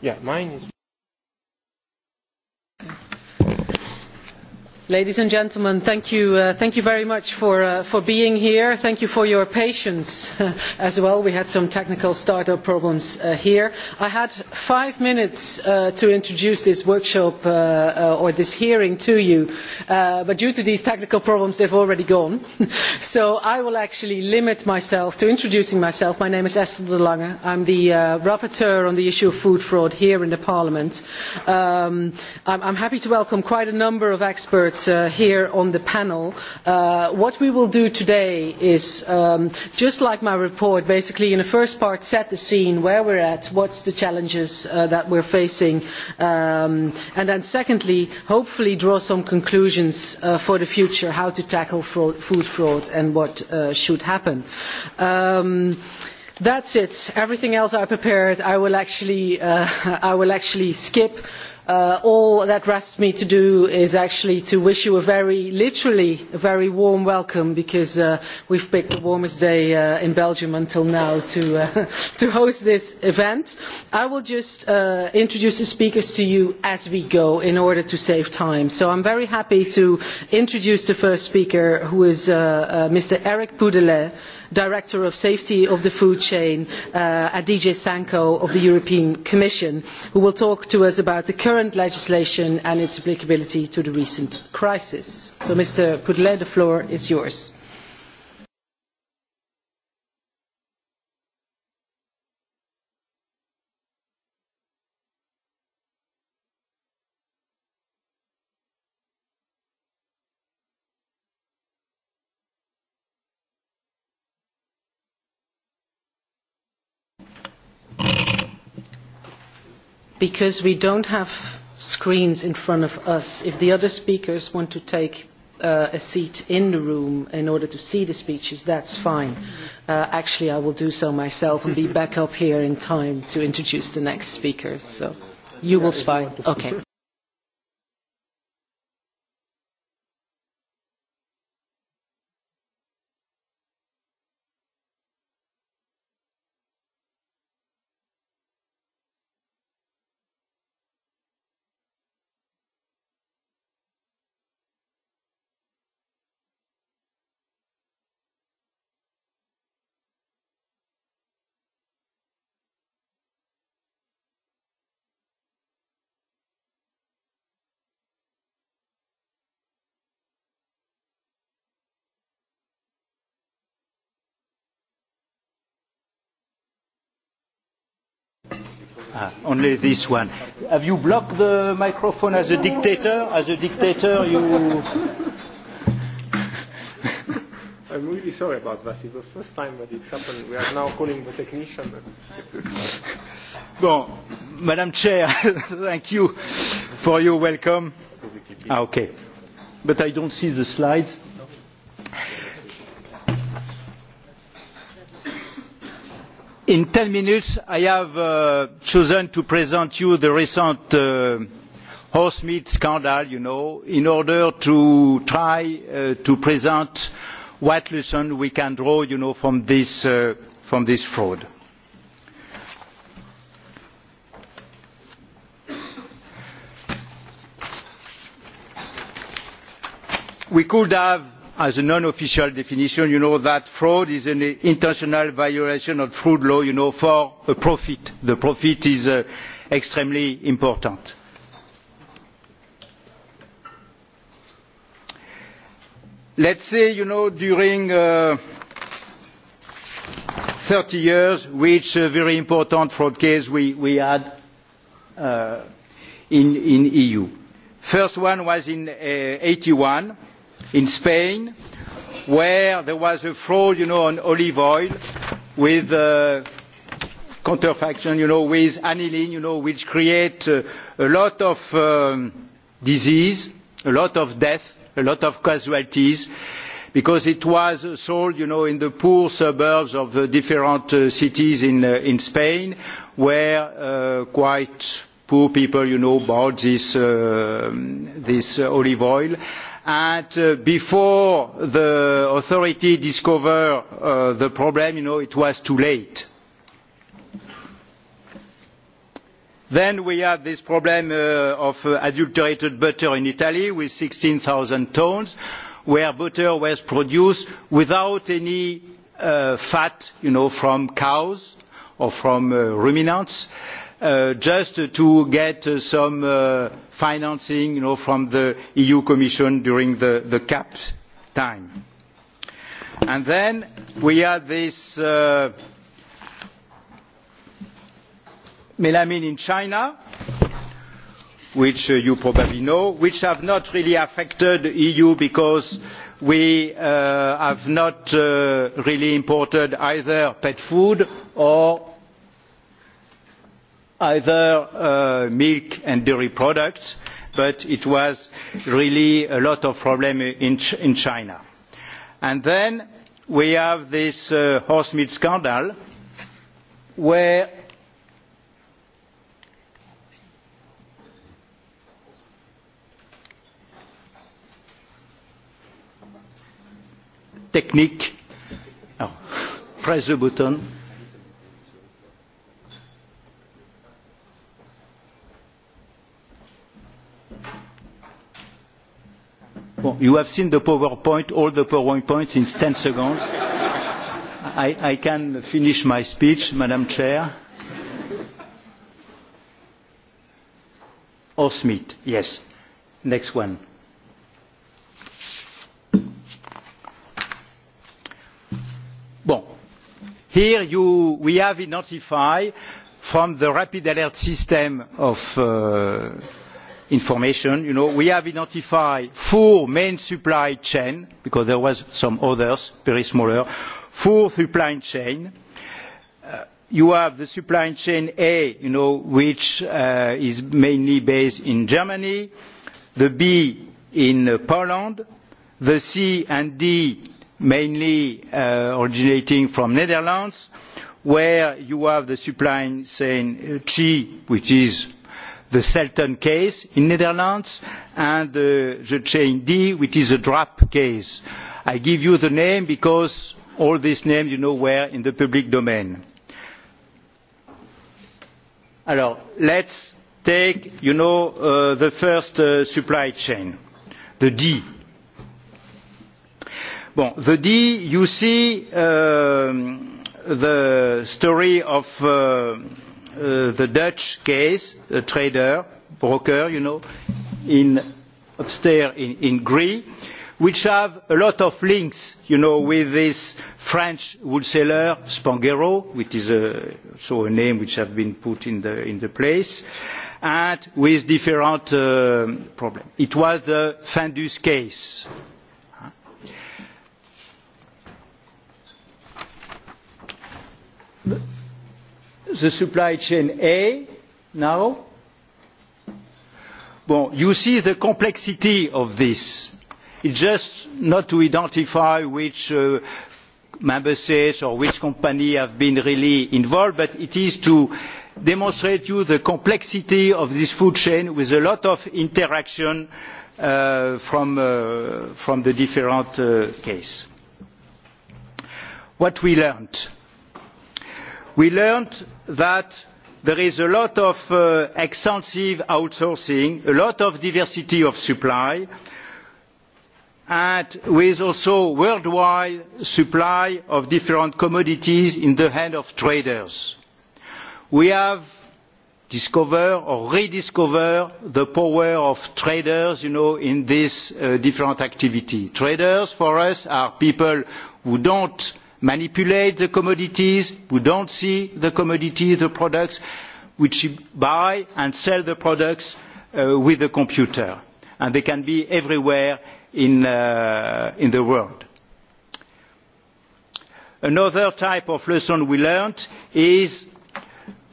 Yeah, mine is. Ladies and gentlemen, thank you, uh, thank you very much for, uh, for being here. Thank you for your patience as well. We had some technical startup problems uh, here. I had five minutes uh, to introduce this workshop uh, uh, or this hearing to you, uh, but due to these technical problems, they've already gone. so I will actually limit myself to introducing myself. My name is Esther de Lange. I'm the uh, rapporteur on the issue of food fraud here in the Parliament. Um, I'm, I'm happy to welcome quite a number of experts experts uh, here on the panel. Uh, what we will do today is, um, just like my report, basically in the first part set the scene, where we're at, what's the challenges uh, that we're facing, um, and then secondly, hopefully draw some conclusions uh, for the future, how to tackle fraud, food fraud and what uh, should happen. Um, That's it. Everything else I prepared, I will actually, uh, I will actually skip. Uh, all that rests me to do is actually to wish you a very, literally, a very warm welcome because uh, we've picked the warmest day uh, in Belgium until now to, uh, to host this event. I will just uh, introduce the speakers to you as we go in order to save time. So I'm very happy to introduce the first speaker who is uh, uh, Mr. Eric Poudelet Director of Safety of the Food Chain, uh, and DJ Sanko of the European Commission, who will talk to us about the current legislation and its applicability to the recent crisis. So, Mr. Pudle, the floor is yours. because we don't have screens in front of us. If the other speakers want to take uh, a seat in the room in order to see the speeches, that's fine. Uh, actually, I will do so myself and be back up here in time to introduce the next speaker. So you will spy. Okay. Ah, only this one. Have you blocked the microphone as a dictator? As a dictator, you. I'm really sorry about that. It's the first time that it happened. We are now calling the technician. bon, Madam Chair, thank you for your welcome. Ah, okay. But I don't see the slides. in ten minutes i have uh, chosen to present you the recent uh, horse meat scandal you know in order to try uh, to present what lesson we can draw you know from this uh, from this fraud we could have as a non official definition you know that fraud is an intentional violation of food law you know for a profit the profit is uh, extremely important let's say you know during uh, 30 years which a uh, very important fraud case we, we had uh, in in EU first one was in uh, 81 in Spain where there was a fraud you know, on olive oil with uh, counterfaction, you know, with aniline, you know, which create uh, a lot of um, disease, a lot of death, a lot of casualties, because it was sold, you know, in the poor suburbs of the uh, different uh, cities in, uh, in Spain, where uh, quite poor people, you know, bought this, uh, this uh, olive oil and uh, before the authority discovered uh, the problem, you know, it was too late. Then we have this problem uh, of uh, adulterated butter in Italy with 16,000 tons, where butter was produced without any uh, fat, you know, from cows or from uh, ruminants. Uh, just to get uh, some uh, financing you know, from the EU Commission during the, the CAP time. And then we had this uh, melamine in China, which uh, you probably know, which have not really affected the EU because we uh, have not uh, really imported either pet food or either uh, milk and dairy products, but it was really a lot of problem in, Ch in China. And then we have this uh, horse meat scandal where technique, oh, press the button. Well, you have seen the PowerPoint, all the PowerPoint in 10 seconds. I, I can finish my speech, Madam Chair. Or Smith, yes. Next one. Bon. Here you, we have identified from the rapid alert system of uh, information. You know, we have identified four main supply chains, because there were some others, very smaller, four supply chain. Uh, you have the supply chain A, you know, which uh, is mainly based in Germany, the B in uh, Poland, the C and D mainly uh, originating from Netherlands, where you have the supply chain G, uh, which is the Selten case in the Netherlands and uh, the D, which is a DRAP case. I give you the name because all these names you know were in the public domain. Alors, let's take, you know, uh, the first uh, supply chain, the D. Bon, the D, you see um, the story of uh, Uh, the Dutch case, a trader, broker, you know, in upstairs in, in Greece, which have a lot of links, you know, with this French wholesaler, Spangero, which is a, uh, so a name which has been put in the, in the place, and with different uh, problems. It was the Fandus case. The the supply chain A now. Well, you see the complexity of this. It's just not to identify which uh, member states or which company have been really involved, but it is to demonstrate to you the complexity of this food chain with a lot of interaction uh, from, uh, from the different uh, cases. What we learned we learned that there is a lot of uh, extensive outsourcing, a lot of diversity of supply, and with also worldwide supply of different commodities in the hand of traders. We have discovered or rediscovered the power of traders you know in this uh, different activity traders for us are people who don't manipulate the commodities, do don't see the commodities, the products, which buy and sell the products uh, with the computer. And they can be everywhere in, uh, in the world. Another type of lesson we learned is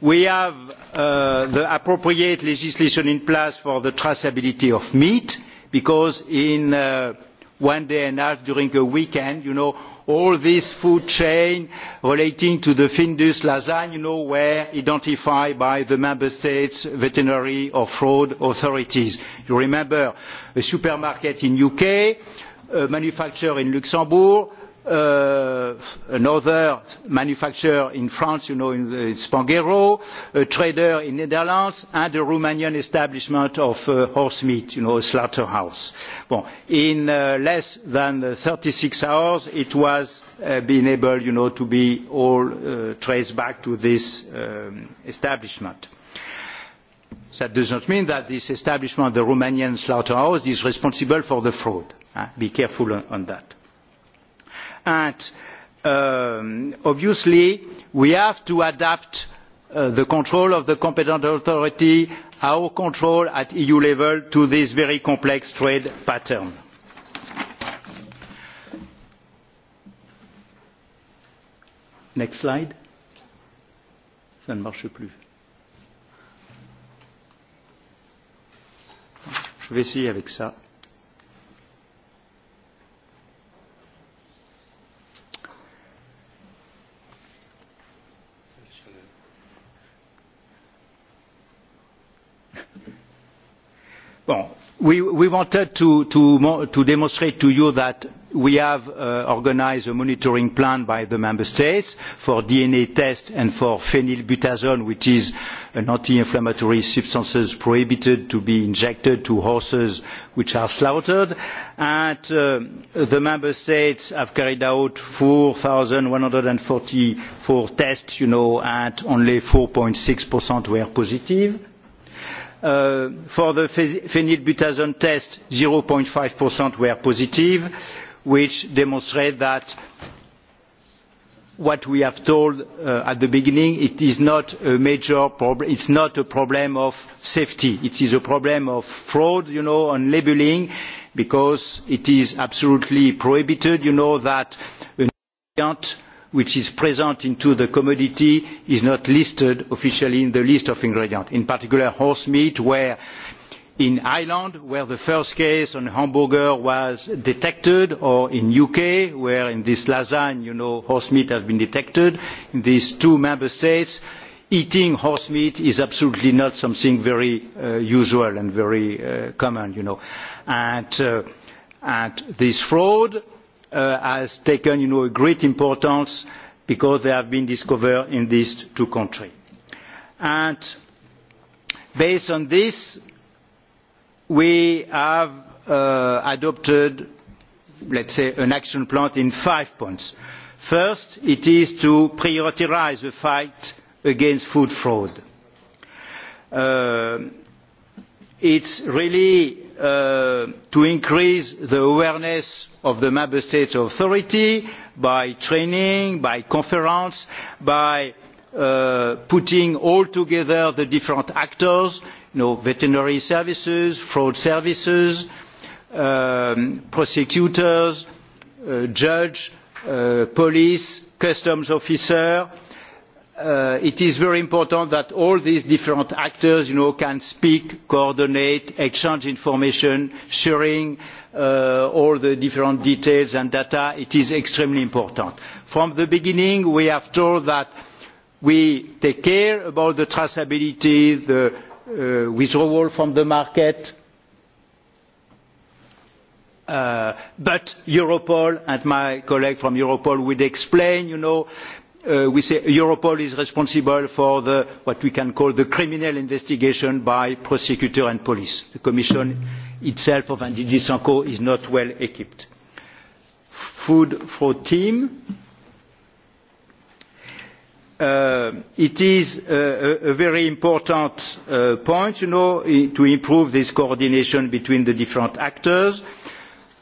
we have uh, the appropriate legislation in place for the traceability of meat because in uh, one day and a half during a weekend, you know, all this food chain relating to the Findus lasagne, you know, were identified by the member states veterinary or fraud authorities. You remember a supermarket in UK, a manufacturer in Luxembourg, uh, another manufacturer in France, you know, in the Spanghero, a trader in Netherlands, and a Romanian establishment of uh, horse meat, you know, a slaughterhouse. Bon. In uh, less than 36 hours, it was uh, being able, you know, to be all uh, traced back to this um, establishment. That does not mean that this establishment, the Romanian slaughterhouse, is responsible for the fraud. Uh, be careful on, on that and um, obviously we have to adapt uh, the control of the competent authority, our control at EU level to this very complex trade pattern. Next slide. Ça ne marche plus. Je vais essayer avec ça. Bon, we, we wanted to, to, to demonstrate to you that we have uh, organized a monitoring plan by the member states for DNA tests and for phenylbutazone, which is an anti-inflammatory substance prohibited to be injected to horses which are slaughtered. And uh, the member states have carried out 4,144 tests, you know, and only 4.6% were positive Uh, for the phenylbutazone test, 0.5% were positive, which demonstrate that what we have told uh, at the beginning, it is not a major problem, it's not a problem of safety, it is a problem of fraud, you know, on labeling, because it is absolutely prohibited, you know, that an ingredient which is present in the commodity is not listed officially in the list of ingredients. In particular, horse meat, where in Ireland, where the first case on hamburger was detected, or in UK, where in this lasagne, you know, horse meat has been detected, in these two member states, eating horse meat is absolutely not something very uh, usual and very uh, common, you know. And, uh, and this fraud uh, has taken you know, a great importance because they have been discovered in these two countries. And based on this, we have uh, adopted, let's say, an action plan in five points. First, it is to prioritize the fight against food fraud. Uh, it's really Uh, to increase the awareness of the member states authority by training, by conference, by uh, putting all together the different actors, you know, veterinary services, fraud services, um, prosecutors, uh, judge, uh, police, customs officer, uh, uh, it is very important that all these different actors you know, can speak, coordinate, exchange information, sharing uh, all the different details and data. It is extremely important. From the beginning, we have told that we take care about the traceability, the uh, withdrawal from the market, uh, but Europol and my colleague from Europol would explain, you know, Uh, we say Europol is responsible for the, what we can call the criminal investigation by prosecutor and police. The Commission itself of Andigi Sanko is not well equipped. Food for team. Uh, it is uh, a, a very important uh, point, you know, to improve this coordination between the different actors. Uh,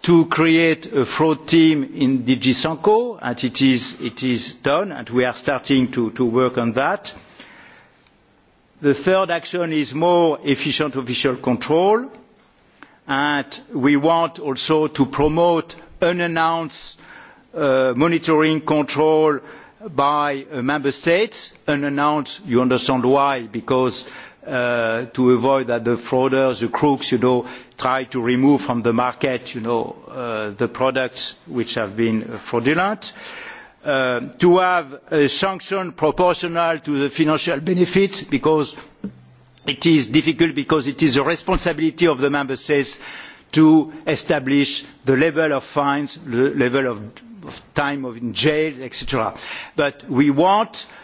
to create a fraud team in DG Sanko, and it is, it is done, and we are starting to, to work on that. The third action is more efficient official control, and we want also to promote unannounced uh, monitoring control by uh, member states, unannounced, you understand why, because Uh, to avoid that the frauders, the crooks, you know, try to remove from the market, you know, uh, the products which have been fraudulent. Uh, to have a sanction proportional to the financial benefits because it is difficult because it is the responsibility of the member states to establish the level of fines, the level of, of time of in jail, etc. But we want uh,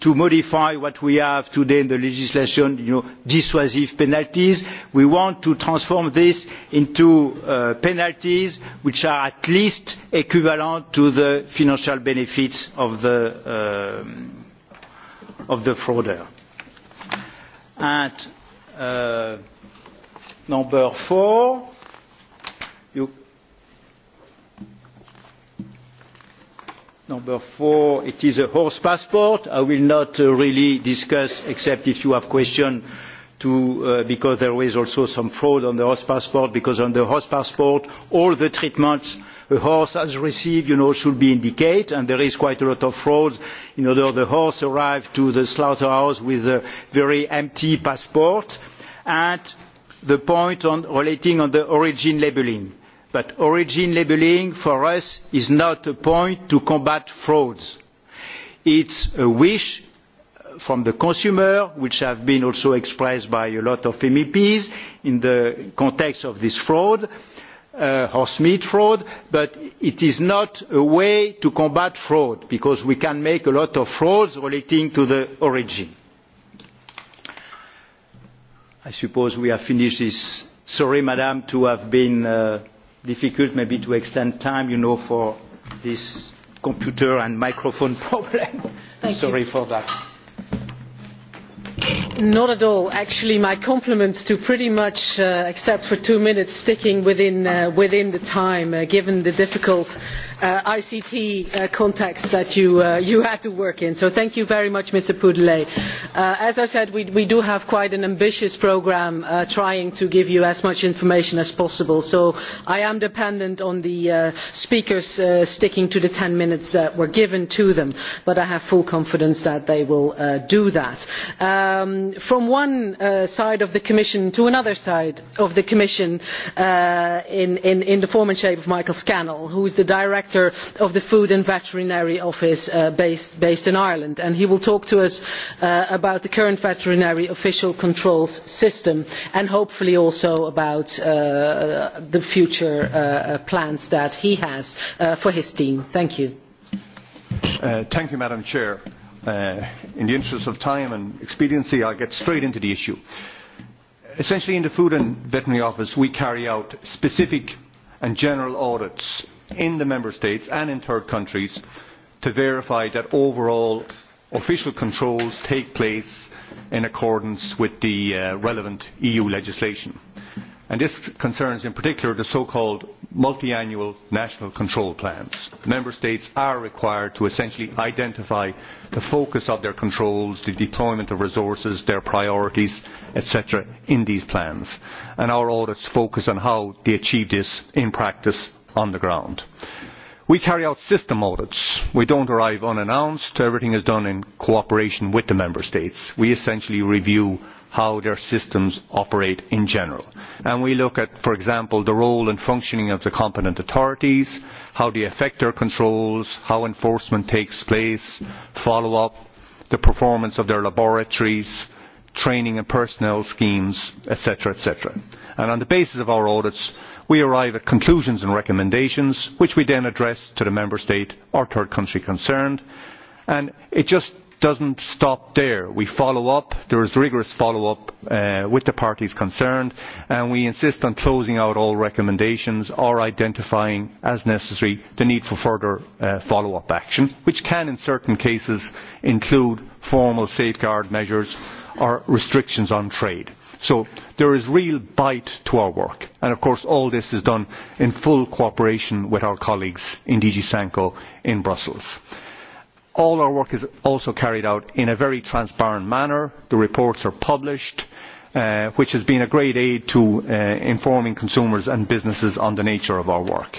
to modify what we have today in the legislation, you know, dissuasive penalties. We want to transform this into uh, penalties which are at least equivalent to the financial benefits of the, uh, of the frauder. And uh, number four, you number four, it is a horse passport. I will not uh, really discuss, except if you have questions, uh, because there is also some fraud on the horse passport, because on the horse passport, all the treatments a horse has received you know, should be indicated, and there is quite a lot of fraud in order the horse arrived to the slaughterhouse with a very empty passport. And the point on relating on the origin labelling But origin labelling for us is not a point to combat frauds. It is a wish from the consumer, which has been also expressed by a lot of MEPs in the context of this fraud, uh, horse meat fraud, but it is not a way to combat fraud because we can make a lot of frauds relating to the origin. I suppose we have finished this. Sorry, madam, to have been uh, difficult maybe to extend time, you know, for this computer and microphone problem. Thank Sorry you. for that. Not at all. Actually, my compliments to pretty much, uh, except for two minutes, sticking within, uh, within the time, uh, given the difficult uh, ICT uh, context that you, uh, you had to work in. So thank you very much, Mr. Poudelet. Uh, as I said, we, we do have quite an ambitious program uh, trying to give you as much information as possible. So I am dependent on the uh, speakers uh, sticking to the 10 minutes that were given to them, but I have full confidence that they will uh, do that. Um, from one uh, side of the Commission to another side of the Commission uh, in, in, in the form and shape of Michael Scannell, who is the Director director of the Food and Veterinary Office uh, based, based, in Ireland. And he will talk to us uh, about the current veterinary official controls system and hopefully also about uh, the future uh, uh, plans that he has uh, for his team. Thank you. thank you, Madam Chair. in the interest of time and expediency, I'll get straight into the issue. Essentially, in the Food and Veterinary Office, we carry out specific and general audits in the member states and in third countries to verify that overall official controls take place in accordance with the uh, relevant EU legislation. And this concerns in particular the so-called multi-annual national control plans. Member states are required to essentially identify the focus of their controls, the deployment of resources, their priorities, etc. in these plans. And our audits focus on how they achieve this in practice on the ground. We carry out system audits. We don't arrive unannounced. Everything is done in cooperation with the Member States. We essentially review how their systems operate in general. And we look at, for example, the role and functioning of the competent authorities, how they affect their controls, how enforcement takes place, follow-up, the performance of their laboratories, training and personnel schemes, etc., etc. And on the basis of our audits, we arrive at conclusions and recommendations which we then address to the member state or third country concerned and it just does not stop there. We follow up, there is rigorous follow up uh, with the parties concerned, and we insist on closing out all recommendations or identifying, as necessary, the need for further uh, follow up action, which can, in certain cases, include formal safeguard measures or restrictions on trade. So there is real bite to our work. And of course all this is done in full cooperation with our colleagues in DG Sanko in Brussels. All our work is also carried out in a very transparent manner. The reports are published, uh, which has been a great aid to uh, informing consumers and businesses on the nature of our work.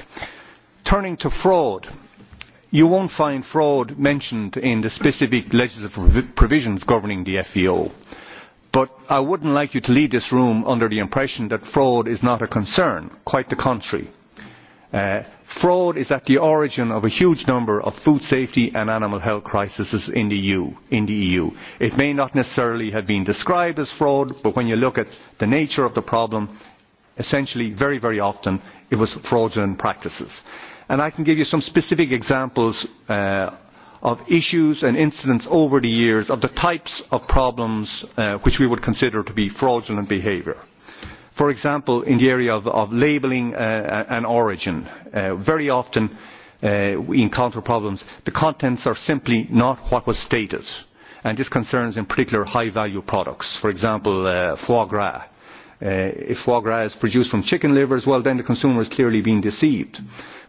Turning to fraud, you won't find fraud mentioned in the specific legislative provisions governing the FEO. But I would not like you to leave this room under the impression that fraud is not a concern. Quite the contrary. Uh, fraud is at the origin of a huge number of food safety and animal health crises in the, EU, in the EU. It may not necessarily have been described as fraud, but when you look at the nature of the problem, essentially very, very often it was fraudulent practices. And I can give you some specific examples uh, of issues and incidents over the years of the types of problems uh, which we would consider to be fraudulent behaviour. For example, in the area of, of labelling uh, an origin, uh, very often uh, we encounter problems. The contents are simply not what was stated, and this concerns in particular high-value products, for example, uh, foie gras. Uh, if foie gras is produced from chicken livers, well, then the consumer is clearly being deceived.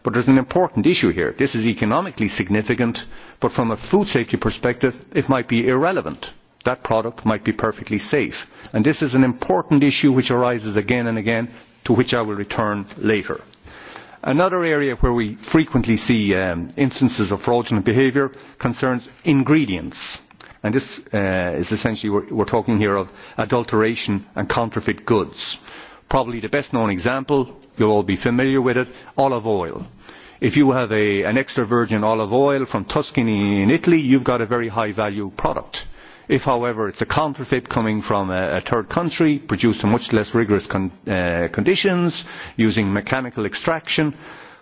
But there's an important issue here. This is economically significant but from a food safety perspective, it might be irrelevant. That product might be perfectly safe. And this is an important issue which arises again and again, to which I will return later. Another area where we frequently see um, instances of fraudulent behaviour concerns ingredients. And this uh, is essentially, we're, we're talking here of adulteration and counterfeit goods. Probably the best known example, you'll all be familiar with it, olive oil. If you have a, an extra virgin olive oil from Tuscany in Italy, you've got a very high value product. If, however, it's a counterfeit coming from a, a third country, produced in much less rigorous con, uh, conditions, using mechanical extraction,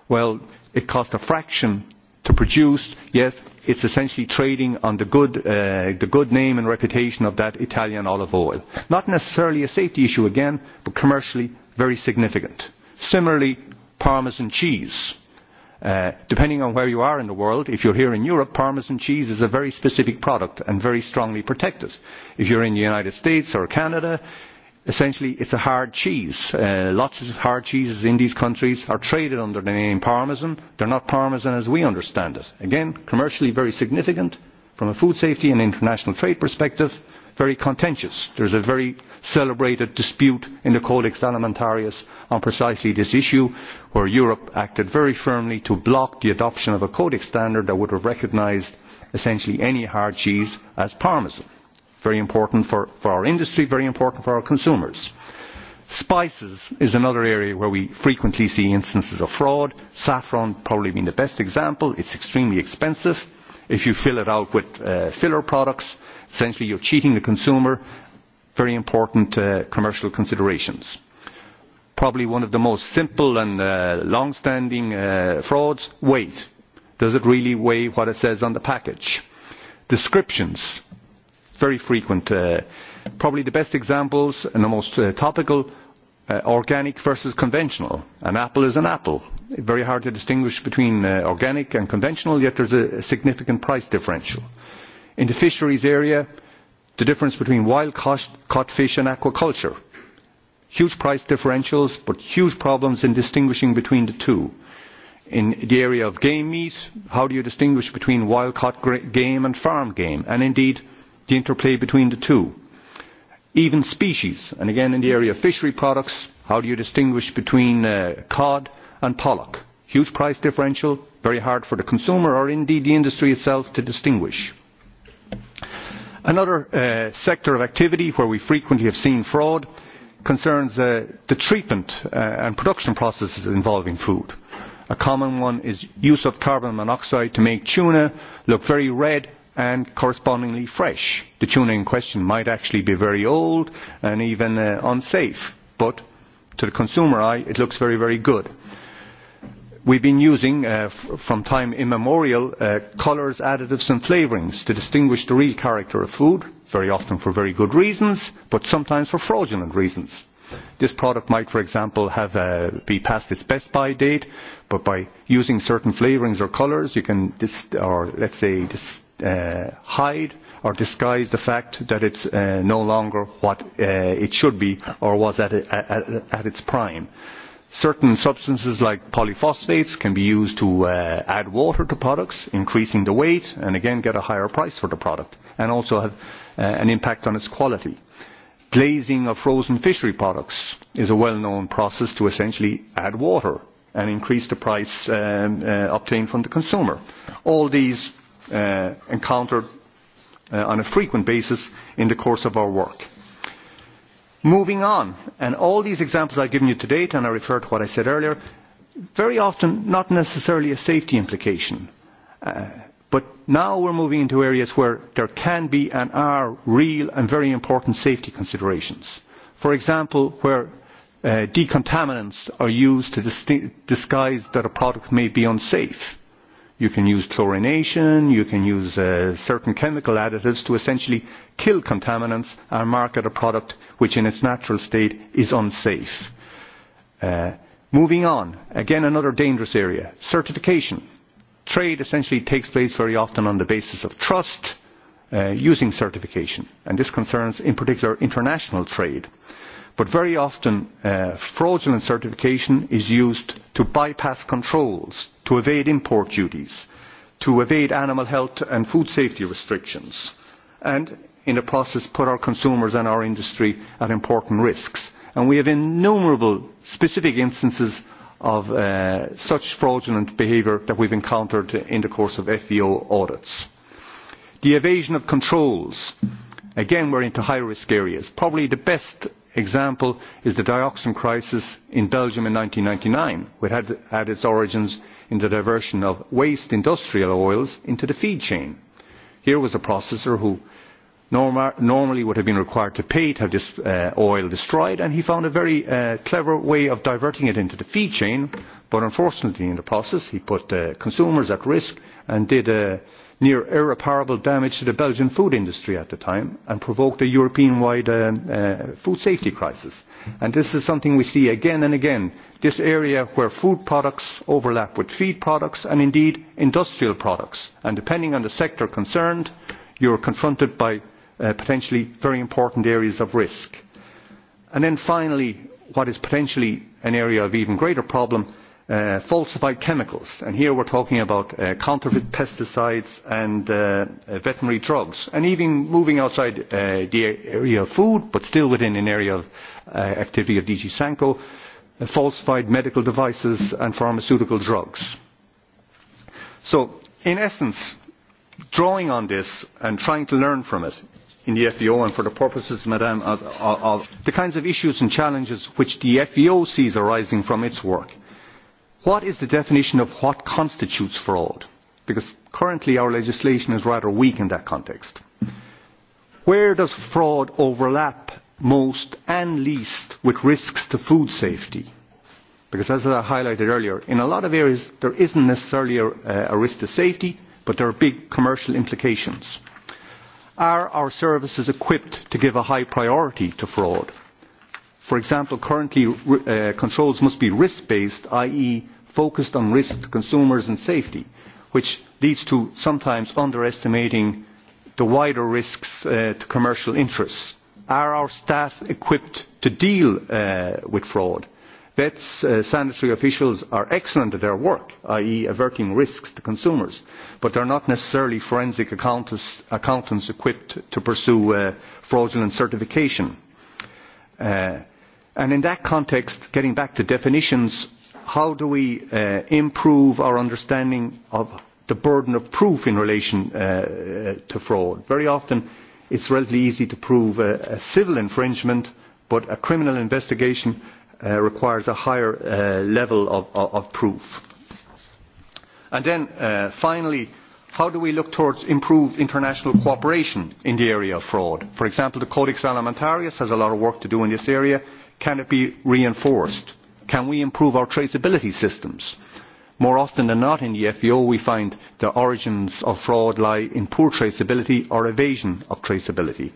well, it costs a fraction to produce, yet it's essentially trading on the good, uh, the good name and reputation of that Italian olive oil. Not necessarily a safety issue again, but commercially very significant. Similarly, Parmesan cheese Uh, depending on where you are in the world, if you're here in Europe, Parmesan cheese is a very specific product and very strongly protected. If you're in the United States or Canada, essentially it's a hard cheese. Uh, lots of hard cheeses in these countries are traded under the name Parmesan. They're not Parmesan as we understand it. Again, commercially very significant from a food safety and international trade perspective, very contentious. There is a very celebrated dispute in the Codex Alimentarius on precisely this issue, where Europe acted very firmly to block the adoption of a Codex standard that would have recognised essentially any hard cheese as parmesan. Very important for, for our industry, very important for our consumers. Spices is another area where we frequently see instances of fraud. Saffron probably being the best example. It's extremely expensive If you fill it out with uh, filler products, essentially you're cheating the consumer. Very important uh, commercial considerations. Probably one of the most simple and uh, long-standing uh, frauds, weight. Does it really weigh what it says on the package? Descriptions, very frequent. Uh, probably the best examples and the most uh, topical uh, organic versus conventional. An apple is an apple. Very hard to distinguish between uh, organic and conventional, yet there's a, a significant price differential. In the fisheries area, the difference between wild caught, caught fish and aquaculture. Huge price differentials, but huge problems in distinguishing between the two. In the area of game meat, how do you distinguish between wild caught game and farm game? And indeed, the interplay between the two even species. And again, in the area of fishery products, how do you distinguish between uh, cod and pollock? Huge price differential, very hard for the consumer or indeed the industry itself to distinguish. Another uh, sector of activity where we frequently have seen fraud concerns uh, the treatment uh, and production processes involving food. A common one is use of carbon monoxide to make tuna look very red and correspondingly fresh. The tuna in question might actually be very old and even uh, unsafe, but to the consumer eye, it looks very, very good. We've been using, uh, from time immemorial, uh, colours, additives and flavourings to distinguish the real character of food, very often for very good reasons, but sometimes for fraudulent reasons. This product might, for example, have uh, be past its best buy date, but by using certain flavorings or colours, you can, dis or let's say, dis uh, hide or disguise the fact that it's uh, no longer what uh, it should be or was at, at, at its prime. Certain substances like polyphosphates can be used to uh, add water to products, increasing the weight and again get a higher price for the product and also have uh, an impact on its quality. Glazing of frozen fishery products is a well-known process to essentially add water and increase the price um, uh, obtained from the consumer. All these uh, encountered uh, on a frequent basis in the course of our work. Moving on, and all these examples I've given you to date, and I refer to what I said earlier, very often not necessarily a safety implication. Uh, but now we're moving into areas where there can be and are real and very important safety considerations. For example, where uh, decontaminants are used to dis disguise that a product may be unsafe You can use chlorination, you can use uh, certain chemical additives to essentially kill contaminants and market a product which in its natural state is unsafe. Uh, moving on, again another dangerous area, certification. Trade essentially takes place very often on the basis of trust uh, using certification, and this concerns in particular international trade. But very often uh, fraudulent certification is used to bypass controls to evade import duties, to evade animal health and food safety restrictions, and in the process put our consumers and our industry at important risks. And we have innumerable specific instances of uh, such fraudulent behaviour that we've encountered in the course of FVO e audits. The evasion of controls. Again, we're into high-risk areas. Probably the best example is the dioxin crisis in Belgium in 1999, which had, had its origins in the diversion of waste industrial oils into the feed chain. Here was a processor who norma normally would have been required to pay to have this uh, oil destroyed, and he found a very uh, clever way of diverting it into the feed chain, but unfortunately in the process he put uh, consumers at risk and did uh, near irreparable damage to the Belgian food industry at the time and provoked a European-wide um, uh, food safety crisis. And this is something we see again and again, this area where food products overlap with feed products and indeed industrial products. And depending on the sector concerned, you're confronted by uh, potentially very important areas of risk. And then finally, what is potentially an area of even greater problem uh, falsified chemicals. And here we're talking about uh, counterfeit pesticides and uh, uh, veterinary drugs. And even moving outside uh, the area of food, but still within an area of uh, activity of DG Sanko, uh, falsified medical devices and pharmaceutical drugs. So, in essence, drawing on this and trying to learn from it, in the FVO e and for the purposes, Madame, of, of, of the kinds of issues and challenges which the FVO e sees arising from its work what is the definition of what constitutes fraud? Because currently our legislation is rather weak in that context. Where does fraud overlap most and least with risks to food safety? Because as I highlighted earlier, in a lot of areas there isn't necessarily a, a risk to safety, but there are big commercial implications. Are our services equipped to give a high priority to fraud? For example, currently uh, controls must be risk-based, i.e focused on risk to consumers and safety, which leads to sometimes underestimating the wider risks uh, to commercial interests. Are our staff equipped to deal uh, with fraud? Vets, uh, sanitary officials are excellent at their work, i.e. averting risks to consumers, but they're not necessarily forensic accountants, accountants equipped to pursue uh, fraudulent certification. Uh, and in that context, getting back to definitions how do we uh, improve our understanding of the burden of proof in relation uh, uh, to fraud? Very often it's relatively easy to prove a, a civil infringement, but a criminal investigation uh, requires a higher uh, level of, of, of proof. And then uh, finally, how do we look towards improved international cooperation in the area of fraud? For example, the Codex Alimentarius has a lot of work to do in this area. Can it be reinforced? Can we improve our traceability systems? More often than not in the FEO, we find the origins of fraud lie in poor traceability or evasion of traceability.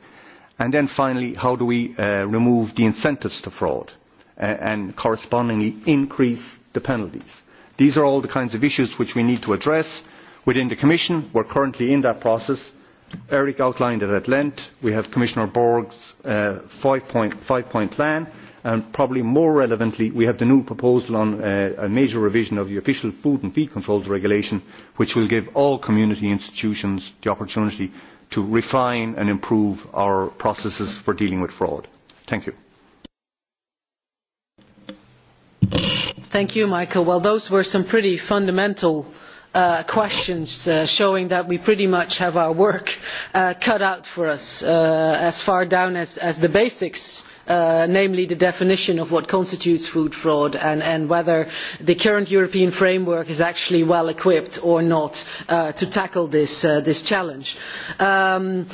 And then finally, how do we uh, remove the incentives to fraud uh, and correspondingly increase the penalties? These are all the kinds of issues which we need to address within the Commission. We're currently in that process. Eric outlined it at length. We have Commissioner Borg's uh, five-point five point plan and probably more relevantly we have the new proposal on uh, a major revision of the official food and feed controls regulation which will give all community institutions the opportunity to refine and improve our processes for dealing with fraud. Thank you. Thank you, Michael. Well, those were some pretty fundamental uh, questions uh, showing that we pretty much have our work uh, cut out for us uh, as far down as, as the basics uh, namely the definition of what constitutes food fraud and, and whether the current European framework is actually well equipped or not uh, to tackle this, uh, this challenge. Um,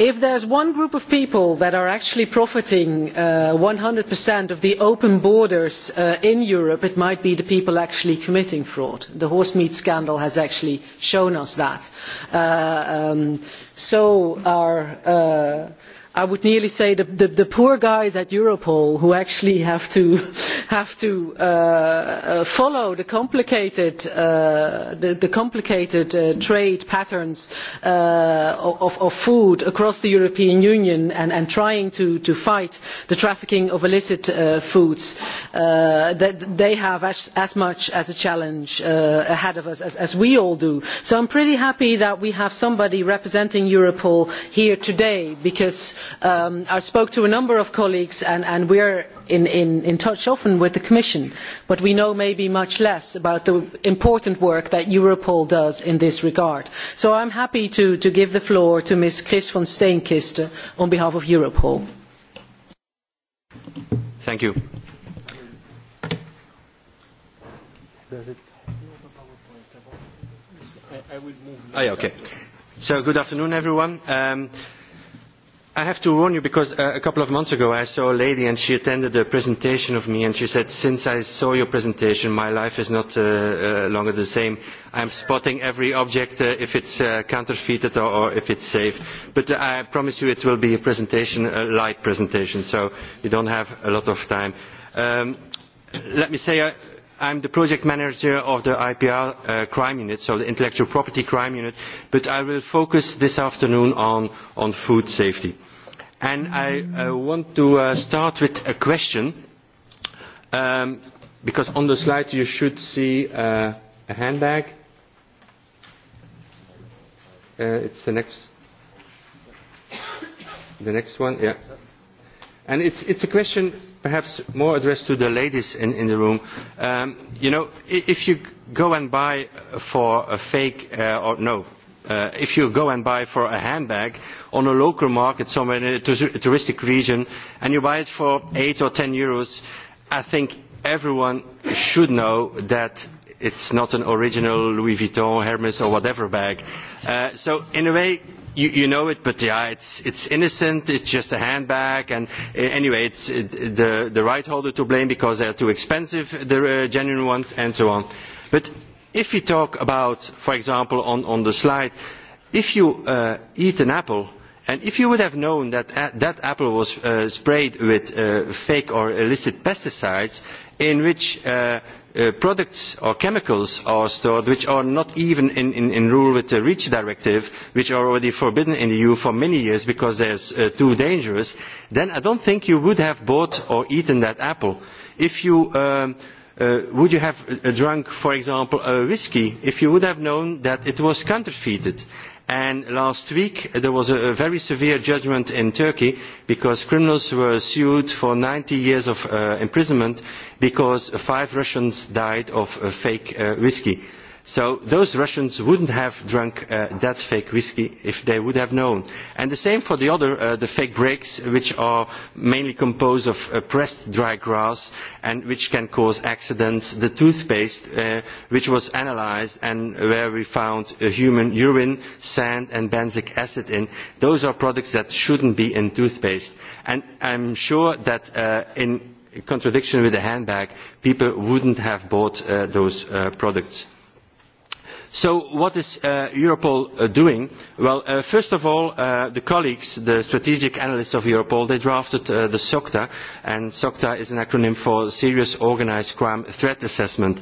if there is one group of people that are actually profiting uh, one hundred of the open borders uh, in europe it might be the people actually committing fraud. the horsemeat scandal has actually shown us that. Uh, um, so our uh, I would nearly say the, the, the poor guys at Europol who actually have to, have to uh, uh, follow the complicated, uh, the, the complicated uh, trade patterns uh, of, of food across the European Union and, and trying to, to fight the trafficking of illicit uh, foods, uh, that they have as, as much as a challenge uh, ahead of us as, as we all do. So I'm pretty happy that we have somebody representing Europol here today because Um, I spoke to a number of colleagues and, and we are in, in, in touch often with the Commission, but we know maybe much less about the important work that Europol does in this regard. So I am happy to, to give the floor to Ms. Chris von Steenkiste on behalf of Europol. Thank you. Does it I, I will move. okay. So good afternoon, everyone. Um, I have to warn you because uh, a couple of months ago I saw a lady and she attended a presentation of me and she said, since I saw your presentation, my life is not uh, uh, longer the same. I'm spotting every object uh, if it's uh, counterfeited or, or if it's safe. But uh, I promise you it will be a presentation, a light presentation, so you don't have a lot of time. Um, let me say, uh, I am the project manager of the IPR uh, crime unit, so the intellectual property crime unit, but I will focus this afternoon on, on food safety. And I uh, want to uh, start with a question, um, because on the slide you should see uh, a handbag. Uh, it's the next, the next one, yeah. And it's, it's a question perhaps more addressed to the ladies in, in the room. Um, you know, if you go and buy for a fake, uh, or no, uh, if you go and buy for a handbag on a local market somewhere in a touristic region and you buy it for eight or ten euros, I think everyone should know that it's not an original Louis Vuitton, Hermes or whatever bag. Uh, so in a way, you, you know it, but yeah, it's, it's innocent, it's just a handbag, and uh, anyway, it's uh, the, the right holder to blame because they're too expensive, the uh, genuine ones, and so on. But if you talk about, for example, on, on the slide, if you uh, eat an apple, And if you would have known that uh, that apple was uh, sprayed with uh, fake or illicit pesticides in which uh, Uh, products or chemicals are stored which are not even in, in, in rule with the REACH directive, which are already forbidden in the EU for many years because they're uh, too dangerous, then I don't think you would have bought or eaten that apple. If you, um, uh, would you have uh, drunk, for example, a whiskey if you would have known that it was counterfeited? And last week there was a, very severe judgment in Turkey because criminals were sued for 90 years of uh, imprisonment because five Russians died of uh, fake uh, whiskey. So those Russians wouldn't have drunk uh, that fake whiskey if they would have known. And the same for the other, uh, the fake breaks, which are mainly composed of uh, pressed dry grass and which can cause accidents. The toothpaste, uh, which was analyzed and where we found uh, human urine, sand and benzic acid in, those are products that shouldn't be in toothpaste. And I'm sure that uh, in contradiction with the handbag, people wouldn't have bought uh, those uh, products. So what is uh, Europol uh, doing? Well, uh, first of all, uh, the colleagues, the strategic analysts of Europol, they drafted uh, the SOCTA, and SOCTA is an acronym for Serious Organized Crime Threat Assessment.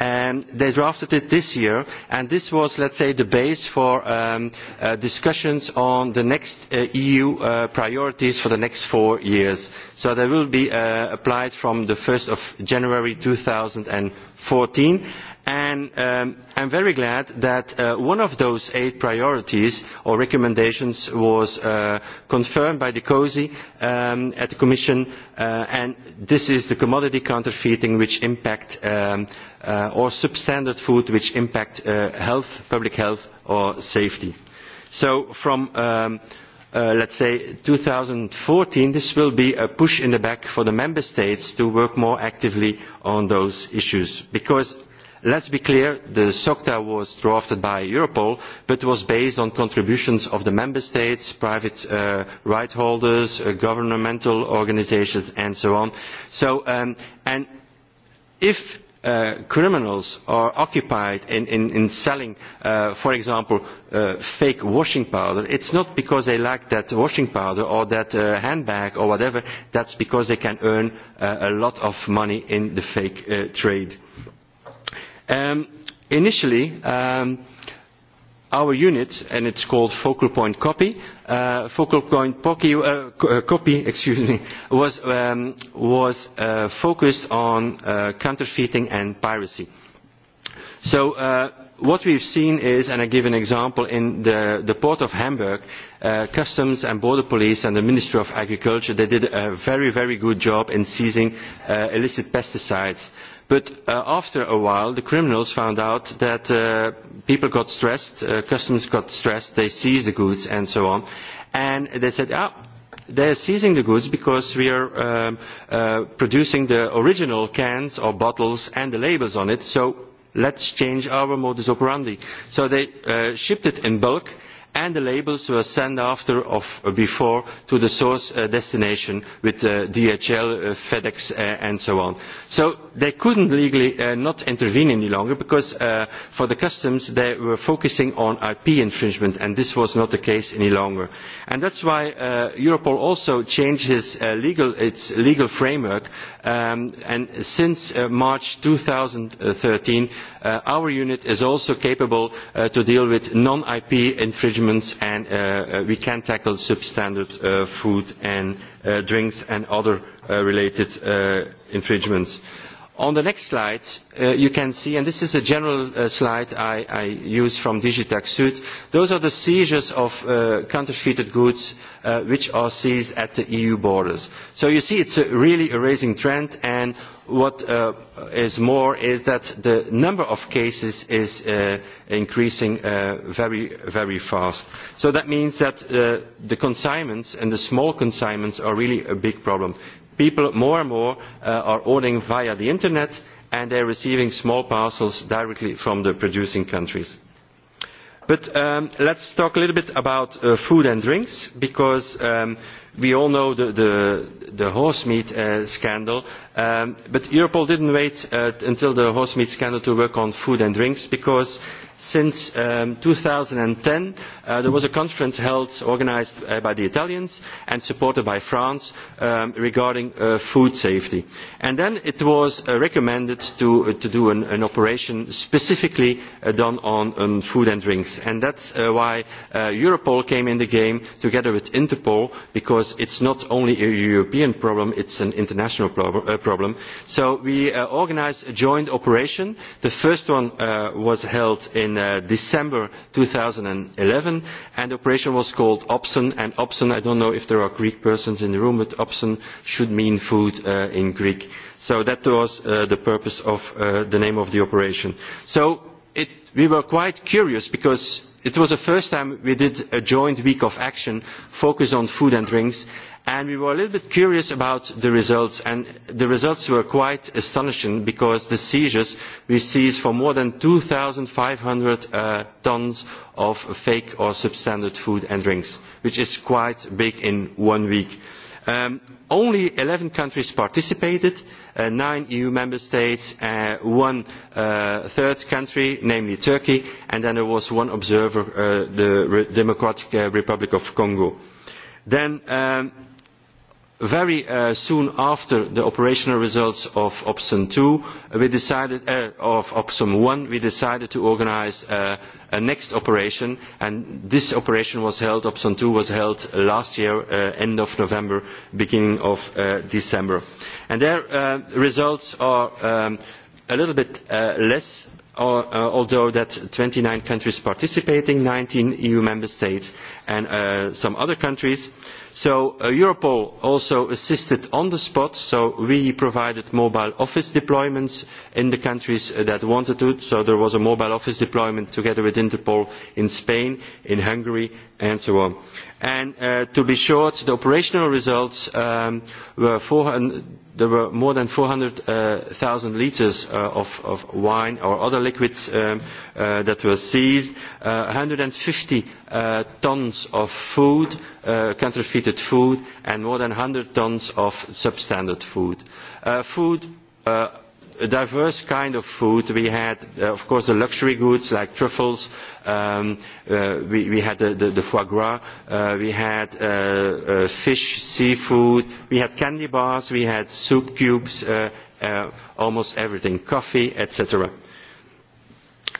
And they drafted it this year, and this was, let's say, the base for um, uh, discussions on the next uh, EU uh, priorities for the next four years. So they will be uh, applied from the 1st of January 2014 And um, I'm very glad that uh, one of those eight priorities or recommendations was uh, confirmed by the COSI um, at the Commission, uh, and this is the commodity counterfeiting which impact um, uh, or substandard food which impact uh, health, public health or safety. So from um, uh, let's say 2014, this will be a push in the back for the member states to work more actively on those issues because Let us be clear, the SOCTA was drafted by Europol, but was based on contributions of the member states, private uh, right holders, uh, governmental organisations and so on. So, um, and if uh, criminals are occupied in, in, in selling, uh, for example, uh, fake washing powder, it's not because they like that washing powder or that uh, handbag or whatever, that's because they can earn uh, a lot of money in the fake uh, trade. Um, initially, um, our unit, and it's called Focal Point Copy, uh, Focal Point Pocky, uh, uh Copy excuse me, was, um, was uh, focused on uh, counterfeiting and piracy. So uh, what we've seen is, and I give an example, in the, the port of Hamburg, uh, Customs and Border Police and the Ministry of Agriculture, they did a very, very good job in seizing uh, illicit pesticides. Uh, But uh, after a while, the criminals found out that uh, people got stressed, uh, customers got stressed, they seized the goods and so on. And they said, ah, they are seizing the goods because we are um, uh, producing the original cans or bottles and the labels on it, so let's change our modus operandi. So they uh, shipped it in bulk and the labels were sent after or uh, before to the source uh, destination with uh, DHL, uh, FedEx uh, and so on. So they couldn't legally uh, not intervene any longer because uh, for the customs they were focusing on IP infringement and this was not the case any longer. And that's why uh, Europol also changed its, uh, legal, its legal framework um, and since uh, March 2013 uh, our unit is also capable uh, to deal with non-IP infringements and uh, uh, we can tackle substandard uh, food and uh, drinks and other uh, related uh, infringements. Uh, On the next slide, uh, you can see, and this is a general uh, slide I, I use from Digitax Sud, those are the seizures of uh, counterfeited goods uh, which are seized at the EU borders. So you see it's a, really a raising trend, and what uh, is more is that the number of cases is uh, increasing uh, very, very fast. So that means that uh, the consignments and the small consignments are really a big problem people more and more uh, are ordering via the internet and they're receiving small parcels directly from the producing countries. But um, let's talk a little bit about uh, food and drinks because um, we all know the, the, the horse meat uh, scandal Um, but Europol didn't wait uh, until the horse meat scandal to work on food and drinks because since um, 2010 uh, there was a conference held organized uh, by the Italians and supported by France um, regarding uh, food safety. And then it was uh, recommended to, uh, to do an, an operation specifically uh, done on um, food and drinks. And that's uh, why uh, Europol came in the game together with Interpol because it's not only a European problem, it's an international uh, problem. Uh, problem. So we uh, organized a joint operation. The first one uh, was held in uh, December 2011 and the operation was called Opson and Opson, I don't know if there are Greek persons in the room, but Opson should mean food uh, in Greek. So that was uh, the purpose of uh, the name of the operation. So it, we were quite curious because it was the first time we did a joint week of action focused on food and drinks and we were a little bit curious about the results and the results were quite astonishing because the seizures we seized for more than 2,500 uh, tons of fake or substandard food and drinks which is quite big in one week. Um, only 11 countries participated, uh, nine EU member states, uh, one uh, third country, namely Turkey, and then there was one observer, uh, the Re Democratic uh, Republic of Congo. Then um, very uh, soon after the operational results of Option two we decided uh, of Option one we decided to organize uh, a next operation and this operation was held Option two was held last year uh, end of november beginning of uh, december and their uh, results are um, a little bit uh, less uh, uh although that 29 countries participating, 19 EU member states and uh, some other countries. So uh, Europol also assisted on the spot, so we provided mobile office deployments in the countries uh, that wanted to. So there was a mobile office deployment together with Interpol in Spain, in Hungary, and so on. And uh, to be short, the operational results um, were four, there were more than 400,000 uh, litres uh, of, of wine or other liquids um, uh, that were seized, uh, 150 uh, tons of food, uh, counterfeited food, and more than 100 tons of substandard food. Uh, food uh, a diverse kind of food. We had, uh, of course, the luxury goods like truffles. Um, uh, we, we had the, the, the foie gras. Uh, we had uh, uh, fish, seafood. We had candy bars. We had soup cubes, uh, uh, almost everything, coffee, etc.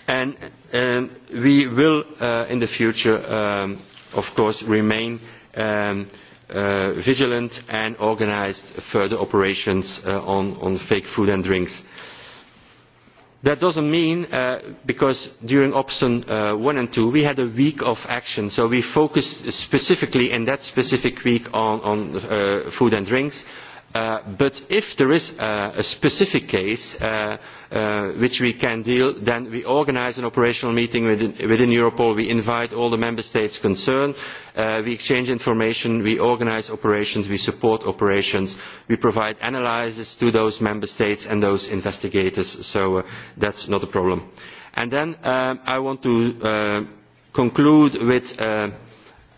And um, we will, uh, in the future, um, of course, remain um, – uh, vigilant and organized further operations uh, on, on fake food and drinks. That doesn't mean, uh, because during option uh, 1 and 2 we had a week of action, so we focused specifically in that specific week on, on uh, food and drinks, Uh, but if there is uh, a specific case uh, uh, which we can deal, then we organize an operational meeting within, within Europol. We invite all the member states concerned. Uh, we exchange information. We organize operations. We support operations. We provide analysis to those member states and those investigators. So uh, that's not a problem. And then uh, I want to uh, conclude with uh,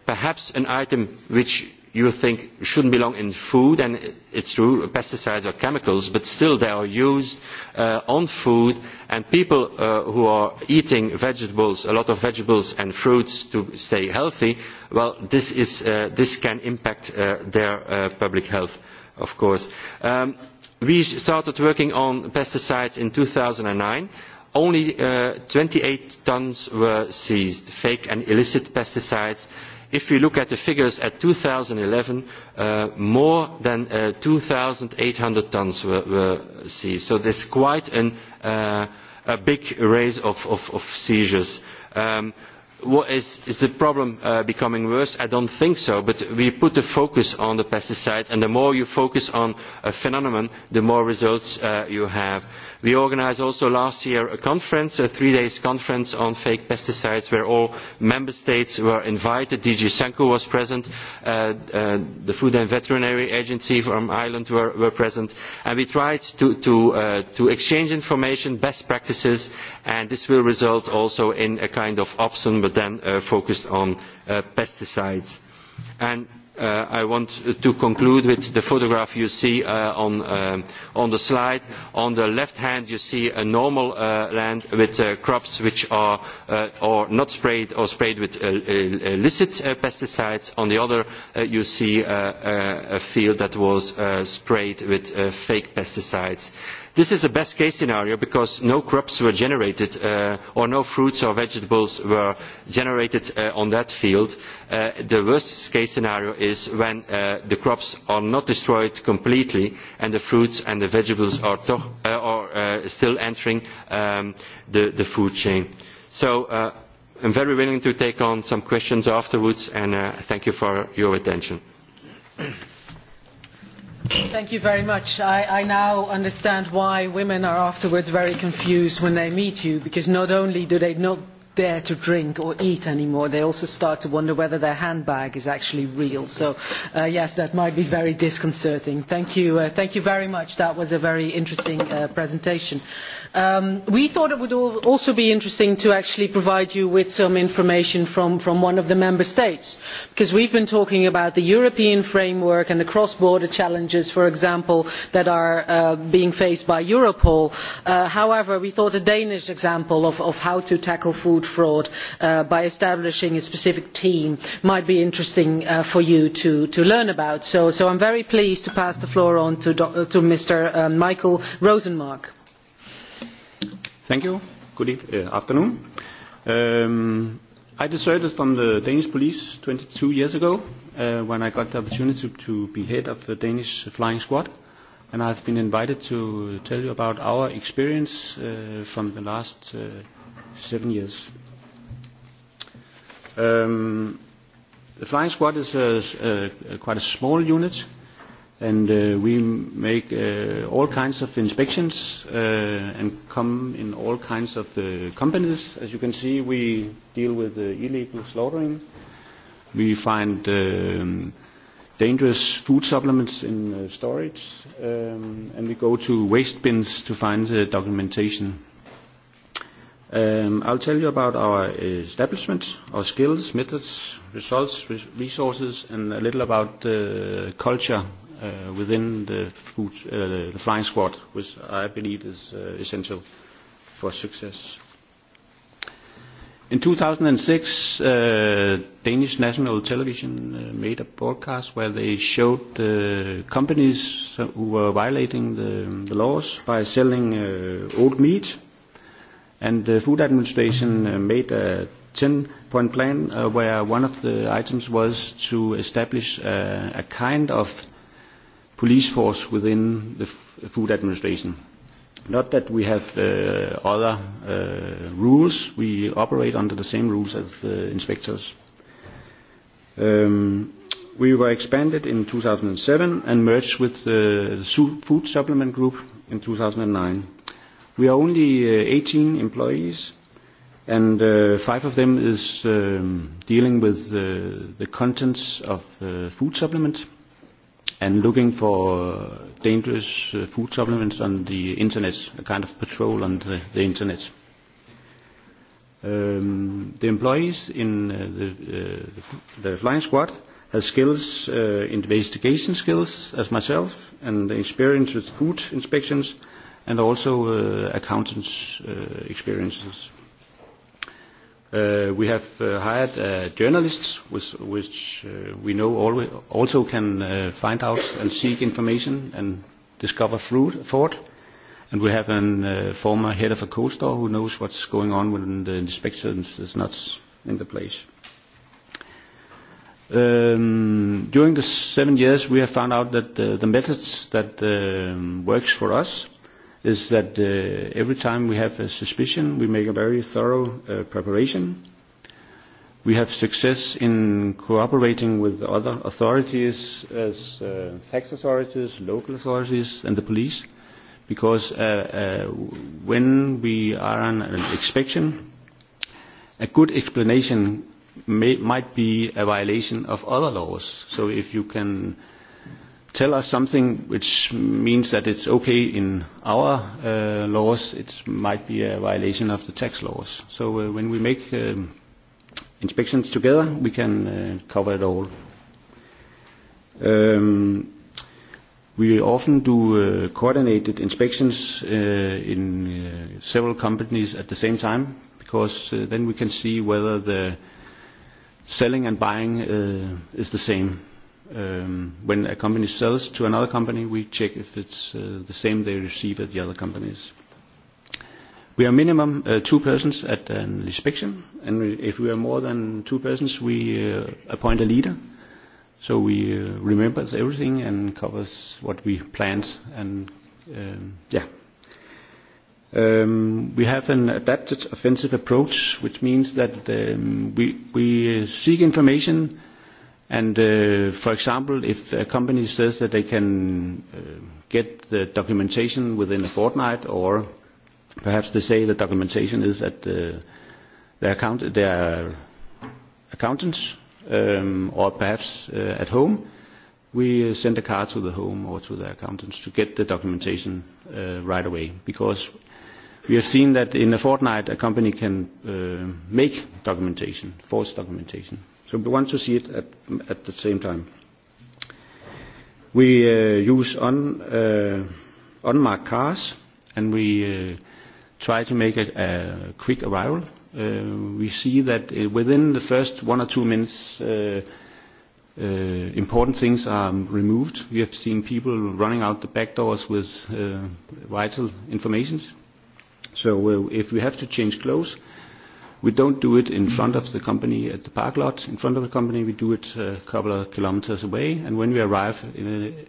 perhaps an item which you think shouldn't belong in food, and it's true, pesticides or chemicals, but still they are used uh, on food, and people uh, who are eating vegetables, a lot of vegetables and fruits to stay healthy, well, this, is, uh, this can impact uh, their uh, public health, of course. Um, we started working on pesticides in 2009 only uh, 28 tons were seized, fake and illicit pesticides if you look at the figures at 2011, uh, more than uh, 2,800 tons were, were seized. So there's quite an, uh, a big raise of, of, of seizures. Um, what is, is the problem uh, becoming worse? I don't think so, but we put the focus on the pesticides, and the more you focus on a phenomenon, the more results uh, you have. We organised also last year a conference, a three-day conference on fake pesticides where all member states were invited. DG Senko was present, uh, uh, the Food and Veterinary Agency from Ireland were, were present, and we tried to, to, uh, to exchange information, best practices, and this will result also in a kind of option but then uh, focused on uh, pesticides. And Uh, I want to conclude with the photograph you see uh, on, um, on the slide. On the left hand you see a normal uh, land with uh, crops which are uh, or not sprayed or sprayed with uh, uh illicit uh, pesticides. On the other uh, you see uh, uh, a field that was uh, sprayed with uh, fake pesticides. Uh, This is a best case scenario because no crops were generated uh, or no fruits or vegetables were generated uh, on that field. Uh, the worst case scenario is when uh, the crops are not destroyed completely and the fruits and the vegetables are, to uh, are uh, still entering um, the, the food chain. So uh, I'm very willing to take on some questions afterwards and uh, thank you for your attention. Thank you very much. I, I now understand why women are afterwards very confused when they meet you, because not only do they not dare to drink or eat anymore, they also start to wonder whether their handbag is actually real. So, uh, yes, that might be very disconcerting. Thank you, uh, thank you very much. That was a very interesting uh, presentation. Um, we thought it would also be interesting to actually provide you with some information from, from one of the member states, because we have been talking about the European framework and the cross-border challenges, for example, that are uh, being faced by Europol. Uh, however, we thought a Danish example of, of how to tackle food fraud uh, by establishing a specific team might be interesting uh, for you to, to, learn about. So, so I am very pleased to pass the floor on to, uh, to Mr. Uh, Michael Rosenmark. Thank you. Good e- uh, afternoon. Um, I deserted from the Danish police 22 years ago uh, when I got the opportunity to, to be head of the Danish flying squad. And I've been invited to tell you about our experience uh, from the last uh, seven years. Um, the flying squad is a, a, a quite a small unit and uh, we make uh, all kinds of inspections uh, and come in all kinds of the uh, companies. As you can see, we deal with uh, illegal slaughtering. We find um, dangerous food supplements in uh, storage, um, and we go to waste bins to find the uh, documentation. Um, I'll tell you about our establishment, our skills, methods, results, resources, and a little about uh, culture uh, within the, food, uh, the flying squad, which I believe is uh, essential for success. In 2006, uh, Danish national television uh, made a broadcast where they showed uh, companies who were violating the, the laws by selling uh, old meat. And the Food Administration uh, made a 10-point plan uh, where one of the items was to establish uh, a kind of police force within the F Food Administration. Not that we have uh, other uh, rules, we operate under the same rules as uh, inspectors. Um, we were expanded in 2007 and merged with the Food Supplement Group in 2009. We are only uh, 18 employees and uh, five of them is um, dealing with uh, the contents of uh, food supplement and looking for dangerous uh, food supplements on the internet, a kind of patrol on the, the internet. Um, the employees in uh, the, uh, the flying squad has skills, uh, investigation skills as myself, and experience with food inspections, and also uh, accountants' uh, experiences. Uh, we have uh, hired uh, journalists, which, which uh, we know always, also can uh, find out and seek information and discover fraud. fraud. And we have a uh, former head of a co-store who knows what's going on when the inspections is not in the place. Um, during the seven years, we have found out that uh, the methods that um, works for us is that uh, every time we have a suspicion, we make a very thorough uh, preparation. We have success in cooperating with other authorities as uh, tax authorities, local authorities, and the police, because uh, uh, when we are on an inspection, a good explanation may, might be a violation of other laws. So if you can tell us something which means that it's okay in our uh, laws, it might be a violation of the tax laws. So uh, when we make um, inspections together, we can uh, cover it all. Um, we often do uh, coordinated inspections uh, in uh, several companies at the same time because uh, then we can see whether the selling and buying uh, is the same um, when a company sells to another company, we check if it's uh, the same they receive at the other companies. We are minimum uh, two persons at an inspection, and if we are more than two persons, we uh, appoint a leader. So we uh, remembers everything and covers what we planned, and um, yeah. Um, we have an adapted offensive approach, which means that um, we, we seek information And uh, for example, if a company says that they can uh, get the documentation within a fortnight, or perhaps they say the documentation is at uh, their, account their accountants, um, or perhaps uh, at home, we uh, send a car to the home or to the accountants to get the documentation uh, right away, because we have seen that in a fortnight a company can uh, make documentation, false documentation. So we want to see it at, at the same time. We uh, use un, uh, unmarked cars and we uh, try to make a, a quick arrival. Uh, we see that uh, within the first one or two minutes, uh, uh, important things are removed. We have seen people running out the back doors with uh, vital information. So uh, if we have to change clothes, We don't do it in front of the company at the park lot. In front of the company, we do it a couple of kilometers away. And when we arrive, in a,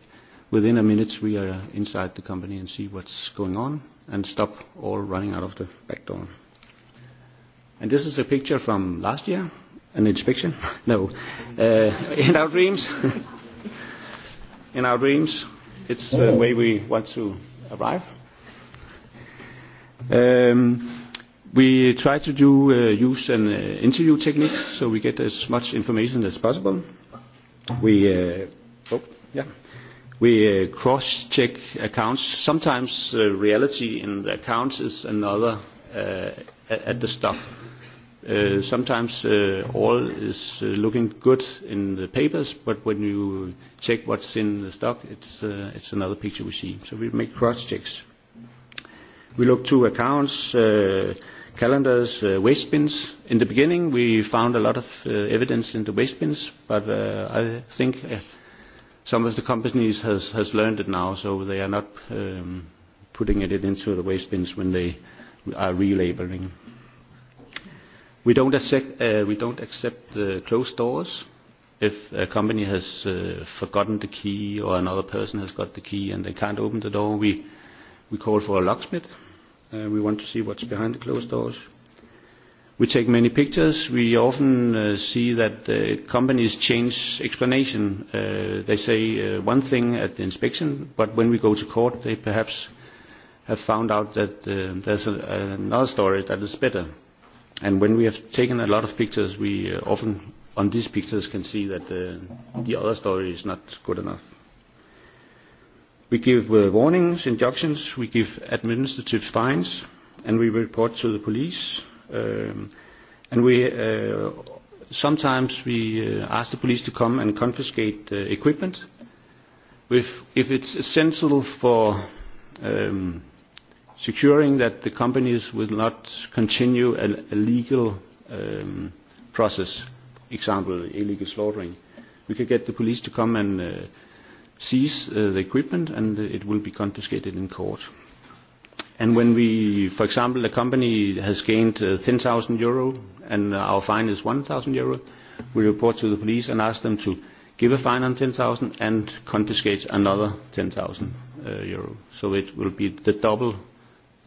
within a minute, we are inside the company and see what's going on and stop all running out of the back door. And this is a picture from last year, an inspection. no, uh, in our dreams. in our dreams, it's the oh. way we want to arrive. Um, We try to do uh, use an uh, interview technique so we get as much information as possible. We, uh, oh, yeah. we uh, cross-check accounts. Sometimes uh, reality in the accounts is another uh, at the stop. Uh, sometimes uh, all is uh, looking good in the papers, but when you check what's in the stock, it's, uh, it's another picture we see. So we make cross-checks. We look to accounts. Uh, calendars, uh, waste bins. In the beginning, we found a lot of uh, evidence in the waste bins, but uh, I think uh, some of the companies has, has learned it now, so they are not um, putting it into the waste bins when they are relabeling. We don't accept, uh, we don't accept the uh, closed doors. If a company has uh, forgotten the key or another person has got the key and they can't open the door, we, we call for a locksmith Uh, we want to see what's behind the closed doors. We take many pictures. We often uh, see that uh, companies change explanation. Uh, they say uh, one thing at the inspection, but when we go to court, they perhaps have found out that uh, there's a, another story that is better. And when we have taken a lot of pictures, we uh, often on these pictures can see that uh, the other story is not good enough. We give uh, warnings, injunctions, we give administrative fines, and we report to the police. Um, and we uh, sometimes we uh, ask the police to come and confiscate uh, equipment if, if it's essential for um, securing that the companies will not continue a, a legal um, process, example, illegal slaughtering. We could get the police to come and uh, seize uh, the equipment and it will be confiscated in court. And when we, for example, a company has gained uh, 10,000 euro and our fine is 1,000 euro, we report to the police and ask them to give a fine on 10,000 and confiscate another 10,000 uh, euro. So it will be the double,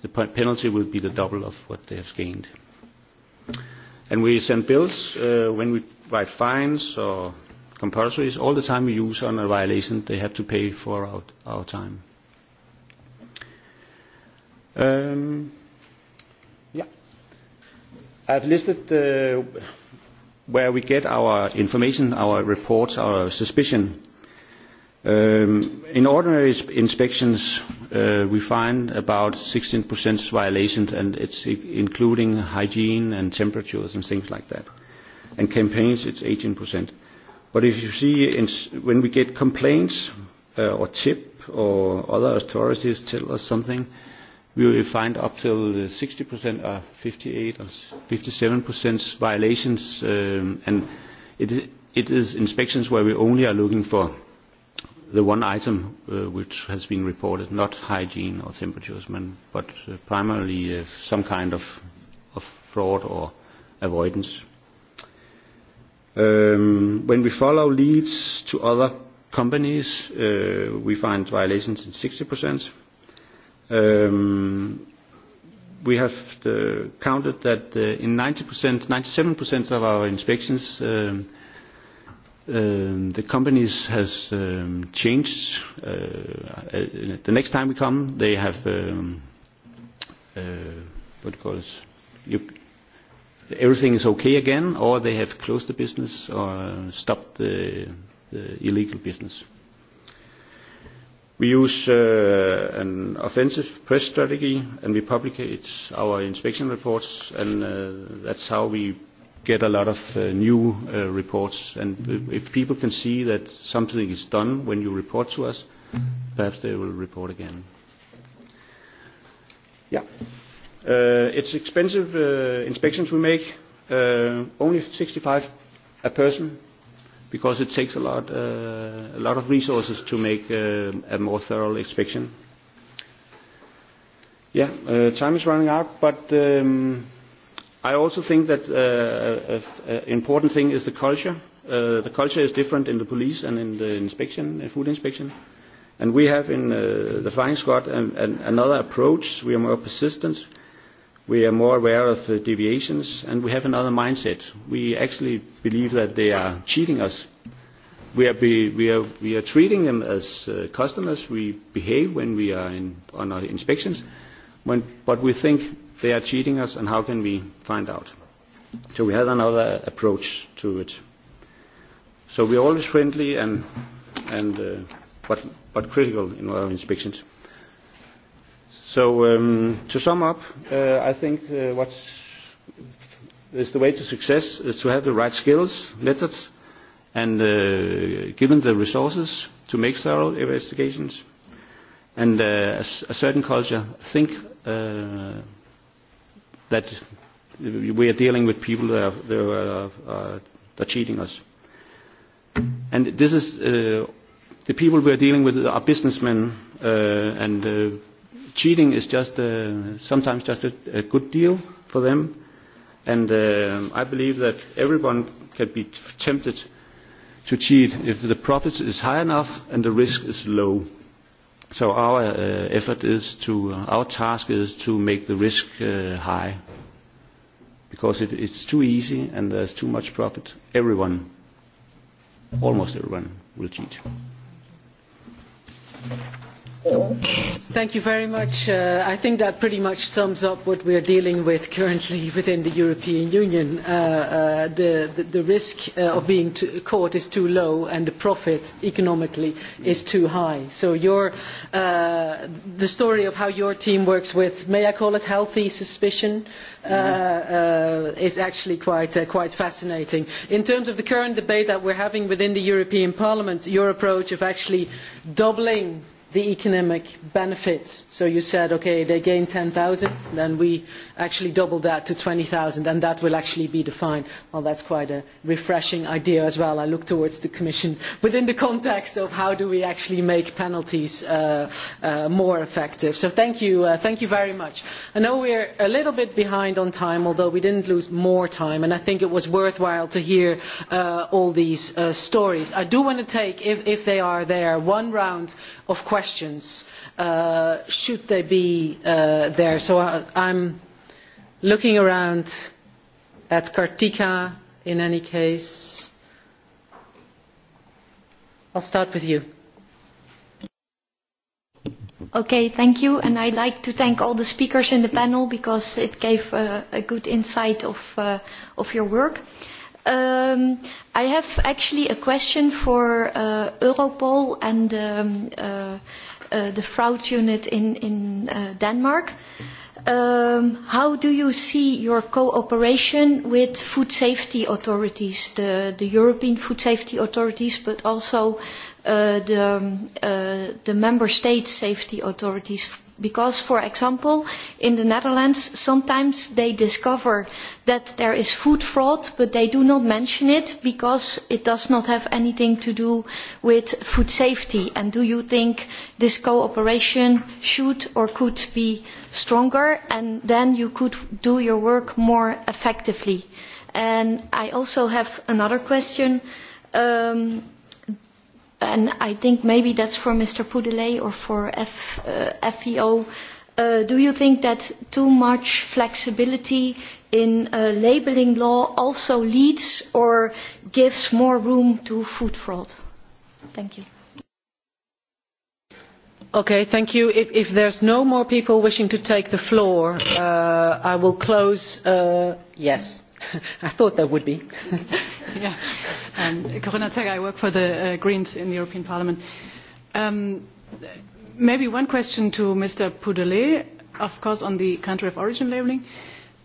the penalty will be the double of what they have gained. And we send bills uh, when we write fines or compulsory is all the time we use on a violation, they have to pay for our, our time. Um, yeah. I've listed uh, where we get our information, our reports, our suspicion. Um, in ordinary inspections, uh, we find about 16% violations, and it's including hygiene and temperatures and things like that. And campaigns, it's 18%. But if you see, in, when we get complaints uh, or tip or other authorities tell us something, we will find up till 60% or 58 or 57% violations. Um, and it is, it is inspections where we only are looking for the one item uh, which has been reported, not hygiene or temperatures, but uh, primarily uh, some kind of, of fraud or avoidance. Um, when we follow leads to other companies, uh, we find violations in 60%. Um, we have uh, counted that uh, in 90%, 97% of our inspections, um, um, the companies has um, changed. Uh, uh, the next time we come, they have um, uh, what do you call it? You, everything is okay again, or they have closed the business or stopped the, the illegal business. We use uh, an offensive press strategy and we publicate our inspection reports and uh, that's how we get a lot of uh, new uh, reports and if people can see that something is done when you report to us, perhaps they will report again. Yeah. Uh, it's expensive uh, inspections we make, uh, only 65 a person, because it takes a lot, uh, a lot of resources to make uh, a more thorough inspection. Yeah, uh, time is running out, but um, I also think that uh, an important thing is the culture. Uh, the culture is different in the police and in the inspection, in uh, food inspection. And we have in uh, the flying squad an, an, another approach. We are more persistent we are more aware of the deviations and we have another mindset. We actually believe that they are cheating us. We are, be, we are, we are treating them as uh, customers. We behave when we are in, on our inspections, when, but we think they are cheating us and how can we find out? So we have another approach to it. So we are always friendly and, and uh, but, but critical in our inspections. So um, to sum up, uh, I think uh, what is the way to success is to have the right skills, methods, and uh, given the resources to make thorough investigations, and uh, a, a certain culture think uh, that we are dealing with people that are, that are, are, are cheating us. And this is uh, the people we are dealing with are businessmen uh, and uh, cheating is just uh, sometimes just a, a good deal for them. And uh, I believe that everyone can be tempted to cheat if the profit is high enough and the risk is low. So our uh, effort is to, uh, our task is to make the risk uh, high because it, it's too easy and there's too much profit. Everyone, almost everyone, will cheat. Thank you very much. Uh, I think that pretty much sums up what we are dealing with currently within the European Union. Uh, uh, the, the, the risk uh, of being too, caught is too low and the profit economically is too high. So your, uh, the story of how your team works with, may I call it healthy suspicion, uh, mm-hmm. uh, is actually quite, uh, quite fascinating. In terms of the current debate that we're having within the European Parliament, your approach of actually doubling the economic benefits. So you said, okay, they gain 10,000, then we actually double that to 20,000, and that will actually be defined. Well, that's quite a refreshing idea as well. I look towards the Commission within the context of how do we actually make penalties uh, uh, more effective. So thank you, uh, thank you very much. I know we're a little bit behind on time, although we didn't lose more time, and I think it was worthwhile to hear uh, all these uh, stories. I do want to take, if, if they are there, one round of questions questions uh, should they be uh, there. So I, I'm looking around at Kartika in any case. I'll start with you. Okay, thank you. And I'd like to thank all the speakers in the panel because it gave uh, a good insight of, uh, of your work. Uh, Um, I have actually a question for uh, Europol and um, uh, uh, the fraud unit in, in uh, Denmark. Um, how do you see your cooperation with food safety authorities, the, the European food safety authorities, but also uh, the, um, uh, the member state safety authorities Because, for example, in the Netherlands, sometimes they discover that there is food fraud, but they do not mention it because it does not have anything to do with food safety. And do you think this cooperation should or could be stronger? And then you could do your work more effectively. And I also have another question. Um, and I think maybe that's for Mr. Poudelet or for F, uh, FEO, uh, do you think that too much flexibility in uh, labeling law also leads or gives more room to food fraud? Thank you. Okay, thank you. If, if there's no more people wishing to take the floor, uh, I will close. Uh, yes. I thought there would be. yeah. Um, Corinna I work for the uh, Greens in the European Parliament. Um, maybe one question to Mr. Poudelet, of course, on the country of origin labeling.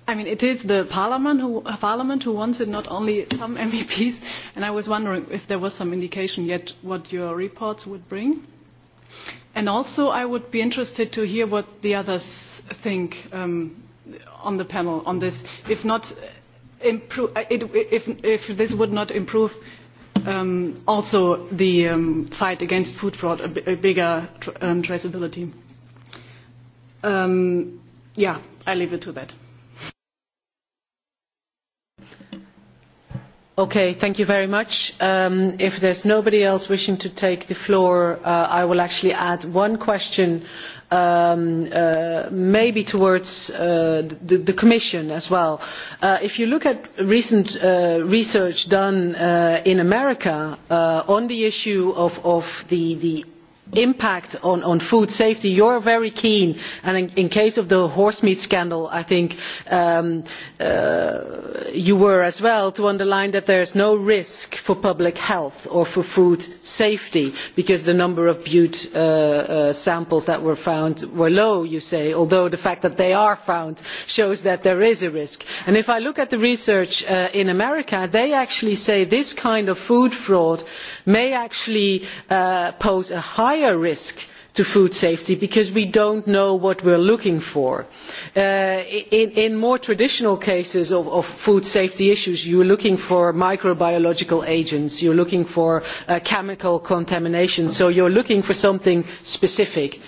I mean, it is the parliament who, parliament who wants it, not only some MEPs. And I was wondering if there was some indication yet what your reports would bring. And also, I would be interested to hear what the others think um, on the panel on this. If not improve, uh, if, if this would not improve um, also the um, fight against food fraud, a, b a bigger tr um, traceability. Um, yeah, I leave it to that. Okay, thank you very much. Um, if there's nobody else wishing to take the floor, uh, I will actually add one question um, uh, maybe towards uh, the, the Commission as well. Uh, if you look at recent uh, research done uh, in America uh, on the issue of, of the, the impact on, on food safety, you're very keen, and in, in case of the horse meat scandal, I think um, uh, you were as well, to underline that there is no risk for public health or for food safety, because the number of bute uh, uh, samples that were found were low, you say, although the fact that they are found shows that there is a risk. And if I look at the research uh, in America, they actually say this kind of food fraud may actually uh, pose a higher risk to food safety because we do not know what we are looking for. Uh, in, in, more traditional cases of, of, food safety issues, you are looking for microbiological agents, you are looking for uh, chemical contamination, so you are looking for something specific.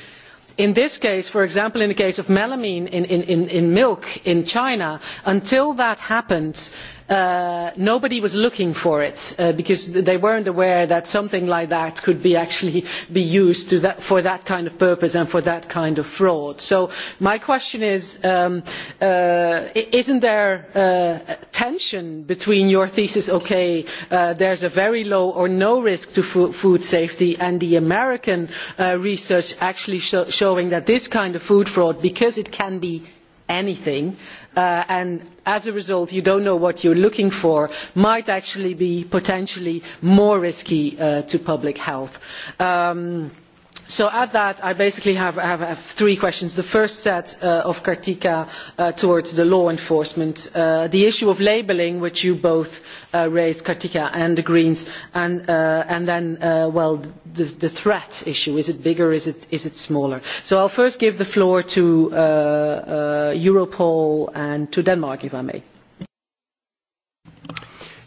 In this case, for example, in the case of melamine in, in, in milk in China, until that happens, Uh, nobody was looking for it uh, because they weren't aware that something like that could be actually be used that, for that kind of purpose and for that kind of fraud. So my question is, um, uh, isn't there uh, a tension between your thesis, okay, uh, there's a very low or no risk to food safety, and the American uh, research actually sh showing that this kind of food fraud, because it can be anything, uh, Uh, and as a result you do not know what you are looking for might actually be potentially more risky uh, to public health. Um, So at that, I basically have, have, have three questions. The first set uh, of Kartika uh, towards the law enforcement, uh, the issue of labelling, which you both uh, raised, Kartika and the Greens, and, uh, and then, uh, well, the, the threat issue. Is it bigger? Is it, is it smaller? So I'll first give the floor to uh, uh, Europol and to Denmark, if I may.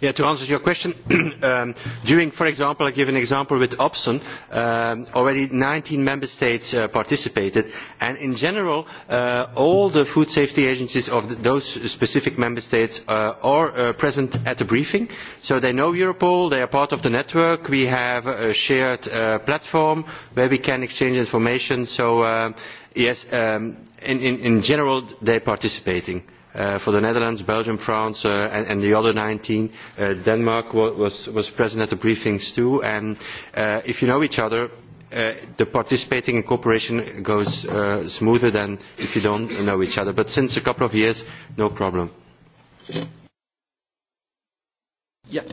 Yeah, to answer your question, um, during, for example, I give an example with Opson, um, already 19 member states uh, participated, and in general, uh, all the food safety agencies of the, those specific member states uh, are uh, present at the briefing, so they know Europol, they are part of the network, we have a shared uh, platform where we can exchange information, so uh, yes, um, in, in, in general, they're participating uh, for the Netherlands, Belgium, France, uh, and, and the other 19. Uh, Denmark was, was present at the briefings too. And uh, if you know each other, uh, the participating in cooperation goes uh, smoother than if you don't know each other. But since a couple of years, no problem. Yeah.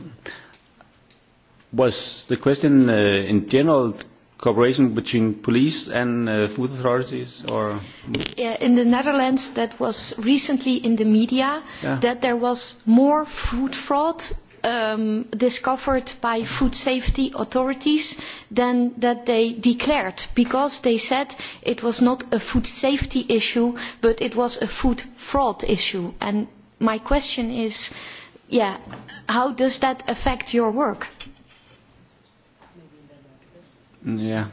Was the question uh, in general cooperation between police and uh, food authorities or yeah, in the Netherlands that was recently in the media yeah. that there was more food fraud um, discovered by food safety authorities than that they declared because they said it was not a food safety issue but it was a food fraud issue and my question is yeah how does that affect your work Yeah.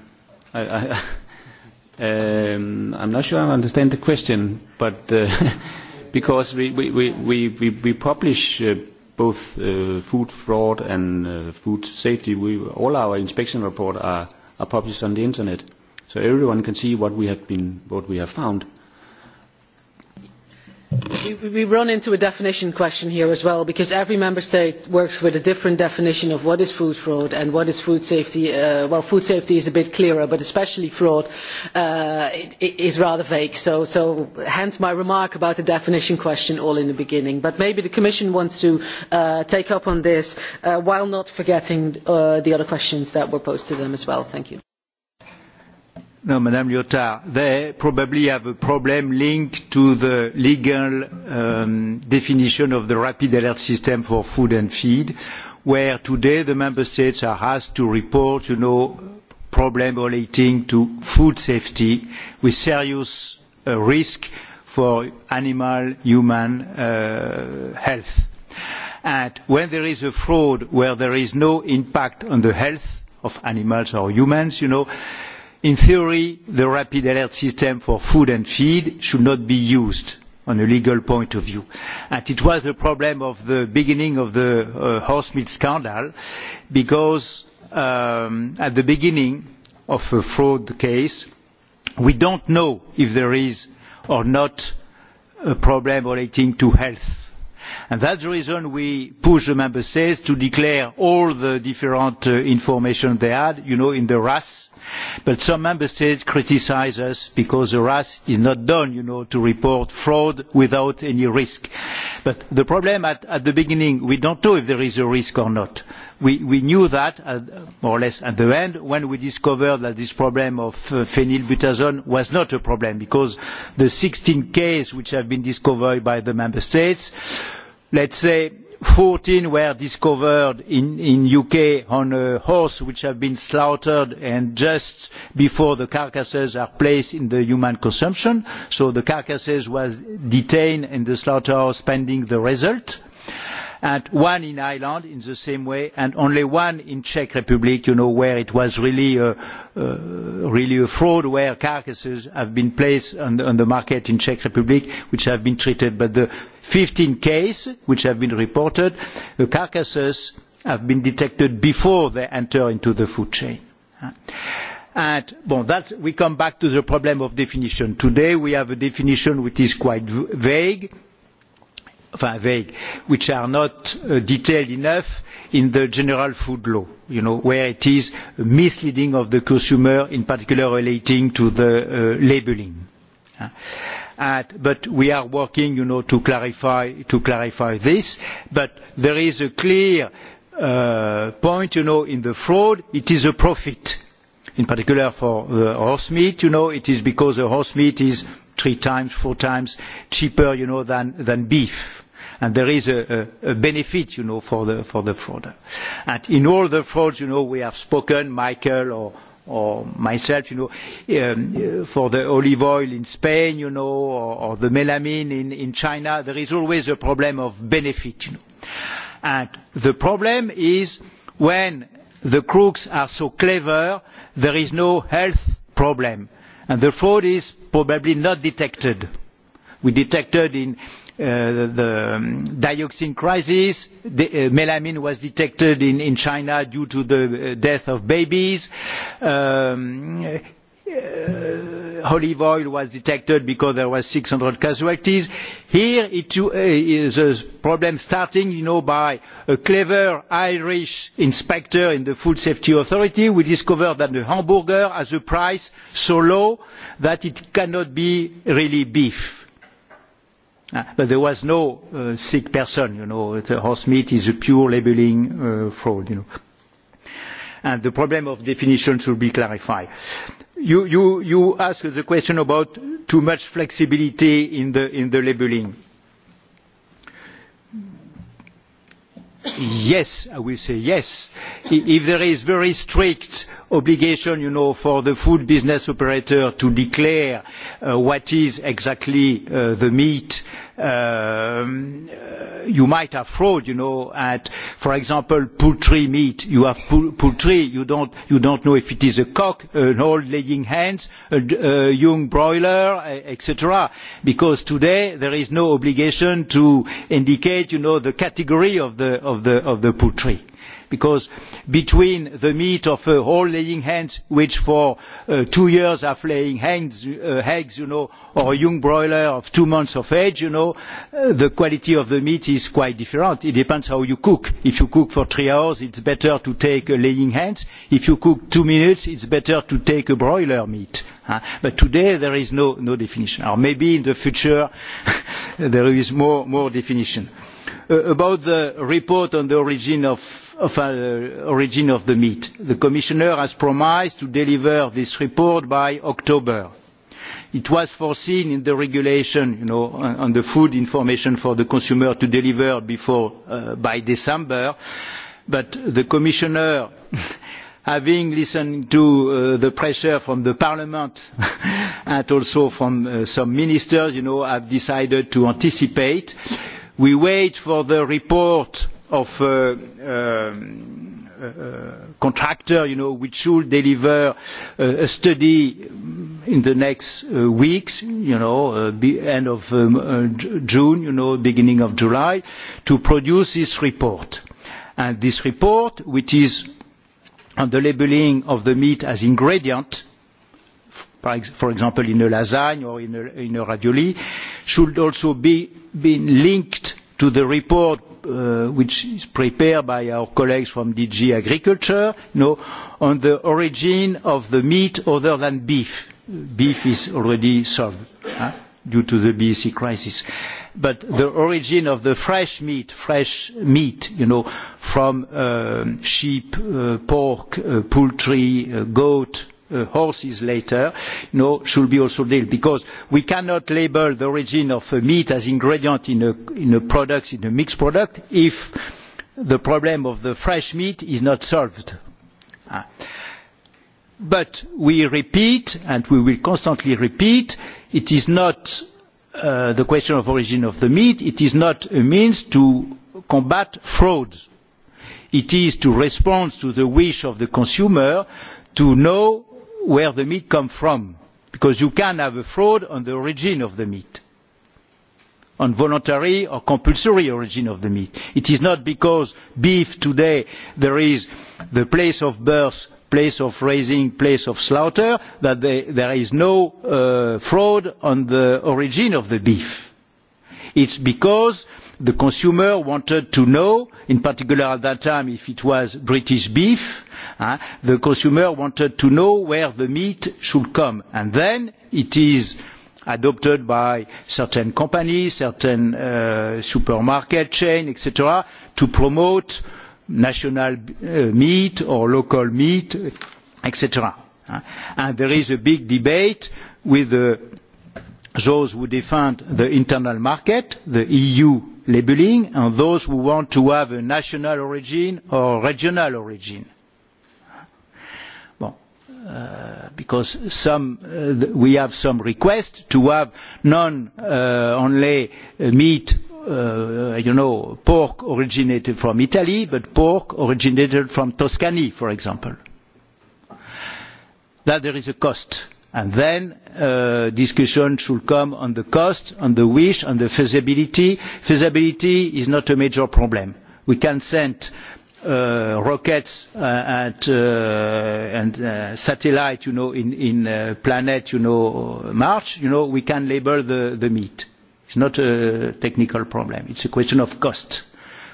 I, I, um, I'm not sure I understand the question, but uh, because we, we, we, we, we publish uh, both uh, food fraud and uh, food safety, we, all our inspection reports are, are published on the internet. So everyone can see what we have, been, what we have found. We, we run into a definition question here as well because every member state works with a different definition of what is food fraud and what is food safety. Uh, well, food safety is a bit clearer, but especially fraud uh, it, it is rather vague. So, so hence my remark about the definition question all in the beginning. But maybe the Commission wants to uh, take up on this uh, while not forgetting uh, the other questions that were posed to them as well. Thank you. No, Madame Lyotard, they probably have a problem linked to the legal um, definition of the rapid alert system for food and feed, where today the member states are asked to report, you know, problem relating to food safety with serious uh, risk for animal human uh, health. And when there is a fraud where there is no impact on the health of animals or humans, you know, In theory, the rapid alert system for food and feed should not be used on a legal point of view. And it was a problem of the beginning of the uh, horse meat scandal because um, at the beginning of a fraud case, we don't know if there is or not a problem relating to health. And that's the reason we push the member states to declare all the different uh, information they had, you know, in the RAS, But some member states criticise us because the RAS is not done, you know, to report fraud without any risk. But the problem at, at the beginning, we don't know if there is a risk or not. We, we knew that, at, more or less at the end, when we discovered that this problem of uh, phenylbutazone was not a problem because the 16 cases which have been discovered by the member states, let's say, fourteen were discovered in, in UK on a horse which have been slaughtered and just before the carcasses are placed in the human consumption. So the carcasses was detained in the slaughterhouse pending the result. Uh, and one in Ireland in the same way, and only one in Czech Republic, you know, where it was really a, uh, uh, really a fraud, where carcasses have been placed on the, on the market in Czech Republic, which have been treated. But the 15 cases which have been reported, the carcasses have been detected before they enter into the food chain. And bon, that's, we come back to the problem of definition. Today we have a definition which is quite vague Enfin, vague, which are not uh, detailed enough in the general food law, you know, where it is misleading of the consumer, in particular relating to the uh, labeling. Uh, and, but we are working, you know, to clarify, to clarify this, but there is a clear uh, point, you know, in the fraud, it is a profit. In particular for the horse meat, you know, it is because the horse meat is three times, four times cheaper, you know, than, than beef and there is a, a, a benefit, you know, for the, for the fraud. And in all the frauds, you know, we have spoken, Michael or, or myself, you know, um, for the olive oil in Spain, you know, or, or the melamine in, in China, there is always a problem of benefit, you know. And the problem is when the crooks are so clever, there is no health problem And the fraud is probably not detected. We detected in uh, the um, dioxin crisis, the, uh, melamine was detected in, in China due to the uh, death of babies. Um, olive oil was detected because there were 600 casualties. Here it uh, is a problem starting you know, by a clever Irish inspector in the Food Safety Authority. We discovered that the hamburger has a price so low that it cannot be really beef. Uh, but there was no uh, sick person, you know, the horse meat is a pure labeling uh, fraud, you know and uh, the problem of definition should be clarified. You, you, you asked the question about too much flexibility in the, in the labelling. yes i will say yes if there is very strict obligation you know for the food business operator to declare uh, what is exactly uh, the meat Um, uh, you might have fraud, you know, at, for example, poultry meat. You have poultry, you don't, you don't know if it is a cock, an old laying hens, a, a young broiler, e, etc. Because today there is no obligation to indicate, you know, the category of the, of the, of the poultry because between the meat of a whole laying hen, which for uh, two years have laying hands uh, eggs, you know, or a young broiler of two months of age, you know, uh, the quality of the meat is quite different. It depends how you cook. If you cook for three hours, it's better to take a laying hen. If you cook two minutes, it's better to take a broiler meat. Huh? But today there is no, no definition. Or maybe in the future there is more, more definition. Uh, about the report on the origin of of, uh, origin of the meat. The Commissioner has promised to deliver this report by October. It was foreseen in the regulation you know, on, on the food information for the consumer to deliver before, uh, by December, but the Commissioner having listened to uh, the pressure from the parliament and also from uh, some ministers, you know, have decided to anticipate. We wait for the report of uh, uh, uh, contractor, you know, which should deliver uh, a study in the next uh, weeks, you know, uh, be end of um, uh, June, you know, beginning of July, to produce this report. And this report, which is on the labeling of the meat as ingredient, for example, in a lasagne or in a, in a ravioli, should also be, be linked to the report uh, which is prepared by our colleagues from DG Agriculture, you know, on the origin of the meat other than beef. Beef is already solved huh, due to the BC e crisis. But the origin of the fresh meat, fresh meat, you know, from uh, sheep, uh, pork, uh, poultry, uh, goat, uh, horses later you know, should be also dealt because we cannot label the origin of a meat as ingredient in a, in a product, in a mixed product, if the problem of the fresh meat is not solved. Ah. But we repeat, and we will constantly repeat, it is not uh, the question of origin of the meat, it is not a means to combat frauds. It is to respond to the wish of the consumer to know where the meat comes from, because you can have a fraud on the origin of the meat, on voluntary or compulsory origin of the meat. It is not because beef today there is the place of birth, place of raising, place of slaughter, that they, there is no uh, fraud on the origin of the beef. It's because uh, the consumer wanted to know, in particular at that time if it was British beef, uh, the consumer wanted to know where the meat should come. And then it is adopted by certain companies, certain uh, supermarket chains, etc., to promote national uh, meat or local meat, etc. Uh, and there is a big debate with the those who defend the internal market, the EU labeling and those who want to have a national origin or regional origin. Bon. Uh, because some, uh, we have some requests to have non uh, only uh, meat, uh, you know, pork originated from Italy, but pork originated from Tuscany, for example. That there is a cost. And then uh, discussion should come on the cost, on the wish, on the feasibility. Feasibility is not a major problem. We can send uh, rockets uh, at, uh, and uh, satellite, you know, in, in uh, planet, you know, March, you know, we can label the, the meat. It's not a technical problem. It's a question of cost,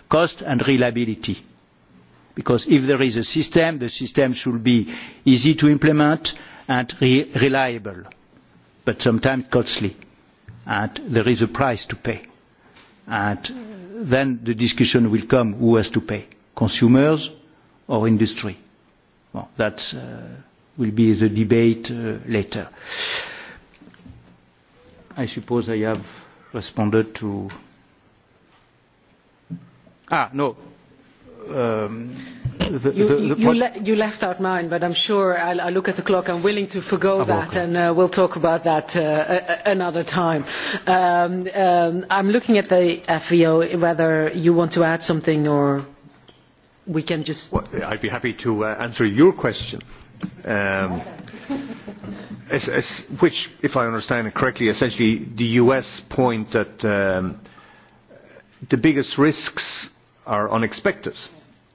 cost and reliability. Because if there is a system, the system should be easy to implement, and re reliable, but sometimes costly. And there is a price to pay. And then the discussion will come who has to pay, consumers or industry. Well, that uh, will be the debate uh, later. I suppose I have responded to... Ah, no, um, the, you, the, the you, le you left out mine, but I'm sure I'll, I'll look at the clock. I'm willing to forgo I'm ah, that, welcome. and uh, we'll talk about that uh, another time. Um, um, I'm looking at the FEO, whether you want to add something or we can just... Well, I'd be happy to uh, answer your question. Um, as, as, which, if I understand it correctly, essentially the US point that um, the biggest risks are unexpected. Uh,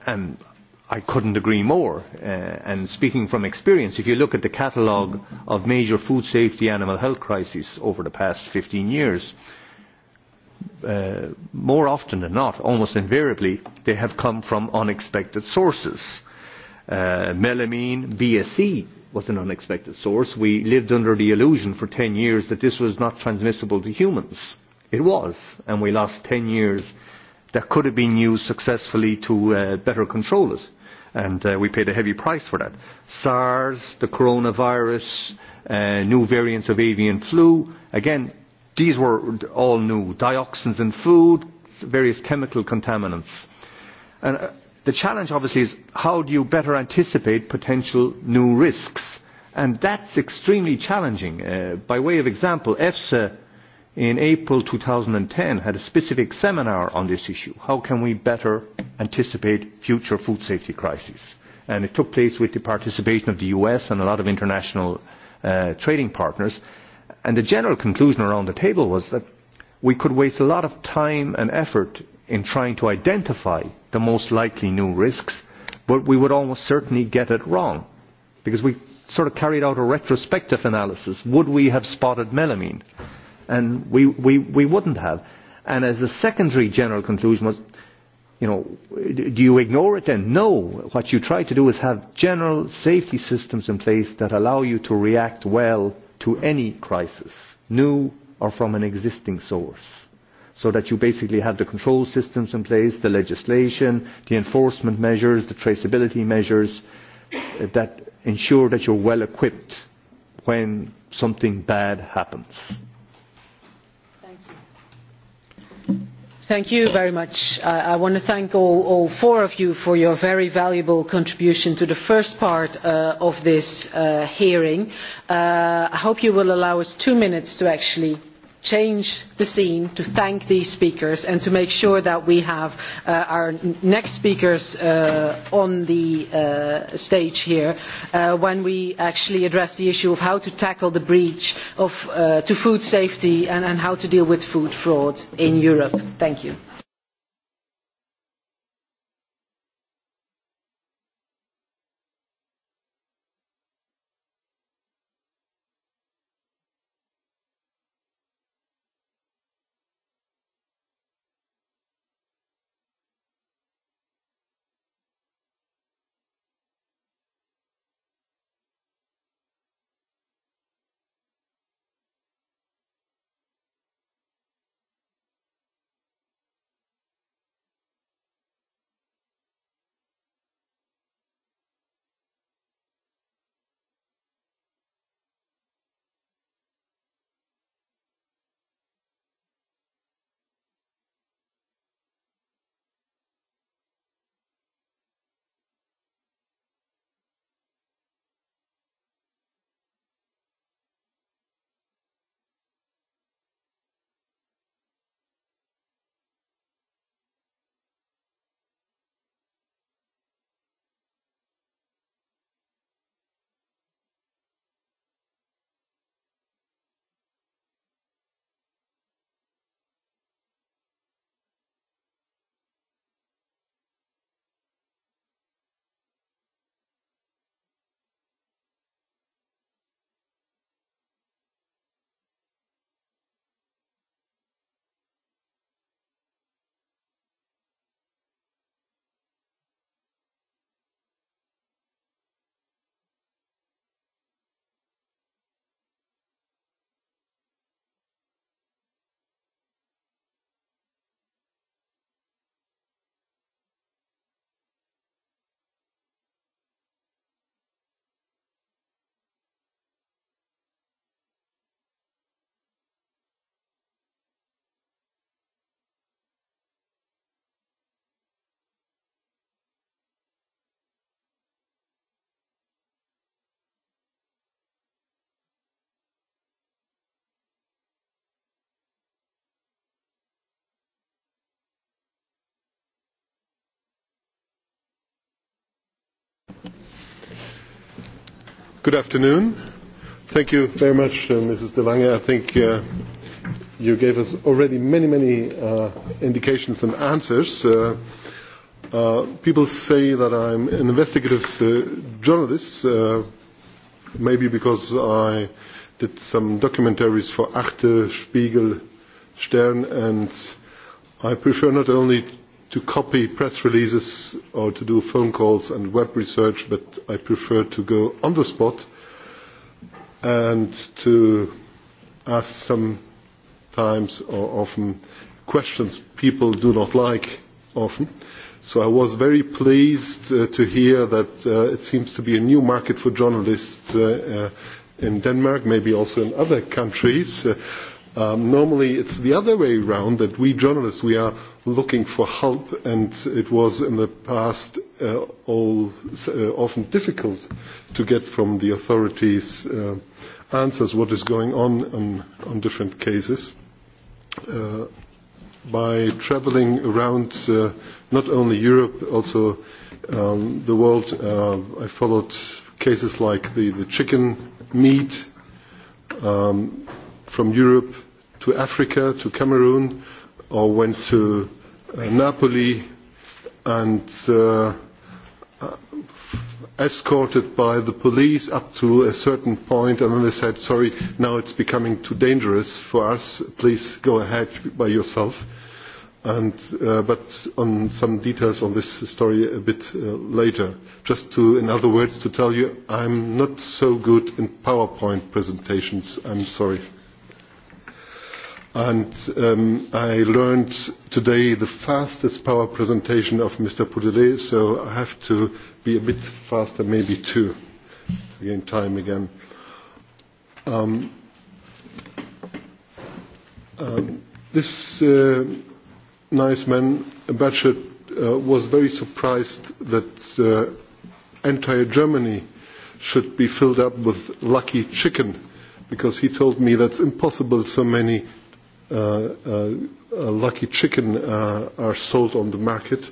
And I couldn't agree more. Uh, and speaking from experience, if you look at the catalogue of major food safety animal health crises over the past 15 years, uh, more often than not, almost invariably, they have come from unexpected sources. Uh, melamine, BSE was an unexpected source. We lived under the illusion for 10 years that this was not transmissible to humans. It was, and we lost 10 years that could have been used successfully to uh, better control it. And uh, we paid a heavy price for that. SARS, the coronavirus, uh, new variants of avian flu, again, these were all new. Dioxins in food, various chemical contaminants. And uh, the challenge obviously is how do you better anticipate potential new risks? And that's extremely challenging. Uh, by way of example, EFSA in April 2010 had a specific seminar on this issue. How can we better anticipate future food safety crises? And it took place with the participation of the US and a lot of international uh, trading partners. And the general conclusion around the table was that we could waste a lot of time and effort in trying to identify the most likely new risks, but we would almost certainly get it wrong because we sort of carried out a retrospective analysis. Would we have spotted melamine? and we, we, we wouldn't have. And as a secondary general conclusion was, you know, do you ignore it then? No. What you try to do is have general safety systems in place that allow you to react well to any crisis, new or from an existing source. So that you basically have the control systems in place, the legislation, the enforcement measures, the traceability measures uh, that ensure that you're well equipped when something bad happens. Thank you very much. I, I want to thank all, all four of you for your very valuable contribution to the first part uh, of this uh, hearing. Uh, I hope you will allow us two minutes to actually change the scene to thank these speakers and to make sure that we have uh, our next speakers uh, on the uh, stage here uh, when we actually address the issue of how to tackle the breach of, uh, to food safety and, and how to deal with food fraud in Europe. Thank you. Good afternoon. Thank you very much, uh, Mrs. De Lange. I think uh, you gave us already many, many uh, indications and answers. Uh, uh, people say that I'm an investigative uh, journalist, uh, maybe because I did some documentaries for Achte, Spiegel, Stern, and I prefer not only to copy press releases or to do phone calls and web research, but I prefer to go on the spot and to ask some times or often questions people do not like often. So I was very pleased uh, to hear that uh, it seems to be a new market for journalists uh, uh, in Denmark, maybe also in other countries. Uh, Um, normally it's the other way around that we journalists, we are looking for help and it was in the past uh, all, uh, often difficult to get from the authorities uh, answers what is going on on, on different cases. Uh, by traveling around uh, not only Europe, also um, the world, uh, I followed cases like the, the chicken meat um, from Europe to Africa, to Cameroon, or went to uh, Napoli and uh, uh, escorted by the police up to a certain point and then they said, sorry, now it's becoming too dangerous for us, please go ahead by yourself. And, uh, but on some details on this story a bit uh, later. Just to, in other words, to tell you, I'm not so good in PowerPoint presentations, I'm sorry. And um, I learned today the fastest power presentation of Mr. Poudelet, so I have to be a bit faster, maybe to gain time again. Um, um, this uh, nice man, Batchet, uh, was very surprised that uh, entire Germany should be filled up with lucky chicken because he told me that's impossible so many uh, uh, lucky chicken uh, are sold on the market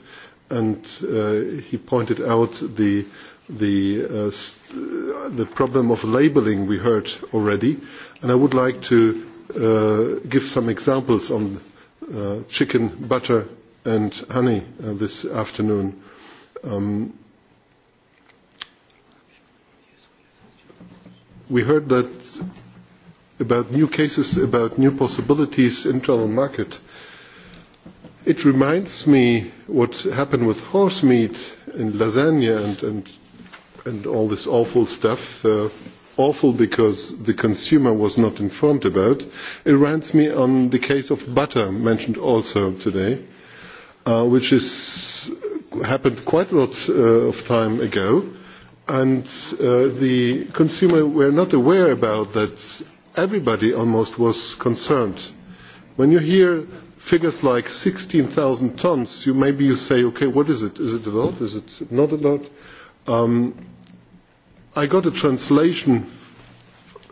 and uh, he pointed out the the uh, st the problem of labeling we heard already and I would like to uh, give some examples on uh, chicken butter and honey uh, this afternoon um, we heard that about new cases, about new possibilities, internal market. It reminds me what happened with horse meat and lasagna and, and, and all this awful stuff. Uh, awful because the consumer was not informed about. It reminds me on the case of butter mentioned also today, uh, which is, happened quite a lot uh, of time ago. And uh, the consumer were not aware about that everybody almost was concerned. When you hear figures like 16,000 tons, you maybe you say, okay, what is it? Is it a lot? Is it not a lot? Um, I got a translation,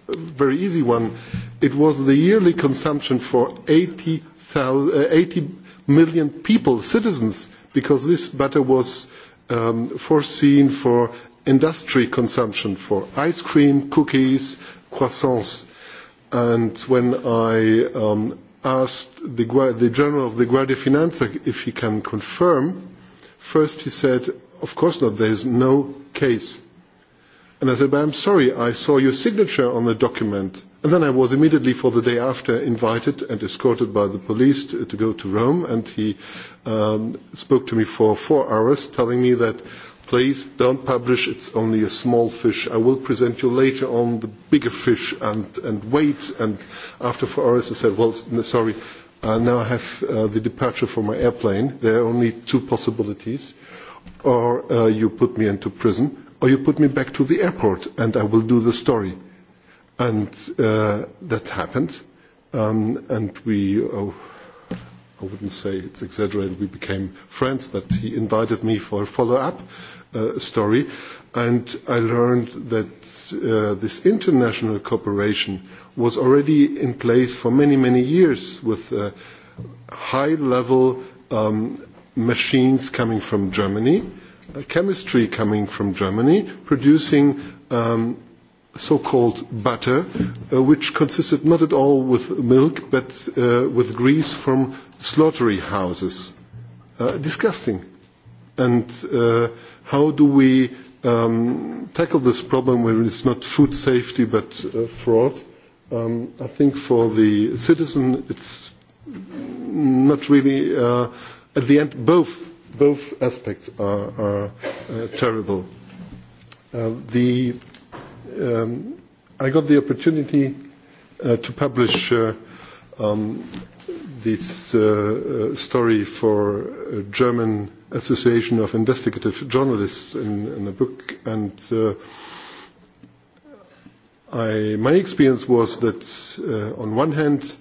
a very easy one. It was the yearly consumption for 80, 000, uh, 80 million people, citizens, because this butter was um, foreseen for industry consumption, for ice cream, cookies, croissants. And when I um, asked the, the general of the Guardia Finanza if he can confirm, first he said, of course not, there is no case. And I said, but I'm sorry, I saw your signature on the document. And then I was immediately for the day after invited and escorted by the police to, to go to Rome, and he um, spoke to me for four hours, telling me that Please don't publish, it's only a small fish. I will present you later on the bigger fish and, and wait And after four hours I said, well, sorry, uh, now I have uh, the departure for my airplane. There are only two possibilities. Or uh, you put me into prison, or you put me back to the airport and I will do the story. And uh, that happened. Um, and we, oh, I wouldn't say it's exaggerated, we became friends, but he invited me for a follow-up uh, story. And I learned that uh, this international cooperation was already in place for many, many years with uh, high-level um, machines coming from Germany, uh, chemistry coming from Germany, producing um, so-called butter, uh, which consisted not at all with milk, but uh, with grease from slaughtery houses. Uh, disgusting. And uh, how do we um, tackle this problem where it's not food safety but uh, fraud? Um, I think for the citizen it's not really, uh, at the end, both, both aspects are, are uh, terrible. Uh, the, um, I got the opportunity uh, to publish uh, um, this uh, uh, story for a uh, German Association of Investigative Journalists in, in a book, and uh, I, my experience was that uh, on one hand,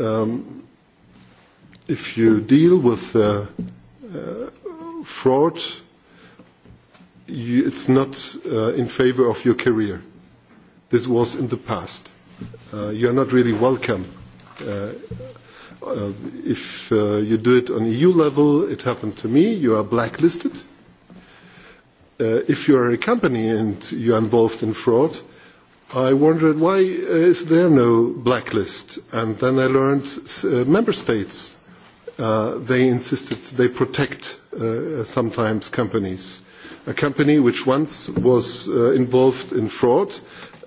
um, if you deal with uh, uh, fraud, you, it's not uh, in favor of your career. This was in the past. Uh, you are not really welcome uh, Uh, if uh, you do it on EU level, it happened to me, you are blacklisted. Uh, if you are a company and you are involved in fraud, I wondered why uh, is there no blacklist? And then I learned uh, member states, uh, they insisted they protect uh, sometimes companies. A company which once was uh, involved in fraud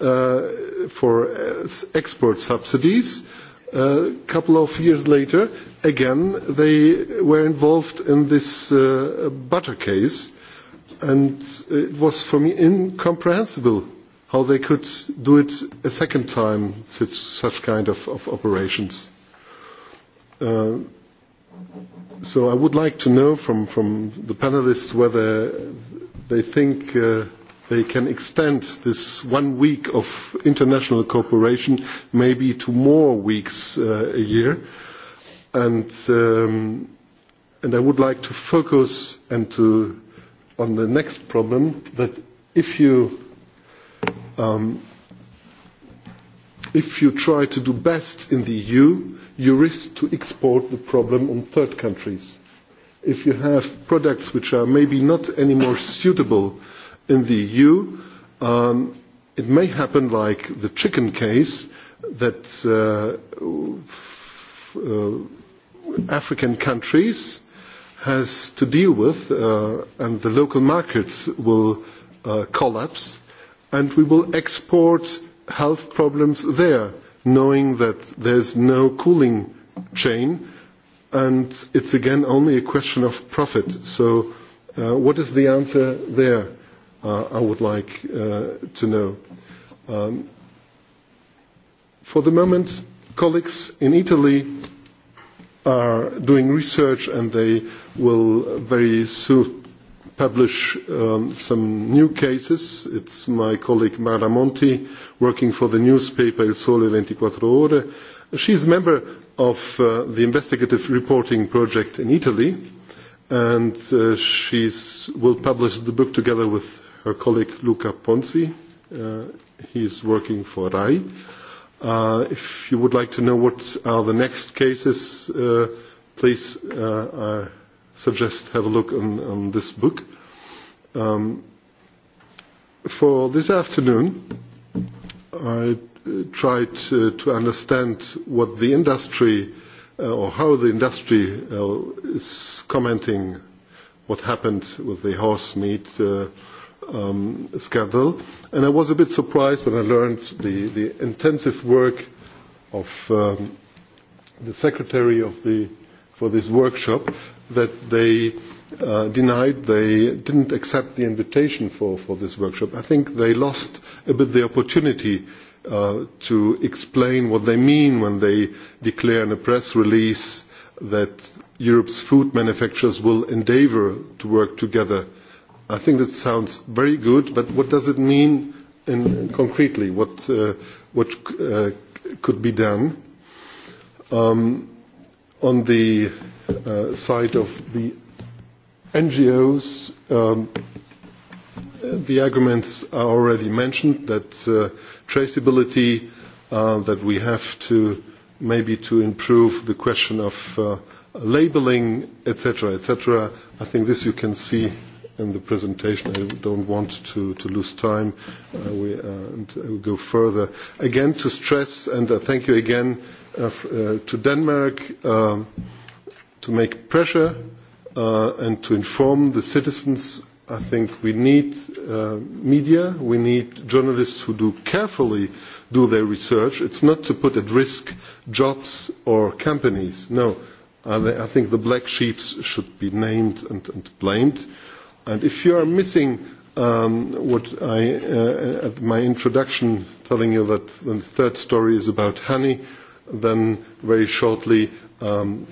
uh, for uh, export subsidies, uh, A couple of years later, again, they were involved in this uh, butter case, and it was for me incomprehensible how they could do it a second time, such, such kind of, of operations. Uh, so I would like to know from, from the panelists whether they think uh, they can extend this one week of international cooperation maybe to more weeks uh, a year. And, um, and I would like to focus and to, on the next problem that if you, um, if you try to do best in the EU, you risk to export the problem on third countries. If you have products which are maybe not any more suitable in the EU, um, it may happen like the chicken case that uh, uh, African countries has to deal with uh, and the local markets will uh, collapse and we will export health problems there knowing that there's no cooling chain and it's again only a question of profit. So uh, what is the answer there? uh, I would like uh, to know. Um, for the moment, colleagues in Italy are doing research and they will very soon publish um, some new cases. It's my colleague Mara Monti working for the newspaper Il Sole 24 Ore. She's a member of uh, the investigative reporting project in Italy and uh, she will publish the book together with her colleague Luca Ponzi. Uh, he's working for RAI. Uh, if you would like to know what are the next cases, uh, please uh, I suggest have a look on, on this book. Um, for this afternoon, I uh, tried to, to understand what the industry uh, or how the industry uh, is commenting what happened with the horse meat uh, um, scandal. And I was a bit surprised when I learned the, the intensive work of um, the secretary of the, for this workshop that they uh, denied they didn't accept the invitation for, for this workshop. I think they lost a bit the opportunity uh, to explain what they mean when they declare in a press release that Europe's food manufacturers will endeavour to work together I think that sounds very good, but what does it mean in, concretely? What, uh, what uh, could be done? Um, on the uh, side of the NGOs, um, the arguments are already mentioned that uh, traceability, uh, that we have to maybe to improve the question of uh, labeling, etc., etc. I think this you can see in the presentation. I don't want to, to lose time. Uh, we, uh, and I will go further. Again, to stress, and uh, thank you again uh, uh, to Denmark, um, to make pressure uh, and to inform the citizens. I think we need uh, media, we need journalists who do carefully do their research. It's not to put at risk jobs or companies. No, I think the black sheep should be named and, and blamed. And if you are missing um, what I, uh, at my introduction, telling you that the third story is about honey, then very shortly um,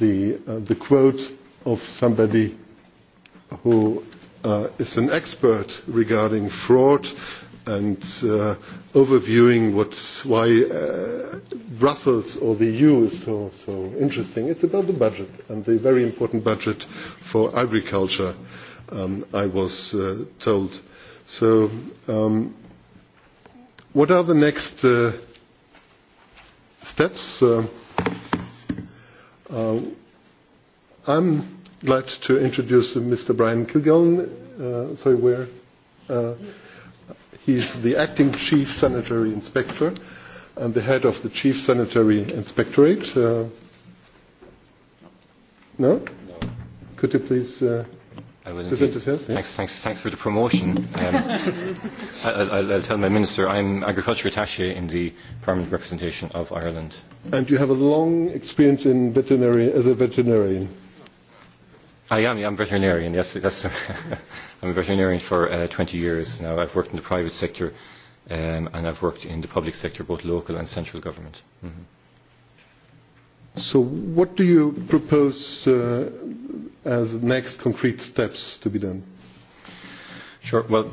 the, uh, the quote of somebody who uh, is an expert regarding fraud and uh, overviewing what, why uh, Brussels or the EU is so, so interesting. It's about the budget and the very important budget for agriculture um, I was uh, told. So um, what are the next uh, steps? Uh, uh, I'm glad to introduce Mr. Brian Kilgallen. Uh, sorry, where? Uh, he's the acting chief sanitary inspector and the head of the chief sanitary inspectorate. Uh, no? no? Could you please... Uh, I will indeed. Yourself, yeah? thanks, thanks, thanks for the promotion. Um, I, I'll, I'll tell my minister I'm agriculture attaché in the permanent representation of Ireland. And you have a long experience in veterinary as a veterinarian. I am, yeah, I'm a veterinarian, yes. That's, I'm a veterinarian for uh, 20 years now. I've worked in the private sector um, and I've worked in the public sector, both local and central government. Mm -hmm. So what do you propose uh, as next concrete steps to be done? Sure. Well,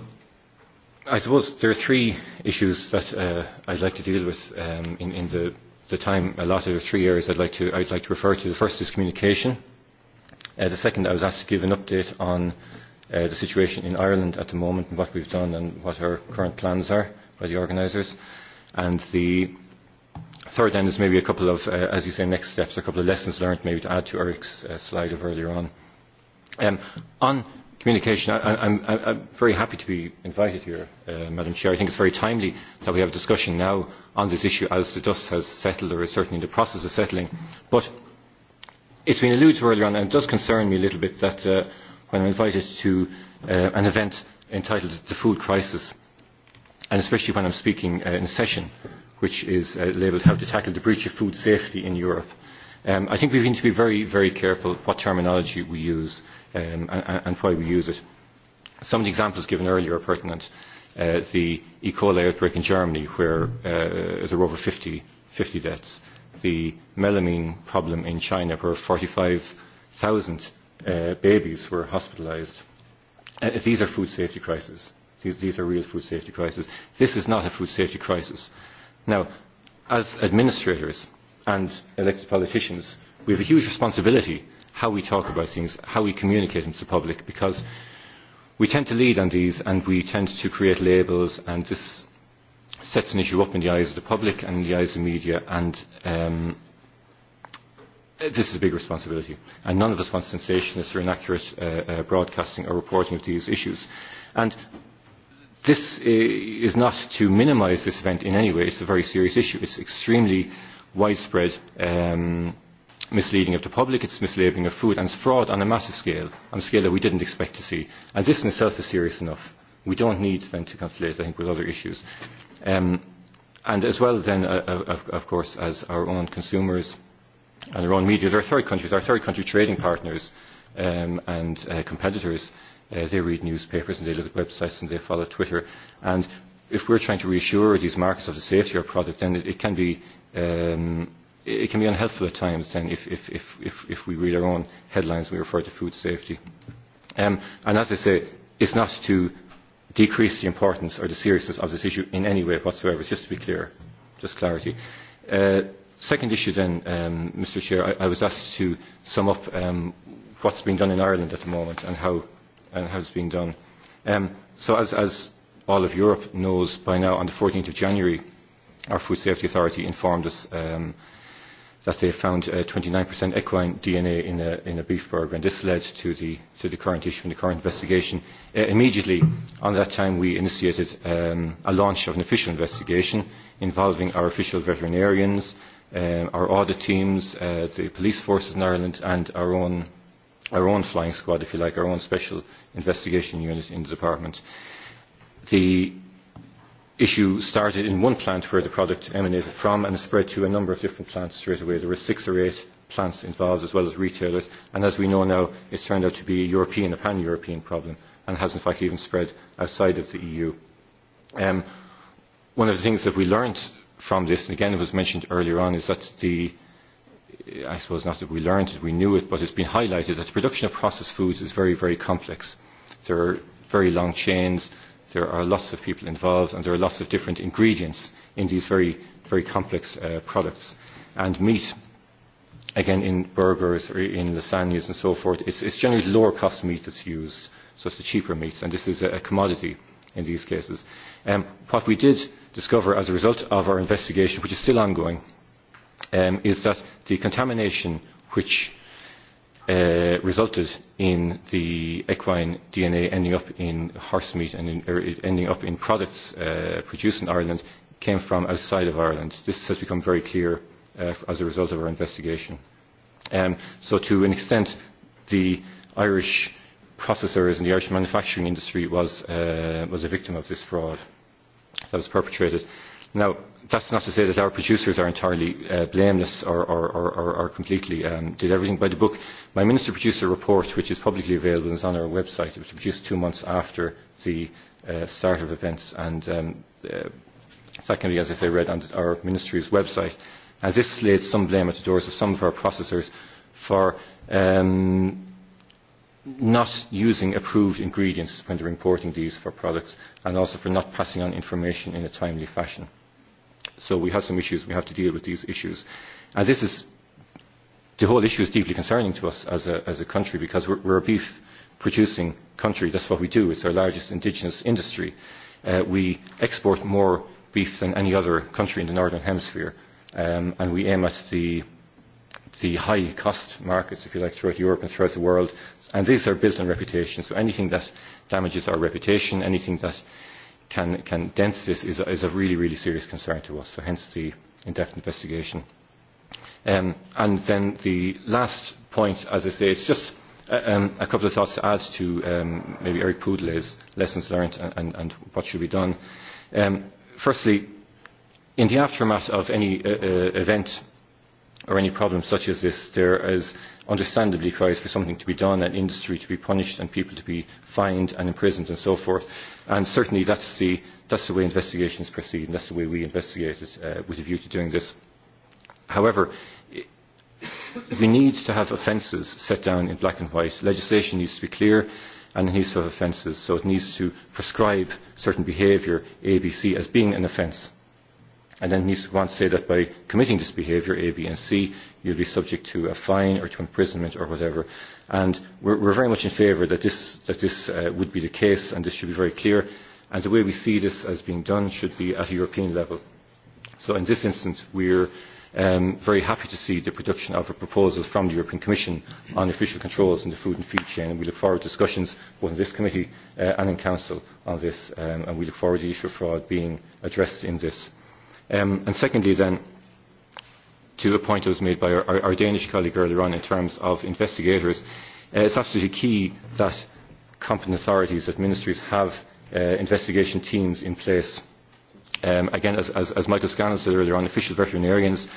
I suppose there are three issues that uh, I'd like to deal with um, in, in the, the time allotted, or three areas I'd like, to, I'd like to refer to. The first is communication. Uh, the second, I was asked to give an update on uh, the situation in Ireland at the moment and what we've done and what our current plans are by the organisers. And the third then is maybe a couple of, uh, as you say, next steps, a couple of lessons learned maybe to add to Eric's uh, slide of earlier on. Um, on communication, I, I, I'm, I'm very happy to be invited here, uh, Madam Chair. I think it's very timely that we have a discussion now on this issue as the dust has settled or is certainly in the process of settling. But it's been alluded to earlier on and it does concern me a little bit that uh, when I'm invited to uh, an event entitled The Food Crisis, and especially when I'm speaking uh, in a session which is uh, labelled How to Tackle the Breach of Food Safety in Europe. Um, I think we need to be very, very careful what terminology we use um, and, and why we use it. Some of the examples given earlier are pertinent. Uh, the E. coli outbreak in Germany, where uh, there were over 50, 50 deaths. The melamine problem in China, where 45,000 uh, babies were hospitalized. Uh, these are food safety crises. These, these are real food safety crises. This is not a food safety crisis. Now, as administrators and elected politicians, we have a huge responsibility how we talk about things, how we communicate them to the public, because we tend to lead on these and we tend to create labels and this sets an issue up in the eyes of the public and in the eyes of the media and um, this is a big responsibility and none of us want sensationalist or inaccurate uh, uh, broadcasting or reporting of these issues and This eh, is not to minimize this event in any way. It's a very serious issue. It's extremely widespread um, misleading of the public, it's mislabeling of food, and it's fraud on a massive scale, on a scale that we didn't expect to see. And this in itself is serious enough. We don't need then to conflate, I think, with other issues. Um, and as well then, uh, of, of course, as our own consumers and our own media, our third countries, our third country trading partners um, and uh, competitors Uh, they read newspapers and they look at websites and they follow Twitter. And if we're trying to reassure these markets of the safety of our product, then it, it can be um, it can be unhelpful at times. Then, if if if if, if we read our own headlines, we refer to food safety. Um, and as I say, it's not to decrease the importance or the seriousness of this issue in any way whatsoever. Just to be clear, just clarity. Uh, second issue then, um, Mr. Chair, I, I was asked to sum up um, what's being done in Ireland at the moment and how and how it's being done. Um, so as, as all of Europe knows by now, on the 14th of January, our Food Safety Authority informed us um, that they found uh, 29% equine DNA in a, in a beef burger, and this led to the, to the current issue and the current investigation. Uh, immediately, on that time, we initiated um, a launch of an official investigation involving our official veterinarians, um, our audit teams, uh, the police forces in Ireland, and our own our own flying squad, if you like, our own special investigation unit in the department. The issue started in one plant where the product emanated from and spread to a number of different plants straight away. There were six or eight plants involved as well as retailers and as we know now it's turned out to be a European, a pan-European problem and has in fact even spread outside of the EU. Um, one of the things that we learned from this, and again it was mentioned earlier on, is that the I suppose not that we learned it, we knew it, but it's been highlighted that the production of processed foods is very, very complex. There are very long chains, there are lots of people involved, and there are lots of different ingredients in these very, very complex uh, products. And meat, again, in burgers or in lasagnas and so forth, it's, it's generally lower cost meat that's used, so it's the cheaper meats, and this is a, a commodity in these cases. Um, what we did discover as a result of our investigation, which is still ongoing, um, is that the contamination which uh, resulted in the equine DNA ending up in horse meat and in, er, ending up in products uh, produced in Ireland came from outside of Ireland. This has become very clear uh, as a result of our investigation. Um, so to an extent, the Irish processors and the Irish manufacturing industry was, uh, was a victim of this fraud that was perpetrated. Now, that's not to say that our producers are entirely uh, blameless or, or, or, or completely um, did everything by the book. My minister producer report, which is publicly available and is on our website, it was produced two months after the uh, start of events, and um, uh, that can be, as I say, read on our ministry's website. And this laid some blame at the doors of some of our processors for um, not using approved ingredients when they're importing these for products, and also for not passing on information in a timely fashion. So we have some issues, we have to deal with these issues. And this is, the whole issue is deeply concerning to us as a, as a country because we're, we're a beef producing country, that's what we do, it's our largest indigenous industry. Uh, we export more beef than any other country in the northern hemisphere um, and we aim at the the high cost markets, if you like, throughout Europe and throughout the world. And these are built on reputation. So anything that damages our reputation, anything that can, can dense this is, is a really, really serious concern to us, so hence the in-depth investigation. Um, and then the last point, as I say, it's just uh, um, a couple of thoughts to add to um, maybe Eric Poudle's lessons learned and, and, and what should be done. Um, firstly, in the aftermath of any uh, uh, event or any problem such as this, there is understandably cries for something to be done and industry to be punished and people to be fined and imprisoned and so forth. And certainly that's the, that's the way investigations proceed and that's the way we investigate it uh, with a view to doing this. However, we need to have offences set down in black and white. Legislation needs to be clear and it needs to have offences. So it needs to prescribe certain behaviour, ABC, as being an offence and then he wants to say that by committing this behaviour, A, B and C, you'll be subject to a fine or to imprisonment or whatever. And we're, we're very much in favour that this, that this uh, would be the case and this should be very clear. And the way we see this as being done should be at a European level. So in this instance, we're um, very happy to see the production of a proposal from the European Commission on official controls in the food and feed chain. And we look forward to discussions both in this committee uh, and in Council on this. Um, and we look forward to the issue of fraud being addressed in this. Um, and secondly then, to a point that was made by our, our Danish colleague earlier on in terms of investigators, uh, it's absolutely key that competent authorities, that ministries have uh, investigation teams in place. Um, again, as, as, as Michael Scannell said earlier on, official veterinarians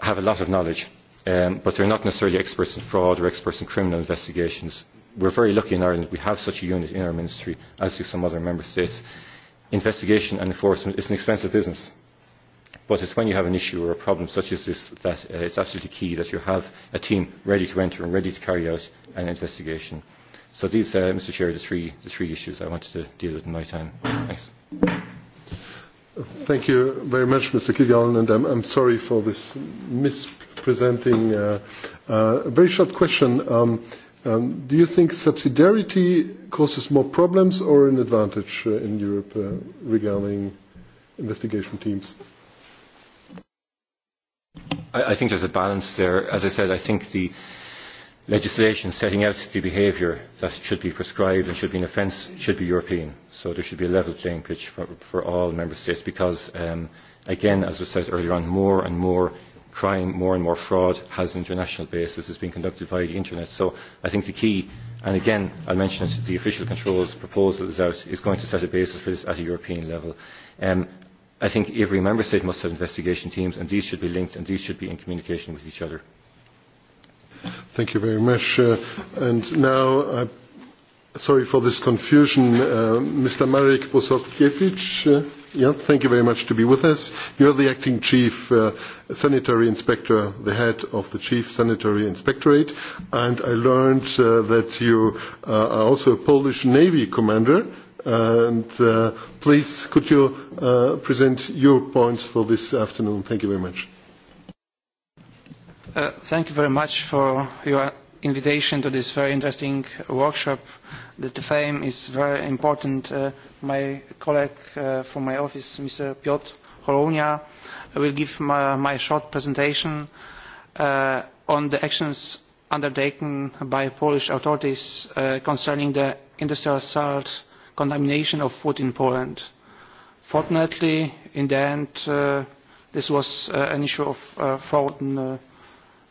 have a lot of knowledge, um, but they're not necessarily experts in fraud or experts in criminal investigations. We're very lucky in Ireland we have such a unit in our ministry, as do some other member states investigation and enforcement is an expensive business. But it's when you have an issue or a problem such as this that uh, it's absolutely key that you have a team ready to enter and ready to carry out an investigation. So these, uh, Mr. Chair, are the three, the three issues I wanted to deal with in my time. Thanks. Thank you very much, Mr. Kilgallen, and I'm, I'm sorry for this mispresenting. Uh, uh, a very short question. Um, Um, do you think subsidiarity causes more problems or an advantage uh, in Europe uh, regarding investigation teams? I, I think there's a balance there. As I said, I think the legislation setting out the behaviour that should be prescribed and should be an offence should be European. So there should be a level playing pitch for, for all member states because, um, again, as was said earlier on, more and more crime, more and more fraud has an international basis, is being conducted via the internet. So I think the key, and again, I'll mention it, the official controls proposal is out, is going to set a basis for this at a European level. Um, I think every member state must have investigation teams, and these should be linked, and these should be in communication with each other. Thank you very much. Uh, and now, uh, sorry for this confusion, uh, Mr. Marek Bosokiewicz. Uh, Yeah, thank you very much to be with us. You're the acting chief uh, sanitary inspector, the head of the chief sanitary inspectorate, and I learned uh, that you uh, are also a Polish Navy commander. And uh, please, could you uh, present your points for this afternoon? Thank you very much. Uh, thank you very much for your invitation to this very interesting workshop. The theme is very important. Uh, my colleague uh, from my office, Mr. Piotr Holonia, will give my, my short presentation uh, on the actions undertaken by Polish authorities uh, concerning the industrial salt contamination of food in Poland. Fortunately, in the end, uh, this was uh, an issue of uh, fraud and uh,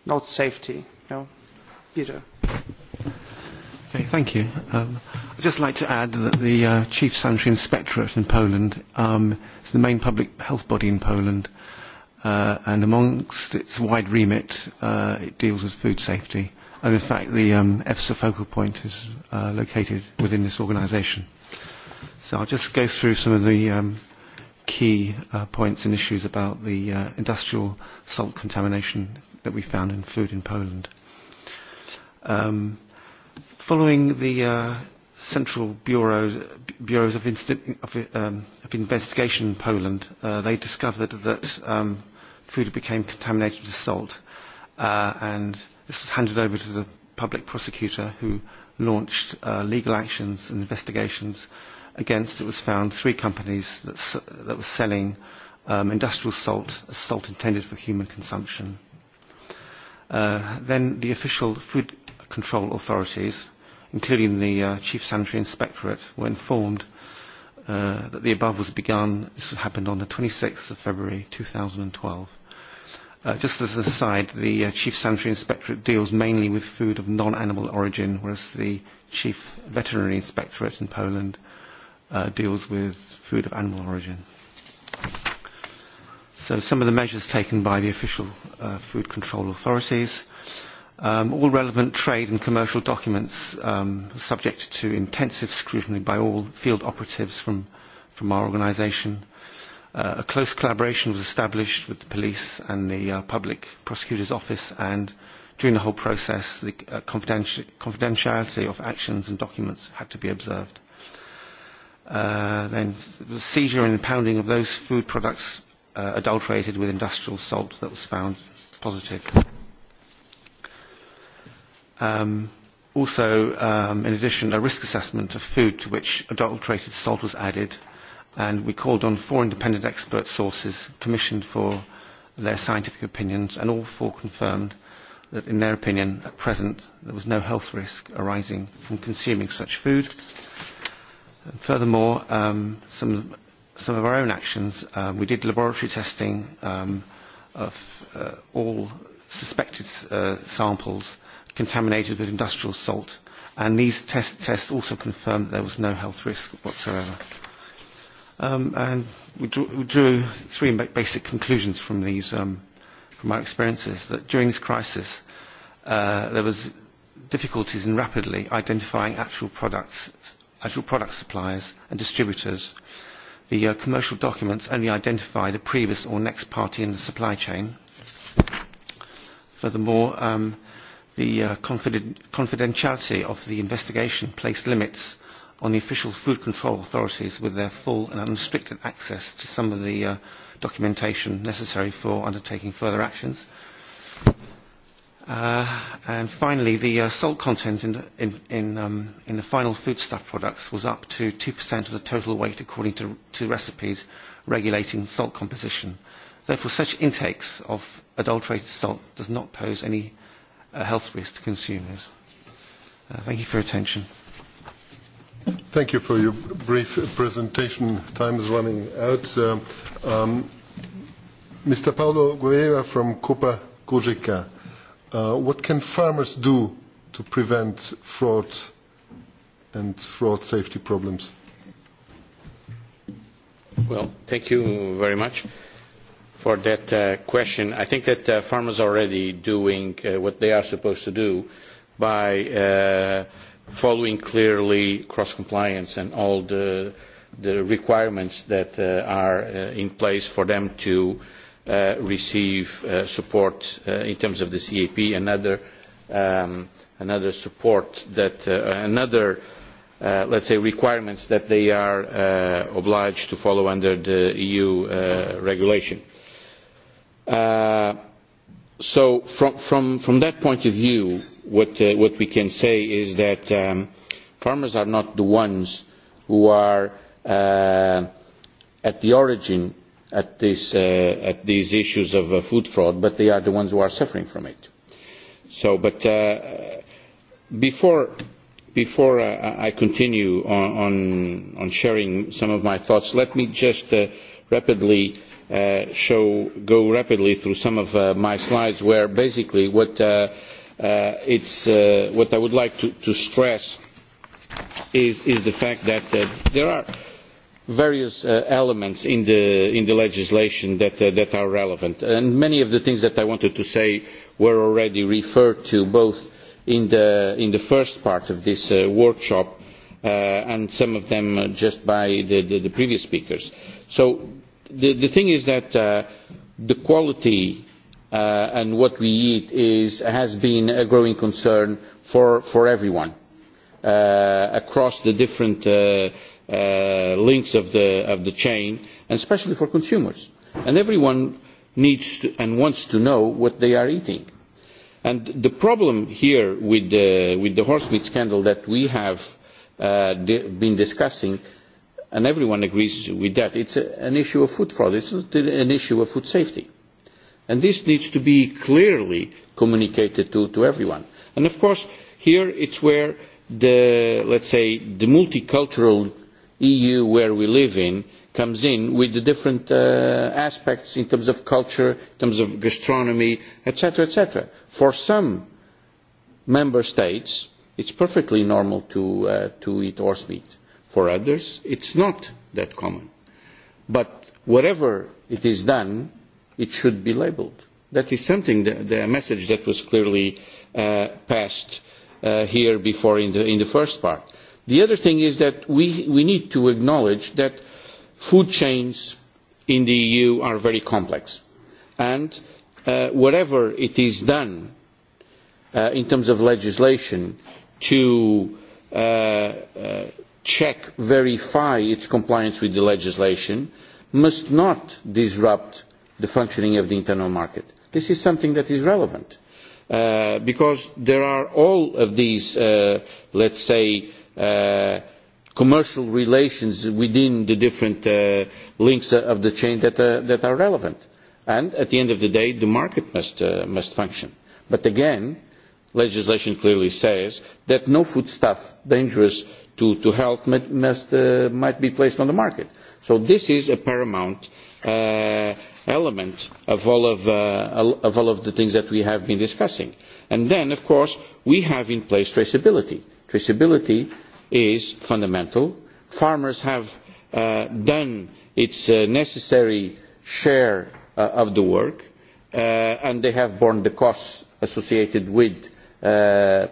not safety. You know. Peter. Okay, thank you. Um, I'd just like to add that the uh, Chief Sanitary Inspectorate in Poland um, is the main public health body in Poland, uh, and amongst its wide remit, uh, it deals with food safety. And in fact, the um, EFSA focal point is uh, located within this organisation. So I'll just go through some of the um, key uh, points and issues about the uh, industrial salt contamination that we found in food in Poland. Um, following the uh, Central Bureau, Bureaus of, Insti- of, um, of Investigation in Poland, uh, they discovered that um, food became contaminated with salt. Uh, and this was handed over to the public prosecutor who launched uh, legal actions and investigations against, it was found, three companies that, that were selling um, industrial salt as salt intended for human consumption. Uh, then the official food control authorities, including the uh, Chief Sanitary Inspectorate, were informed uh, that the above was begun. This happened on the 26th of February 2012. Uh, just as an aside, the uh, Chief Sanitary Inspectorate deals mainly with food of non-animal origin, whereas the Chief Veterinary Inspectorate in Poland uh, deals with food of animal origin. So some of the measures taken by the official uh, food control authorities Um, all relevant trade and commercial documents um, subject to intensive scrutiny by all field operatives from, from our organisation. Uh, a close collaboration was established with the police and the uh, public prosecutor's office and during the whole process the uh, confidenti confidentiality of actions and documents had to be observed. Uh, then the seizure and impounding of those food products uh, adulterated with industrial salt that was found positive. Um, also, um, in addition, a risk assessment of food to which adulterated salt was added, and we called on four independent expert sources commissioned for their scientific opinions, and all four confirmed that, in their opinion, at present, there was no health risk arising from consuming such food. And furthermore, um, some, some of our own actions, um, we did laboratory testing um, of uh, all suspected uh, samples contaminated with industrial salt, and these test tests also confirmed that there was no health risk whatsoever. Um, and we drew, we drew three basic conclusions from these, um, from our experiences, that during this crisis uh, there was difficulties in rapidly identifying actual products, actual product suppliers and distributors. The uh, commercial documents only identify the previous or next party in the supply chain. Furthermore, um, The uh, confident, confidentiality of the investigation placed limits on the official food control authorities with their full and unrestricted access to some of the uh, documentation necessary for undertaking further actions. Uh, and finally, the uh, salt content in, in, in, um, in the final foodstuff products was up to 2% of the total weight according to, to recipes regulating salt composition. Therefore, such intakes of adulterated salt does not pose any uh, health risk to consumers. Uh, thank you for your attention. Thank you for your brief presentation. Time is running out. Um, um, Mr. Paulo Guerra from Copa Cogeca. Uh, what can farmers do to prevent fraud and fraud safety problems? Well, thank you very much for that uh, question. I think that uh, farmers are already doing uh, what they are supposed to do by uh, following clearly cross-compliance and all the, the requirements that uh, are uh, in place for them to uh, receive uh, support uh, in terms of the CAP and other, um, another support that uh, another uh, let's say requirements that they are uh, obliged to follow under the EU uh, regulation. Uh, so from, from, from that point of view, what, uh, what we can say is that um, farmers are not the ones who are uh, at the origin at, this, uh, at these issues of uh, food fraud, but they are the ones who are suffering from it. So, but uh, before, before uh, I continue on, on, on sharing some of my thoughts, let me just uh, rapidly Uh, show, go rapidly through some of uh, my slides where basically what, uh, uh, it's, uh, what I would like to, to stress is, is the fact that uh, there are various uh, elements in the, in the legislation that, uh, that are relevant. And many of the things that I wanted to say were already referred to both in the, in the first part of this uh, workshop uh, and some of them just by the, the, the previous speakers. So the, the thing is that uh, the quality uh, and what we eat is, has been a growing concern for, for everyone uh, across the different uh, uh, links of the, of the chain, and especially for consumers. And everyone needs to, and wants to know what they are eating. And the problem here with the, with the horse meat scandal that we have uh, di been discussing and everyone agrees with that. It's a, an issue of food fraud, it's not an issue of food safety. And this needs to be clearly communicated to, to everyone. And of course, here it's where the, let's say, the multicultural EU where we live in comes in with the different uh, aspects in terms of culture, in terms of gastronomy, etc., etc. For some member states, it's perfectly normal to, uh, to eat horse meat For others, it's not that common. But wherever it is done, it should be labeled. That is something, the, the message that was clearly uh, passed uh, here before in the, in the first part. The other thing is that we, we need to acknowledge that food chains in the EU are very complex. And uh, whatever it is done uh, in terms of legislation to uh, uh, check, verify its compliance with the legislation must not disrupt the functioning of the internal market. This is something that is relevant uh, because there are all of these, uh, let's say, uh, commercial relations within the different uh, links of the chain that, uh, that are relevant. And at the end of the day, the market must, uh, must function. But again, legislation clearly says that no foodstuff, dangerous to, to help might, must, uh, might be placed on the market. So this is a paramount uh, element of all of, uh, of all of the things that we have been discussing. And then, of course, we have in place traceability. Traceability is fundamental. Farmers have uh, done its uh, necessary share uh, of the work, uh, and they have borne the costs associated with uh,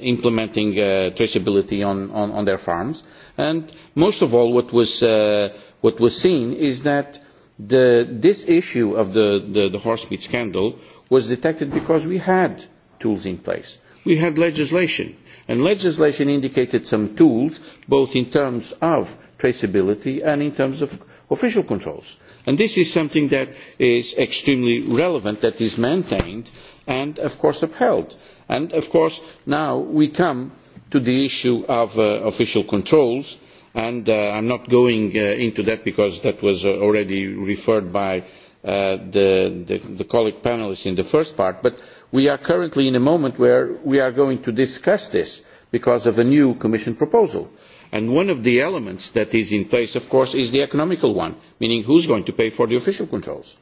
implementing uh, traceability on, on, on their farms. And most of all, what was, uh, what was seen is that the, this issue of the, the, the horse meat scandal was detected because we had tools in place. We had legislation. And legislation indicated some tools, both in terms of traceability and in terms of official controls. And this is something that is extremely relevant, that is maintained and, of course, upheld. And of course, now we come to the issue of uh, official controls, and uh, I'm not going uh, into that because that was uh, already referred by uh, the, the, the colleague panelists in the first part, but we are currently in a moment where we are going to discuss this because of a new Commission proposal. And one of the elements that is in place, of course, is the economical one, meaning who's going to pay for the official controls.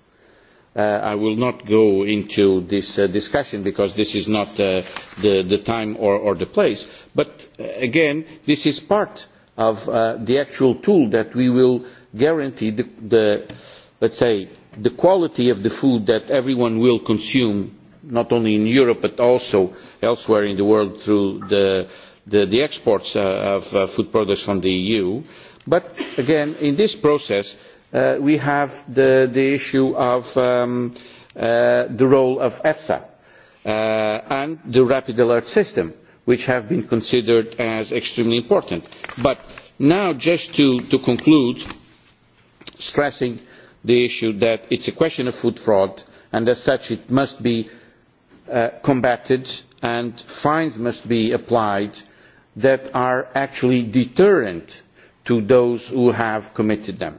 Uh, I will not go into this uh, discussion because this is not uh, the, the time or, or the place. But uh, again, this is part of uh, the actual tool that we will guarantee the, the, let's say, the quality of the food that everyone will consume, not only in Europe but also elsewhere in the world through the, the, the exports uh, of uh, food products from the EU. But again, in this process, uh, we have the, the issue of um, uh, the role of EFSA uh, and the rapid alert system, which have been considered as extremely important. But now, just to, to conclude, stressing the issue that it's a question of food fraud, and as such it must be uh, combated and fines must be applied that are actually deterrent to those who have committed them.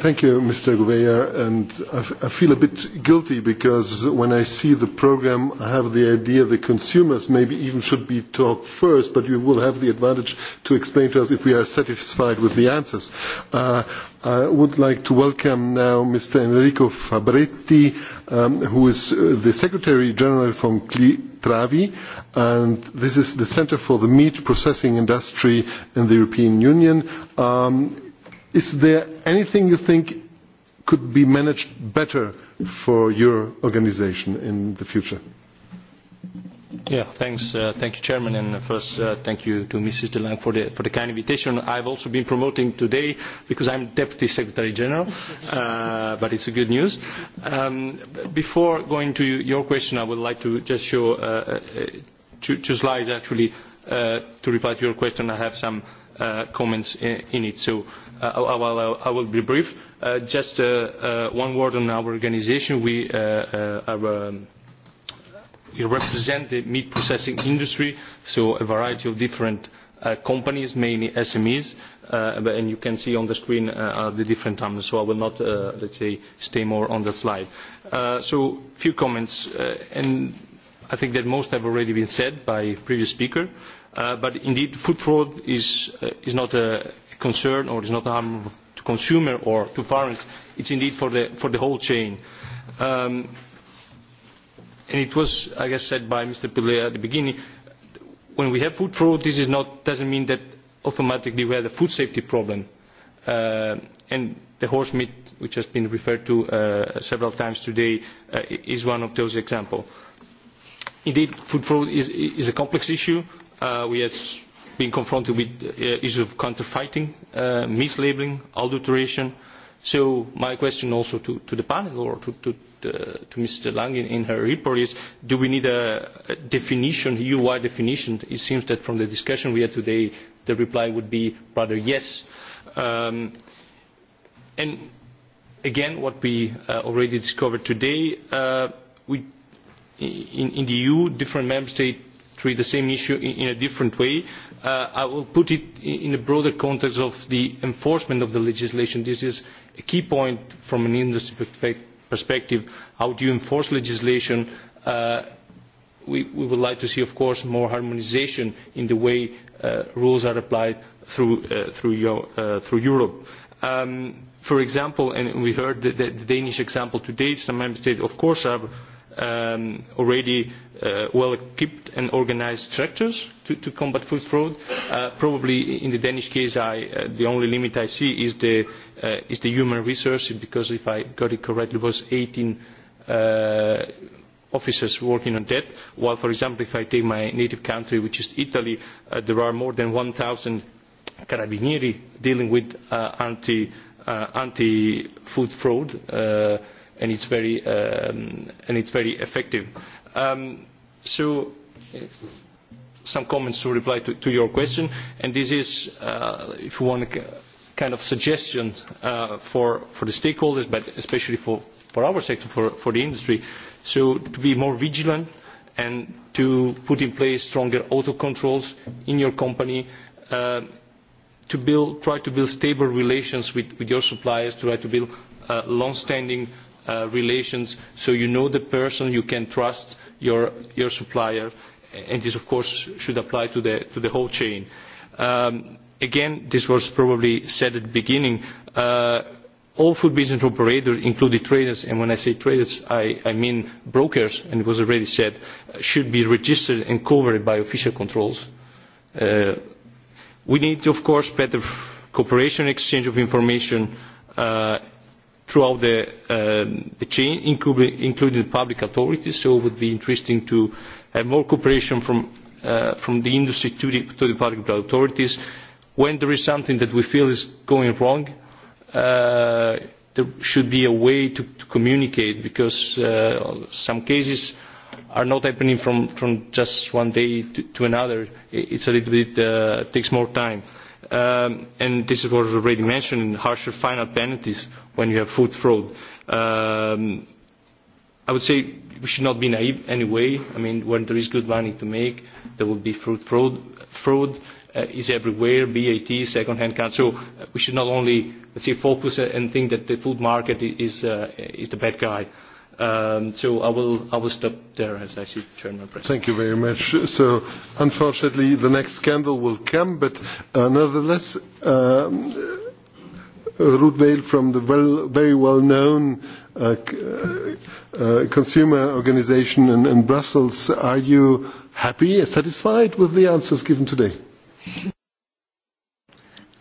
Thank you, Mr. Gouveia. And I, f I feel a bit guilty because when I see the program, I have the idea the consumers maybe even should be talked first, but you will have the advantage to explain to us if we are satisfied with the answers. Uh, I would like to welcome now Mr. Enrico Fabretti, um, who is uh, the Secretary General from CLI Travi, and this is the Center for the Meat Processing Industry in the European Union. Um, Is there anything you think could be managed better for your organization in the future? Yeah, thanks. Uh, thank you, Chairman. And first, uh, thank you to Mrs. Delange for the, for the kind invitation. I've also been promoting today because I'm Deputy Secretary General, uh, but it's a good news. Um, before going to your question, I would like to just show uh, uh two, two slides, actually, uh, to reply to your question. I have some uh, comments in, uh, in it. So Uh, I, I, I will be brief. Uh, just uh, uh, one word on our organization. We, uh, uh, our, um, we represent the meat processing industry, so a variety of different uh, companies, mainly SMEs, uh, and you can see on the screen uh, uh, the different terms, so I will not, uh, let's say, stay more on that slide. Uh, so, a few comments, uh, and I think that most have already been said by previous speaker, uh, but indeed food fraud is, uh, is not a concern or is not harmful to consumer or to farmers. It's indeed for the, for the whole chain. Um, and it was, I guess, said by Mr. Pillay at the beginning, when we have food fraud, this is not, doesn't mean that automatically we have a food safety problem. Uh, and the horse meat, which has been referred to uh, several times today, uh, is one of those examples. Indeed, food fraud is, is a complex issue. Uh, we have being confronted with uh, issues of counterfeiting, uh, mislabeling, adulteration. So my question also to, to the panel or to, to, uh, to, to Mr. Lang in, in her report is, do we need a, a definition, EU-wide definition? It seems that from the discussion we had today, the reply would be rather yes. Um, and again, what we uh, already discovered today, uh, we, in, in the EU, different member states treat the same issue in in a different way. Uh, I will put it in a broader context of the enforcement of the legislation. This is a key point from an industry perspective. How do you enforce legislation? Uh, we, we would like to see, of course, more harmonization in the way uh, rules are applied through, uh, through, your, uh, through Europe. Um, for example, and we heard the, the, the Danish example today, some member states, of course, are um, already uh, well-equipped and organized structures to, to combat food fraud. Uh, probably in the Danish case, I, uh, the only limit I see is the, uh, is the human resources, because if I got it correctly, it was 18 uh, officers working on that, while, for example, if I take my native country, which is Italy, uh, there are more than 1,000 carabinieri dealing with uh, anti, uh, anti-food fraud. Uh, and it's very, um, and it's very effective. Um, so, uh, some comments to reply to, to your question, and this is, uh, if you want, a kind of suggestion uh, for, for the stakeholders, but especially for, for our sector, for, for the industry, so to be more vigilant and to put in place stronger auto controls in your company, uh, to build, try to build stable relations with, with your suppliers, try to build uh, long-standing uh, relations so you know the person you can trust your, your supplier and this of course should apply to the, to the whole chain. Um, again, this was probably said at the beginning, uh, all food business operators, including traders, and when I say traders, I, I mean brokers, and it was already said, should be registered and covered by official controls. Uh, we need, of course, better cooperation, exchange of information, uh, throughout the, um, the chain, including, including public authorities, so it would be interesting to have more cooperation from, uh, from the industry to the, to the public authorities. When there is something that we feel is going wrong, uh, there should be a way to, to communicate because uh, some cases are not happening from, from just one day to, to another. It's a little bit, uh, takes more time um, and this is what was already mentioned, harsher final penalties when you have food fraud. Um, I would say we should not be naive anyway. I mean, when there is good money to make, there will be food fraud. fraud uh, is everywhere, BAT, second-hand cars. So uh, we should not only, let's say, focus and think that the food market is, uh, is the bad guy. Uh, Um, so I will, I will stop there as I see Chairman President. Thank you very much. So unfortunately the next scandal will come, but uh, nevertheless, um, Vale from the well, very well-known uh, uh, uh, consumer organization in, in Brussels, are you happy and satisfied with the answers given today?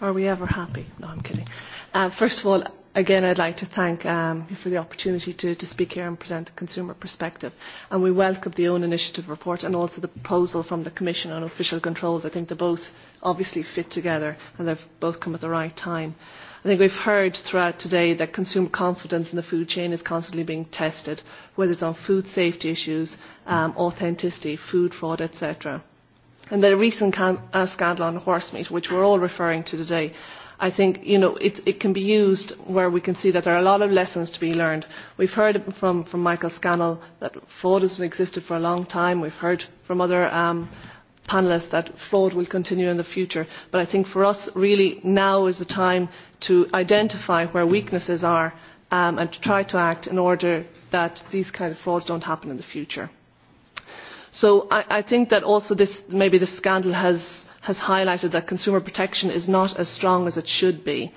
Are we ever happy? No, I'm kidding. Uh, first of all, again, I'd like to thank um, you for the opportunity to, to speak here and present the consumer perspective. And we welcome the own initiative report and also the proposal from the Commission on Official Controls. I think they both obviously fit together and they've both come at the right time. I think we've heard throughout today that consumer confidence in the food chain is constantly being tested, whether it's on food safety issues, um, authenticity, food fraud, etc. And the recent uh, scandal on horse meat, which we're all referring to today, I think you know, it, it can be used where we can see that there are a lot of lessons to be learned. We've heard from, from Michael Scannell that fraud has existed for a long time. We've heard from other um, panellists that fraud will continue in the future. But I think for us, really, now is the time to identify where weaknesses are um, and to try to act in order that these kind of frauds don't happen in the future. So I, I think that also this, maybe this scandal has, has highlighted that consumer protection is not as strong as it should be.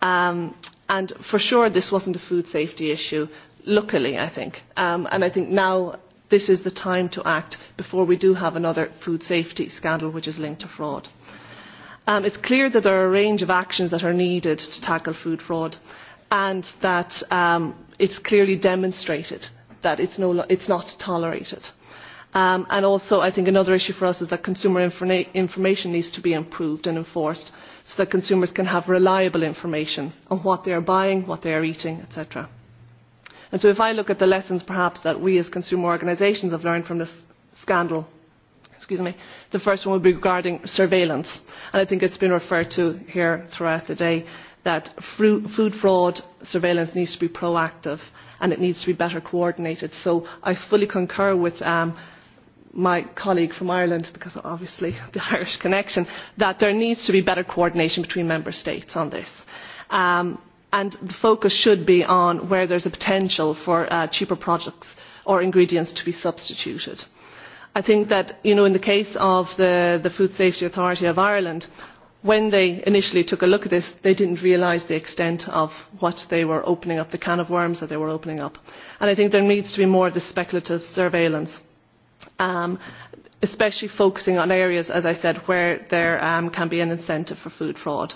Um, and for sure this wasn't a food safety issue, luckily I think. Um, and I think now this is the time to act before we do have another food safety scandal which is linked to fraud. Um, it's clear that there are a range of actions that are needed to tackle food fraud and that um, it's clearly demonstrated that it's, no, it's not tolerated. Um, and also, I think another issue for us is that consumer informa information needs to be improved and enforced so that consumers can have reliable information on what they are buying, what they are eating, etc. And so if I look at the lessons perhaps that we as consumer organisations have learned from this scandal, excuse me, the first one would be regarding surveillance. And I think it's been referred to here throughout the day that food fraud surveillance needs to be proactive and it needs to be better coordinated. So I fully concur with um, my colleague from Ireland, because obviously the Irish connection, that there needs to be better coordination between member states on this. Um, and the focus should be on where there's a potential for uh, cheaper products or ingredients to be substituted. I think that, you know, in the case of the, the Food Safety Authority of Ireland, when they initially took a look at this, they didn't realise the extent of what they were opening up, the can of worms that they were opening up. And I think there needs to be more of this speculative surveillance um, especially focusing on areas, as I said, where there um, can be an incentive for food fraud.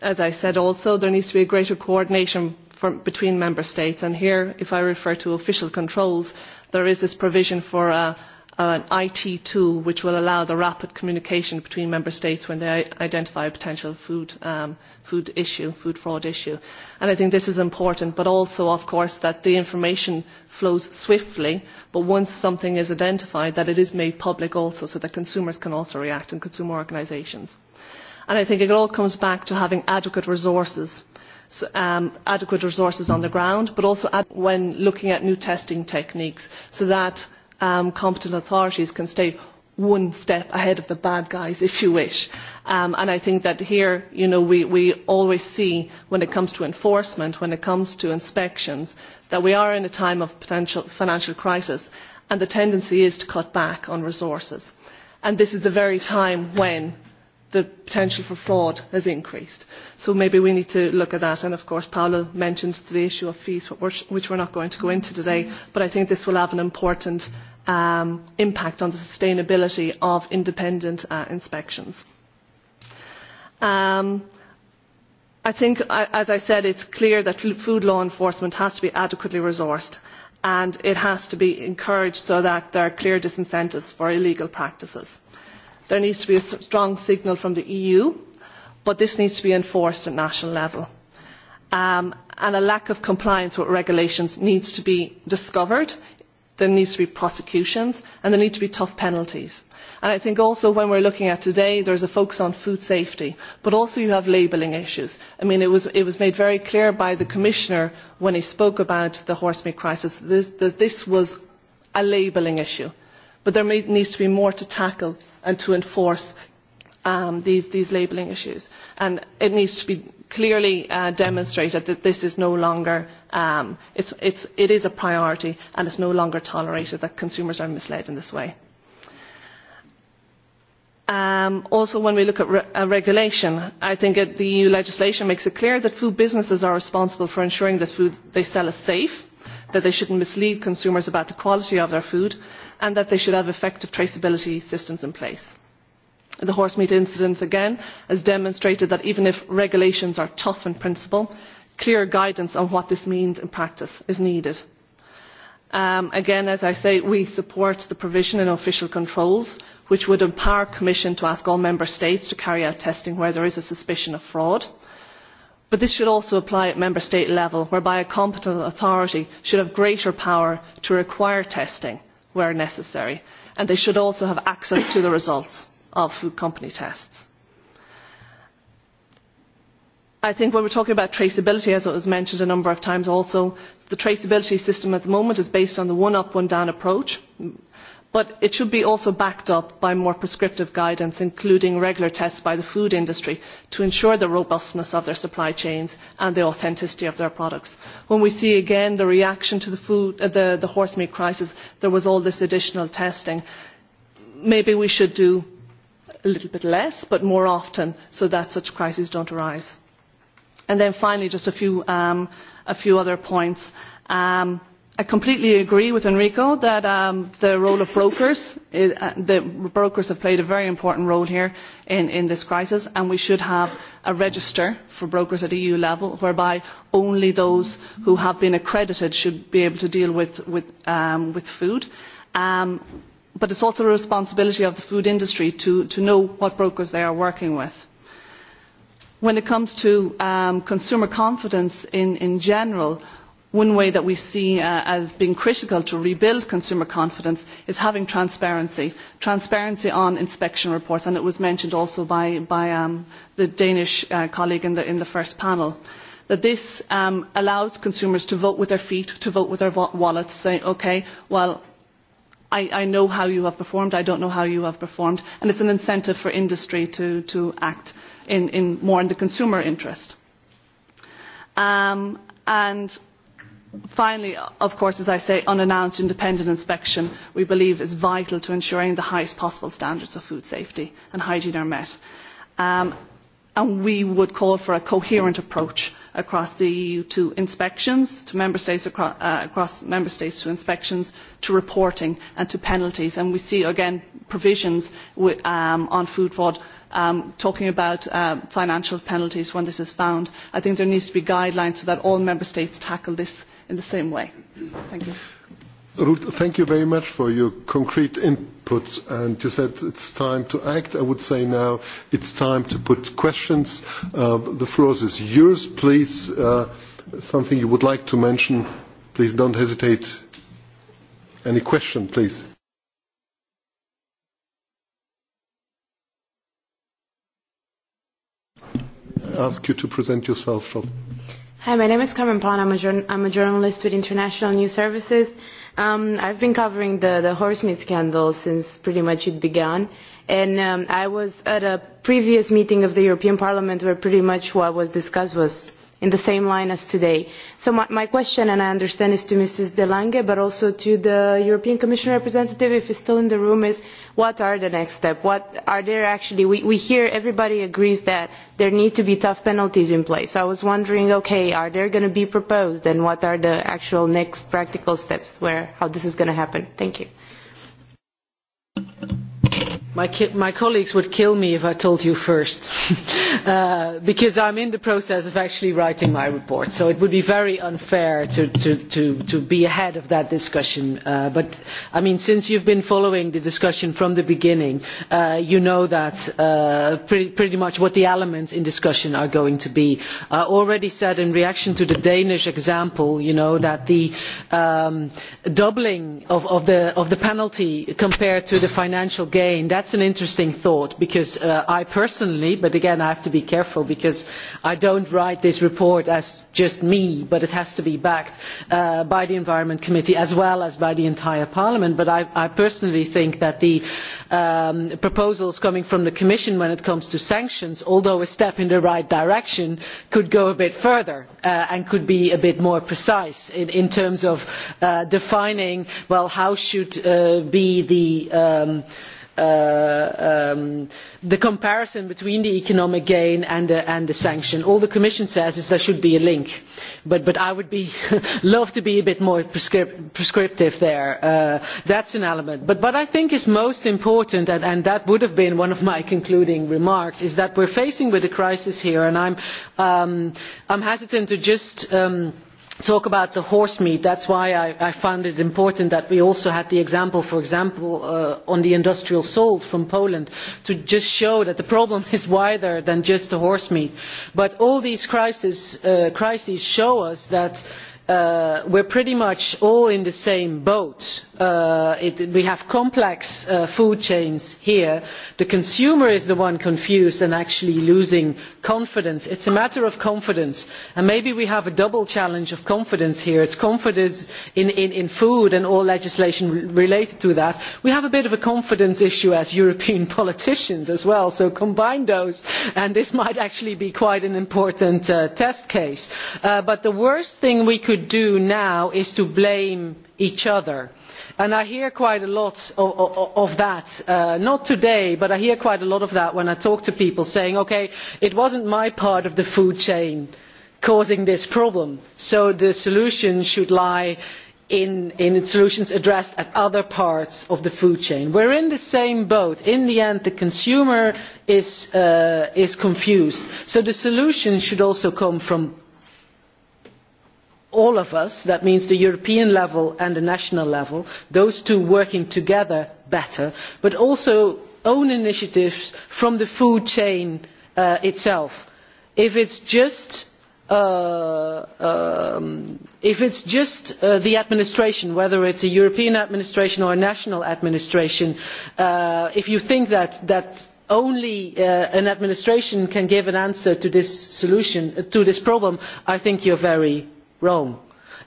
As I said also, there needs to be a greater coordination from, between member states, and here, if I refer to official controls, there is this provision for a an IT tool which will allow the rapid communication between member states when they identify a potential food, um, food issue, food fraud issue. And I think this is important, but also, of course, that the information flows swiftly, but once something is identified, that it is made public also so that consumers can also react and consumer organisations. And I think it all comes back to having adequate resources um, adequate resources on the ground, but also ad when looking at new testing techniques so that um, competent authorities can stay one step ahead of the bad guys, if you wish. Um, and I think that here, you know, we, we always see when it comes to enforcement, when it comes to inspections, that we are in a time of potential financial crisis and the tendency is to cut back on resources. And this is the very time when the potential for fraud has increased. So maybe we need to look at that. And of course, Paolo mentioned the issue of fees, which we're not going to go into today, but I think this will have an important um, impact on the sustainability of independent uh, inspections. Um, I think, as I said, it's clear that food law enforcement has to be adequately resourced and it has to be encouraged so that there are clear disincentives for illegal practices. There needs to be a strong signal from the EU, but this needs to be enforced at national level. Um, and a lack of compliance with regulations needs to be discovered. There needs to be prosecutions and there need to be tough penalties. And I think also when we're looking at today, there's a focus on food safety, but also you have labelling issues. I mean, it was, it was made very clear by the Commissioner when he spoke about the horse meat crisis this, that this was a labelling issue. But there may, needs to be more to tackle and to enforce um, these, these labelling issues. And it needs to be clearly uh, demonstrated that this is no longer, um, it's, it's, it is a priority and it's no longer tolerated that consumers are misled in this way. Um, also, when we look at re uh, regulation, I think it, the EU legislation makes it clear that food businesses are responsible for ensuring that food they sell is safe, that they shouldn't mislead consumers about the quality of their food, and that they should have effective traceability systems in place. The horse meat incidents again has demonstrated that even if regulations are tough in principle, clear guidance on what this means in practice is needed. Um, again, as I say, we support the provision in official controls, which would empower Commission to ask all Member States to carry out testing where there is a suspicion of fraud. But this should also apply at Member State level, whereby a competent authority should have greater power to require testing where necessary, and they should also have access to the results of food company tests. I think when we're talking about traceability, as it was mentioned a number of times also, the traceability system at the moment is based on the one-up, one-down approach, but it should be also backed up by more prescriptive guidance, including regular tests by the food industry to ensure the robustness of their supply chains and the authenticity of their products. When we see again the reaction to the, food, uh, the, the horse meat crisis, there was all this additional testing. Maybe we should do a little bit less, but more often, so that such crises don't arise. And then finally, just a few, um, a few other points. Um, I completely agree with Enrico that um, the role of brokers, is, uh, the brokers have played a very important role here in, in this crisis and we should have a register for brokers at EU level whereby only those who have been accredited should be able to deal with, with, um, with food. Um, but it's also a responsibility of the food industry to, to know what brokers they are working with. When it comes to um, consumer confidence in, in general, One way that we see uh, as being critical to rebuild consumer confidence is having transparency, transparency on inspection reports, and it was mentioned also by, by um, the Danish uh, colleague in the, in the first panel that this um, allows consumers to vote with their feet, to vote with their wallets, say, okay, well, I, I know how you have performed, I don't know how you have performed, and it's an incentive for industry to, to act in, in more in the consumer interest. Um, and finally, of course, as I say, unannounced independent inspection we believe is vital to ensuring the highest possible standards of food safety and hygiene are met. Um, and we would call for a coherent approach across the EU to inspections, to member states across, uh, across member states to inspections, to reporting and to penalties. And we see again provisions with, um, on food fraud um, talking about uh, financial penalties when this is found. I think there needs to be guidelines so that all member states tackle this in the same way. Thank you. Ruth, thank you very much for your concrete input. And you said it's time to act. I would say now it's time to put questions. Uh, the floor is yours, please. Uh, something you would like to mention, please don't hesitate. Any question, please? I ask you to present yourself, Rob. Hi, my name is Carmen Pan. I'm a, jour I'm a journalist with International News Services. Um, I've been covering the, the horsemeat scandal since pretty much it began. And um, I was at a previous meeting of the European Parliament where pretty much what was discussed was in the same line as today. So my, my question, and I understand, is to Mrs. De Lange, but also to the European Commission representative, if he's still in the room, is what are the next steps? What are there actually, we, we hear everybody agrees that there need to be tough penalties in place. I was wondering, okay, are there going to be proposed, and what are the actual next practical steps where, how this is going to happen? Thank you. My, ki my colleagues would kill me if I told you first, uh, because I'm in the process of actually writing my report, so it would be very unfair to, to, to, to be ahead of that discussion. Uh, but, I mean, since you've been following the discussion from the beginning, uh, you know that uh, pretty, pretty much what the elements in discussion are going to be. I already said in reaction to the Danish example, you know, that the um, doubling of, of, the, of the penalty compared to the financial gain, that That is an interesting thought because uh, I personally, but again I have to be careful because I do not write this report as just me, but it has to be backed uh, by the Environment Committee as well as by the entire Parliament. But I, I personally think that the um, proposals coming from the Commission when it comes to sanctions, although a step in the right direction, could go a bit further uh, and could be a bit more precise in, in terms of uh, defining, well, how should uh, be the um, uh, um, the comparison between the economic gain and the, and the sanction. All the Commission says is there should be a link, but, but I would be love to be a bit more prescript, prescriptive there. Uh, that's an element. But what I think is most important, and, and that would have been one of my concluding remarks, is that we're facing with a crisis here, and I'm, um, I'm hesitant to just... Um, talk about the horse meat. That's why I, I found it important that we also had the example, for example, uh, on the industrial salt from Poland to just show that the problem is wider than just the horse meat. But all these crises, uh, crises show us that Uh, we are pretty much all in the same boat. Uh, it, we have complex uh, food chains here. The consumer is the one confused and actually losing confidence. It's a matter of confidence. And maybe we have a double challenge of confidence here. It's confidence in, in, in food and all legislation related to that. We have a bit of a confidence issue as European politicians as well. So combine those and this might actually be quite an important uh, test case. Uh, but the worst thing we could could do now is to blame each other. And I hear quite a lot of, of, of that, uh, not today, but I hear quite a lot of that when I talk to people saying, okay, it wasn't my part of the food chain causing this problem, so the solution should lie in, in solutions addressed at other parts of the food chain. We are in the same boat. In the end, the consumer is, uh, is confused. So the solution should also come from all of us, that means the European level and the national level, those two working together better, but also own initiatives from the food chain uh, itself. If it's just Uh, um, if it is just uh, the administration, whether it is a European administration or a national administration, uh, if you think that, that only uh, an administration can give an answer to this solution, to this problem, I think you are very Rome.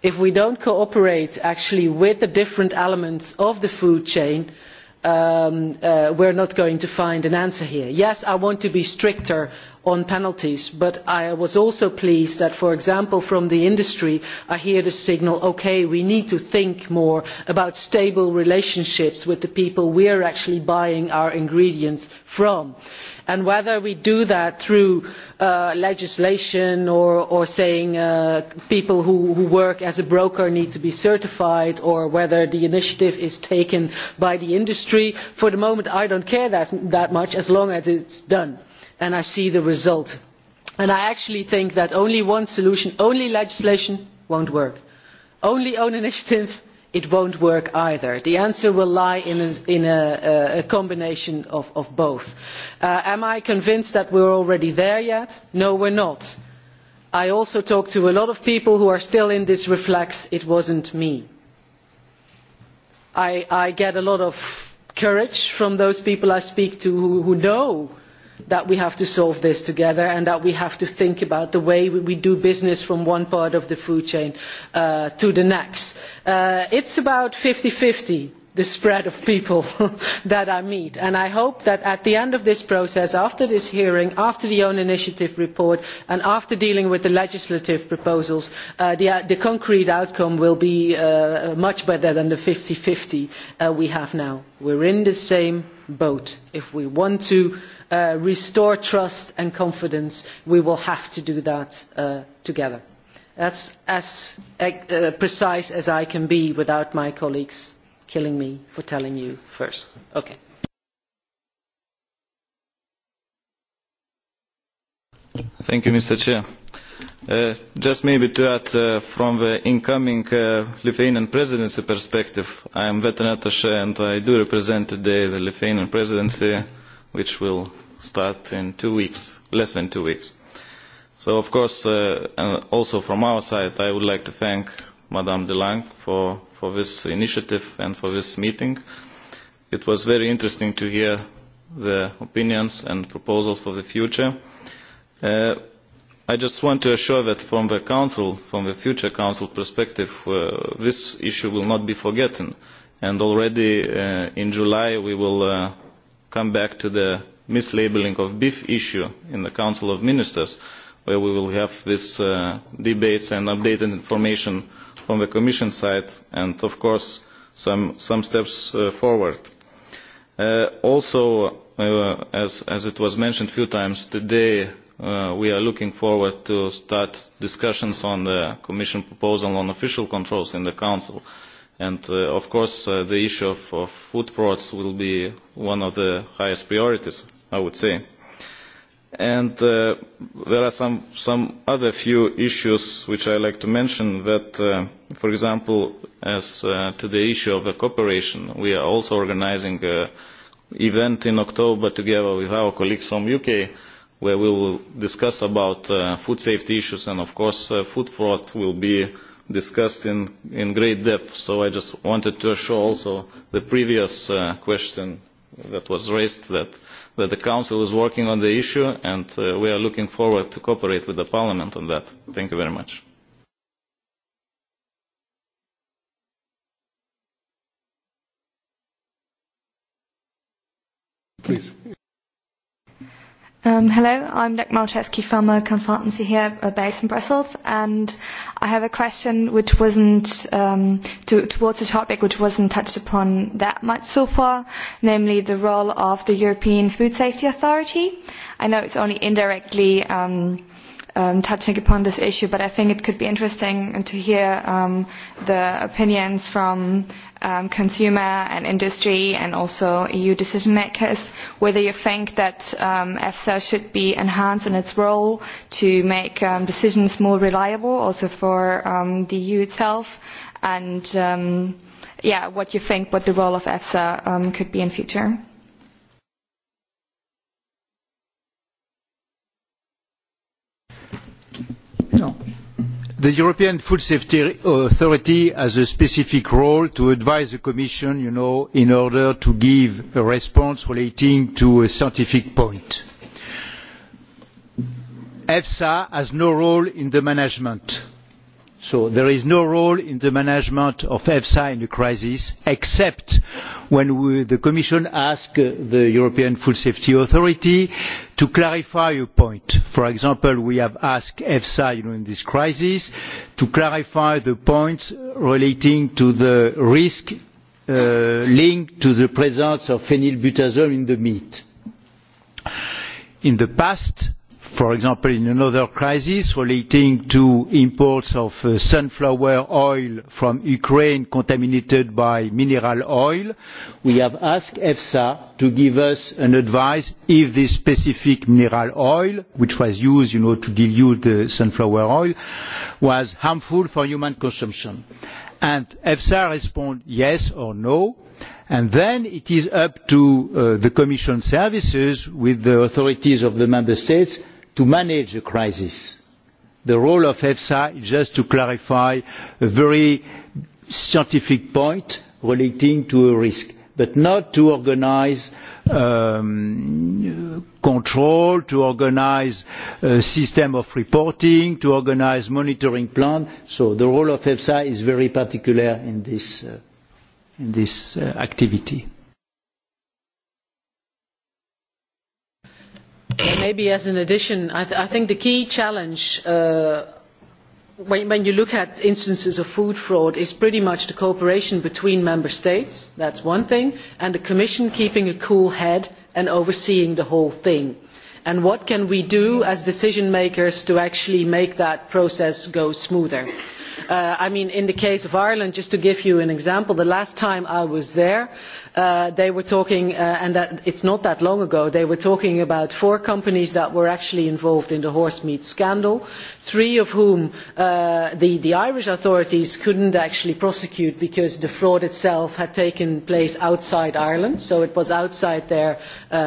If we don't cooperate actually with the different elements of the food chain, um, uh, we're not going to find an answer here. Yes, I want to be stricter on penalties, but I was also pleased that, for example, from the industry, I hear the signal, okay, we need to think more about stable relationships with the people we are actually buying our ingredients from and whether we do that through uh, legislation or, saying uh, people who, work as a broker need to be certified or whether the initiative is taken by the industry. For the moment, I do not care that, much as long as it is done and I see the result. And I actually think that only one solution, only legislation won't work. Only own initiative it won't work either. The answer will lie in a, in a, uh, a combination of, of both. Uh, am I convinced that we're already there yet? No, we're not. I also talk to a lot of people who are still in this reflex, it wasn't me. I, I get a lot of courage from those people I speak to who, who know that we have to solve this together and that we have to think about the way we do business from one part of the food chain uh, to the next. Uh, it's about 50-50 the spread of people that I meet. And I hope that at the end of this process, after this hearing, after the own initiative report, and after dealing with the legislative proposals, uh, the, uh, the concrete outcome will be uh, much better than the 50-50 uh, we have now. We're in the same boat. If we want to uh, restore trust and confidence, we will have to do that uh, together. That's as uh, precise as I can be without my colleagues killing me for telling you first. Okay. Thank you, Mr. Chair. Uh, just maybe to add uh, from the incoming uh, Lithuanian presidency perspective, I am veteran attaché and I do represent today the Lithuanian presidency which will start in two weeks, less than two weeks. So, of course, uh, and also from our side, I would like to thank Madame de Lang for, for this initiative and for this meeting. It was very interesting to hear the opinions and proposals for the future. Uh, I just want to assure that from the Council, from the future Council perspective, uh, this issue will not be forgotten. And already uh, in July we will uh, come back to the mislabeling of beef issue in the Council of Ministers, where we will have these uh, debates and updated information from the Commission side, and of course some, some steps uh, forward. Uh, also, uh, as, as it was mentioned a few times today, uh, we are looking forward to start discussions on the Commission proposal on official controls in the Council. Uh, And uh, of course, uh, the issue of, of food frauds will be one of the highest priorities, I would say. And uh, there are some, some other few issues which I like to mention that, uh, for example, as uh, to the issue of the cooperation, we are also organizing an uh, event in October together with our colleagues from UK where we will discuss about uh, food safety issues and of course uh, food fraud will be discussed in, in great depth, so I just wanted to assure also the previous uh, question that was raised that, that the Council is working on the issue and uh, we are looking forward to cooperate with the Parliament on that. Thank you very much. Please. Um, hello, I'm Nick Malczewski from a consultancy here uh, based in Brussels, and I have a question which wasn't um, to, towards a topic which wasn't touched upon that much so far, namely the role of the European Food Safety Authority. I know it's only indirectly um, um, touching upon this issue, but I think it could be interesting to hear um, the opinions from um, consumer and industry and also EU decision makers, whether you think that um, EFSA should be enhanced in its role to make um, decisions more reliable also for um, the EU itself and um, yeah, what you think what the role of EFSA um, could be in future. The European Food Safety Authority has a specific role to advise the Commission, you know, in order to give a response relating to a scientific point. EFSA has no role in the management. So there is no role in the management of EFSA in a crisis, except when we, the Commission asks uh, the European Food Safety Authority to clarify a point. For example, we have asked EFSA during this crisis to clarify the points relating to the risk uh, linked to the presence of phenylbutazone in the meat. In the past, for example, in another crisis relating to imports of uh, sunflower oil from Ukraine contaminated by mineral oil, we have asked EFSA to give us an advice if this specific mineral oil, which was used you know, to dilute the sunflower oil, was harmful for human consumption. And EFSA responds yes or no and then it is up to uh, the commission services with the authorities of the member states to manage a crisis. The role of EFSA is just to clarify a very scientific point relating to a risk, but not to organize um, control, to organize a system of reporting, to organize monitoring plan. So the role of EFSA is very particular in this, uh, in this uh, activity. Well, maybe as an addition, I, th I think the key challenge uh, when, when you look at instances of food fraud is pretty much the cooperation between member states, that's one thing, and the Commission keeping a cool head and overseeing the whole thing. And what can we do as decision makers to actually make that process go smoother? Uh, I mean, in the case of Ireland, just to give you an example, the last time I was there, uh, they were talking, uh, and that, it's not that long ago, they were talking about four companies that were actually involved in the horse meat scandal, three of whom uh, the, the Irish authorities couldn't actually prosecute because the fraud itself had taken place outside Ireland, so it was outside their uh, uh,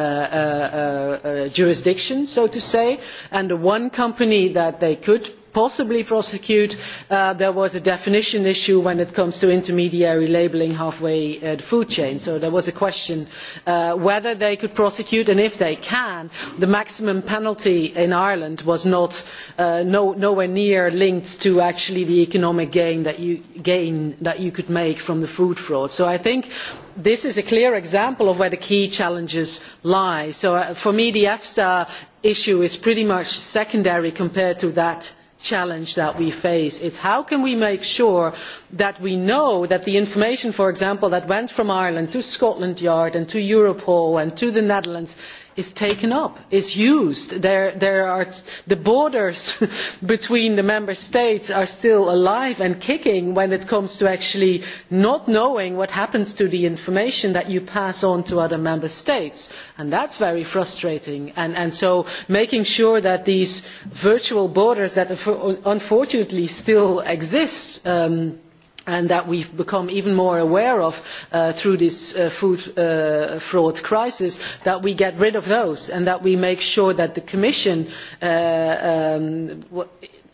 uh, uh jurisdiction, so to say, and the one company that they could possibly prosecute. Uh, there was a definition issue when it comes to intermediary labelling halfway uh, the food chain. So there was a question uh, whether they could prosecute and if they can, the maximum penalty in Ireland was not uh, no, nowhere near linked to actually the economic gain that you gain that you could make from the food fraud. So I think this is a clear example of where the key challenges lie. So uh, for me, the EFSA issue is pretty much secondary compared to that challenge that we face. It is how can we make sure that we know that the information, for example, that went from Ireland to Scotland Yard and to Europol and to the Netherlands is taken up, is used. There, there are the borders between the member states are still alive and kicking when it comes to actually not knowing what happens to the information that you pass on to other member states. And that's very frustrating. And, and so making sure that these virtual borders that unfortunately still exist um, and that we have become even more aware of uh, through this uh, food uh, fraud crisis, that we get rid of those and that we make sure that the Commission uh, um,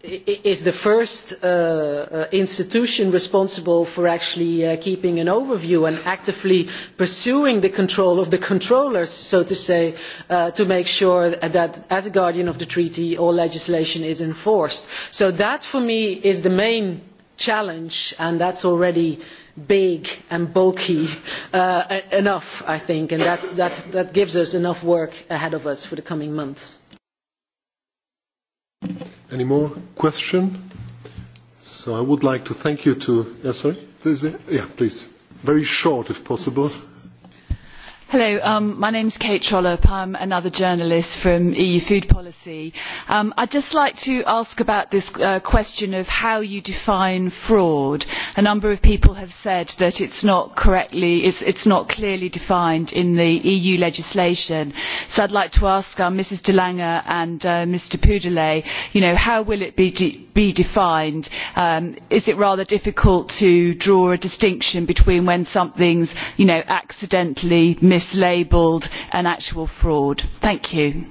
is the first uh, uh, institution responsible for actually uh, keeping an overview and actively pursuing the control of the controllers, so to say, uh, to make sure that as a guardian of the treaty, all legislation is enforced. So that for me is the main challenge and that's already big and bulky uh, e- enough, I think, and that's, that that gives us enough work ahead of us for the coming months. Any more question? So I would like to thank you to... Yeah, sorry? yeah, please. Very short if possible. Hello, um, my name is Kate Trollope. I'm another journalist from EU Food Policy. Um, I'd just like to ask about this uh, question of how you define fraud. A number of people have said that it's not correctly, it's, it's not clearly defined in the EU legislation. So I'd like to ask um, uh, Mrs. De Lange and uh, Mr. Poudelet, you know, how will it be, de be defined? Um, is it rather difficult to draw a distinction between when something's, you know, accidentally missed mislabelled an actual fraud. Thank you.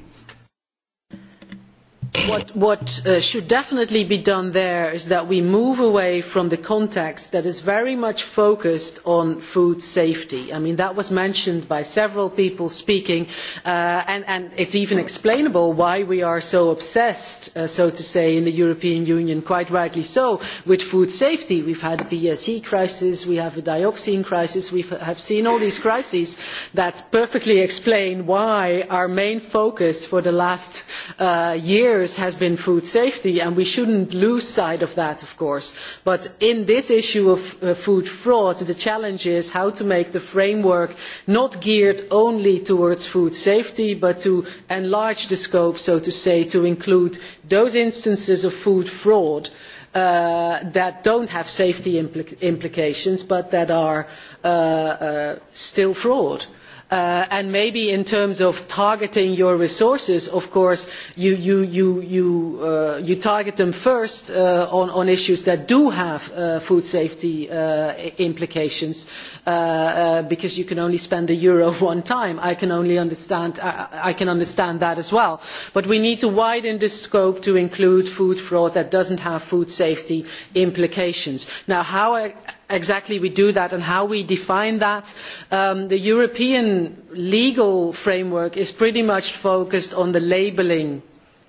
What, what uh, should definitely be done there is that we move away from the context that is very much focused on food safety. I mean, that was mentioned by several people speaking, uh, and, and it's even explainable why we are so obsessed, uh, so to say, in the European Union, quite rightly so, with food safety. We've had a BSE crisis, we have a dioxin crisis, we have seen all these crises that perfectly explain why our main focus for the last uh, years years has been food safety and we should not lose sight of that of course but in this issue of uh, food fraud the challenge is how to make the framework not geared only towards food safety but to enlarge the scope so to say to include those instances of food fraud uh, that don't have safety impl implications but that are uh, uh, still fraud. Uh, Uh, and maybe in terms of targeting your resources, of course, you, you, you, you, uh, you target them first uh, on, on issues that do have uh, food safety uh, implications, uh, uh, because you can only spend a euro one time. I can only understand, I, I can understand that as well. But we need to widen the scope to include food fraud that doesn't have food safety implications. Now, how exactly we do that and how we define that. Um, the European legal framework is pretty much focused on the labelling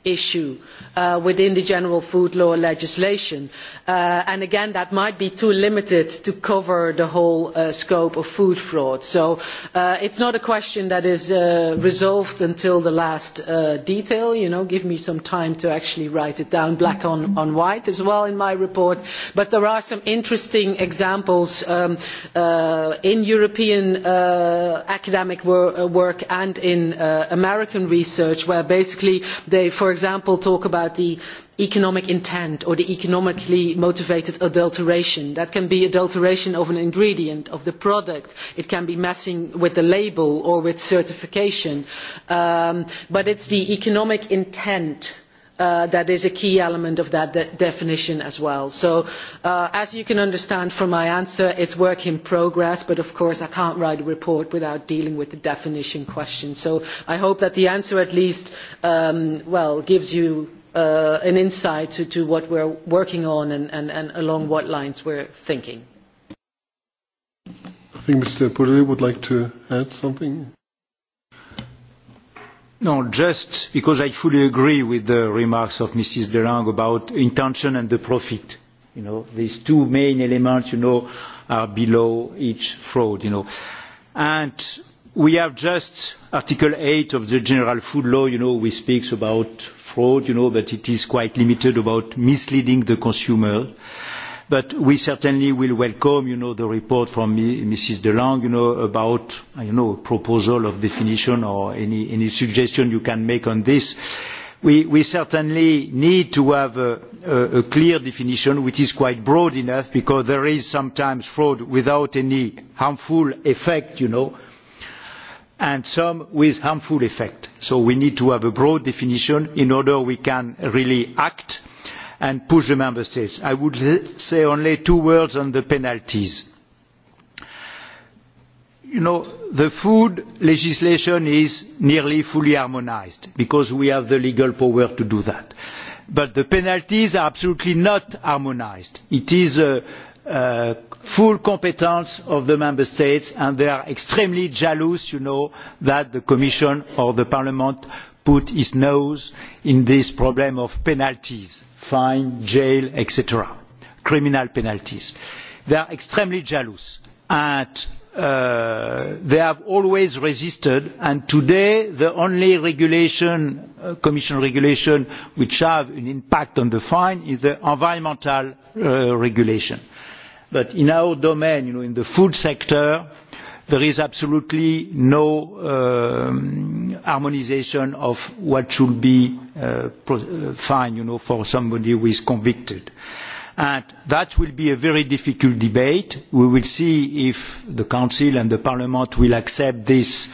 issue uh, within the general food law legislation. Uh, and again, that might be too limited to cover the whole uh, scope of food fraud. So uh, it's not a question that is uh, resolved until the last uh, detail. You know, give me some time to actually write it down black on, on white as well in my report. But there are some interesting examples um, uh, in European uh, academic wor work and in uh, American research where basically they, for example, talk about the economic intent or the economically motivated adulteration. That can be adulteration of an ingredient, of the product. It can be messing with the label or with certification. Um, but it's the economic intent uh, that is a key element of that de definition as well. So uh, as you can understand from my answer, it's work in progress, but of course I can't write a report without dealing with the definition question. So I hope that the answer at least, um, well, gives you uh, an insight to, to what we're working on and, and, and along what lines we're thinking. I think Mr. Purley would like to add something. No, just because I fully agree with the remarks of Mrs. Derang about intention and the profit. You know, these two main elements, you know, are below each fraud, you know. And we have just Article 8 of the General Food Law, you know, which speaks about fraud, you know, but it is quite limited about misleading the consumer. Uh, But we certainly will welcome, you know, the report from me, Mrs. DeLong you know, about, you know, proposal of definition or any, any suggestion you can make on this. We, we certainly need to have a, a, a clear definition which is quite broad enough because there is sometimes fraud without any harmful effect, you know, and some with harmful effect. So we need to have a broad definition in order we can really act and push the member states. I would say only two words on the penalties. You know, the food legislation is nearly fully harmonized because we have the legal power to do that. But the penalties are absolutely not harmonized. It is a, a full competence of the member states and they are extremely jealous, you know, that the Commission or the Parliament put its nose in this problem of penalties fine, jail, etc., criminal penalties. They are extremely jealous and uh, they have always resisted and today the only regulation, uh, commission regulation which have an impact on the fine is the environmental uh, regulation. But in our domain, you know, in the food sector, There is absolutely no um, harmonization of what should be uh, uh, fine you know, for somebody who is convicted. And that will be a very difficult debate. We will see if the Council and the Parliament will accept this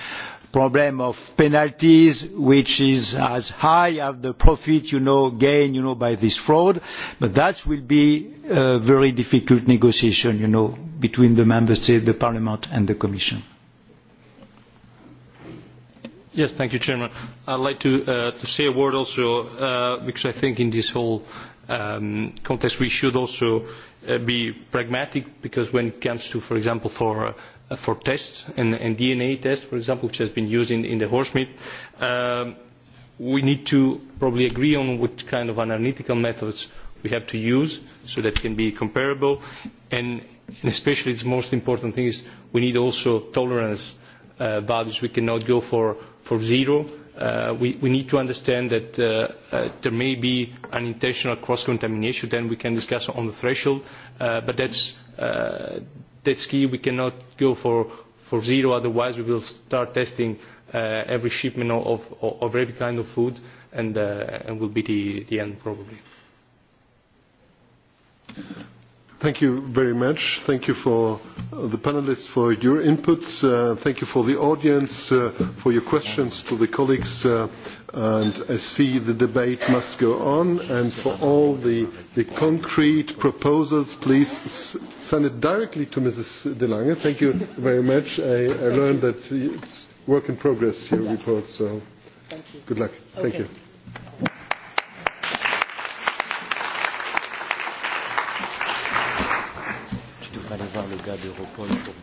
problem of penalties, which is as high as the profit you know, gained you know, by this fraud. But that will be a very difficult negotiation you know, between the member states, the parliament and the commission. Yes, thank you, Chairman. I'd like to, uh, to say a word also, uh, because I think in this whole um, context we should also uh, be pragmatic, because when it comes to, for example, for uh, Uh, for tests and, and DNA tests, for example, which has been used in, in the horse meat. Um, we need to probably agree on what kind of analytical methods we have to use so that can be comparable. And, and especially the most important thing is we need also tolerance uh, values. We cannot go for, for zero. Uh, we, we need to understand that uh, uh, there may be an intentional cross-contamination, then we can discuss on the threshold, uh, but that's, uh, that's key. We cannot go for, for zero, otherwise we will start testing uh, every shipment of, of, of every kind of food and, uh, and will be the, the end probably. Thank you very much. Thank you for uh, the panelists for your inputs. Uh, thank you for the audience, uh, for your questions to the colleagues. Uh, and I see the debate must go on and for all the, the concrete proposals please send it directly to Mrs. De Lange. Thank you very much. I, I learned that it's work in progress your report so good luck. Thank you.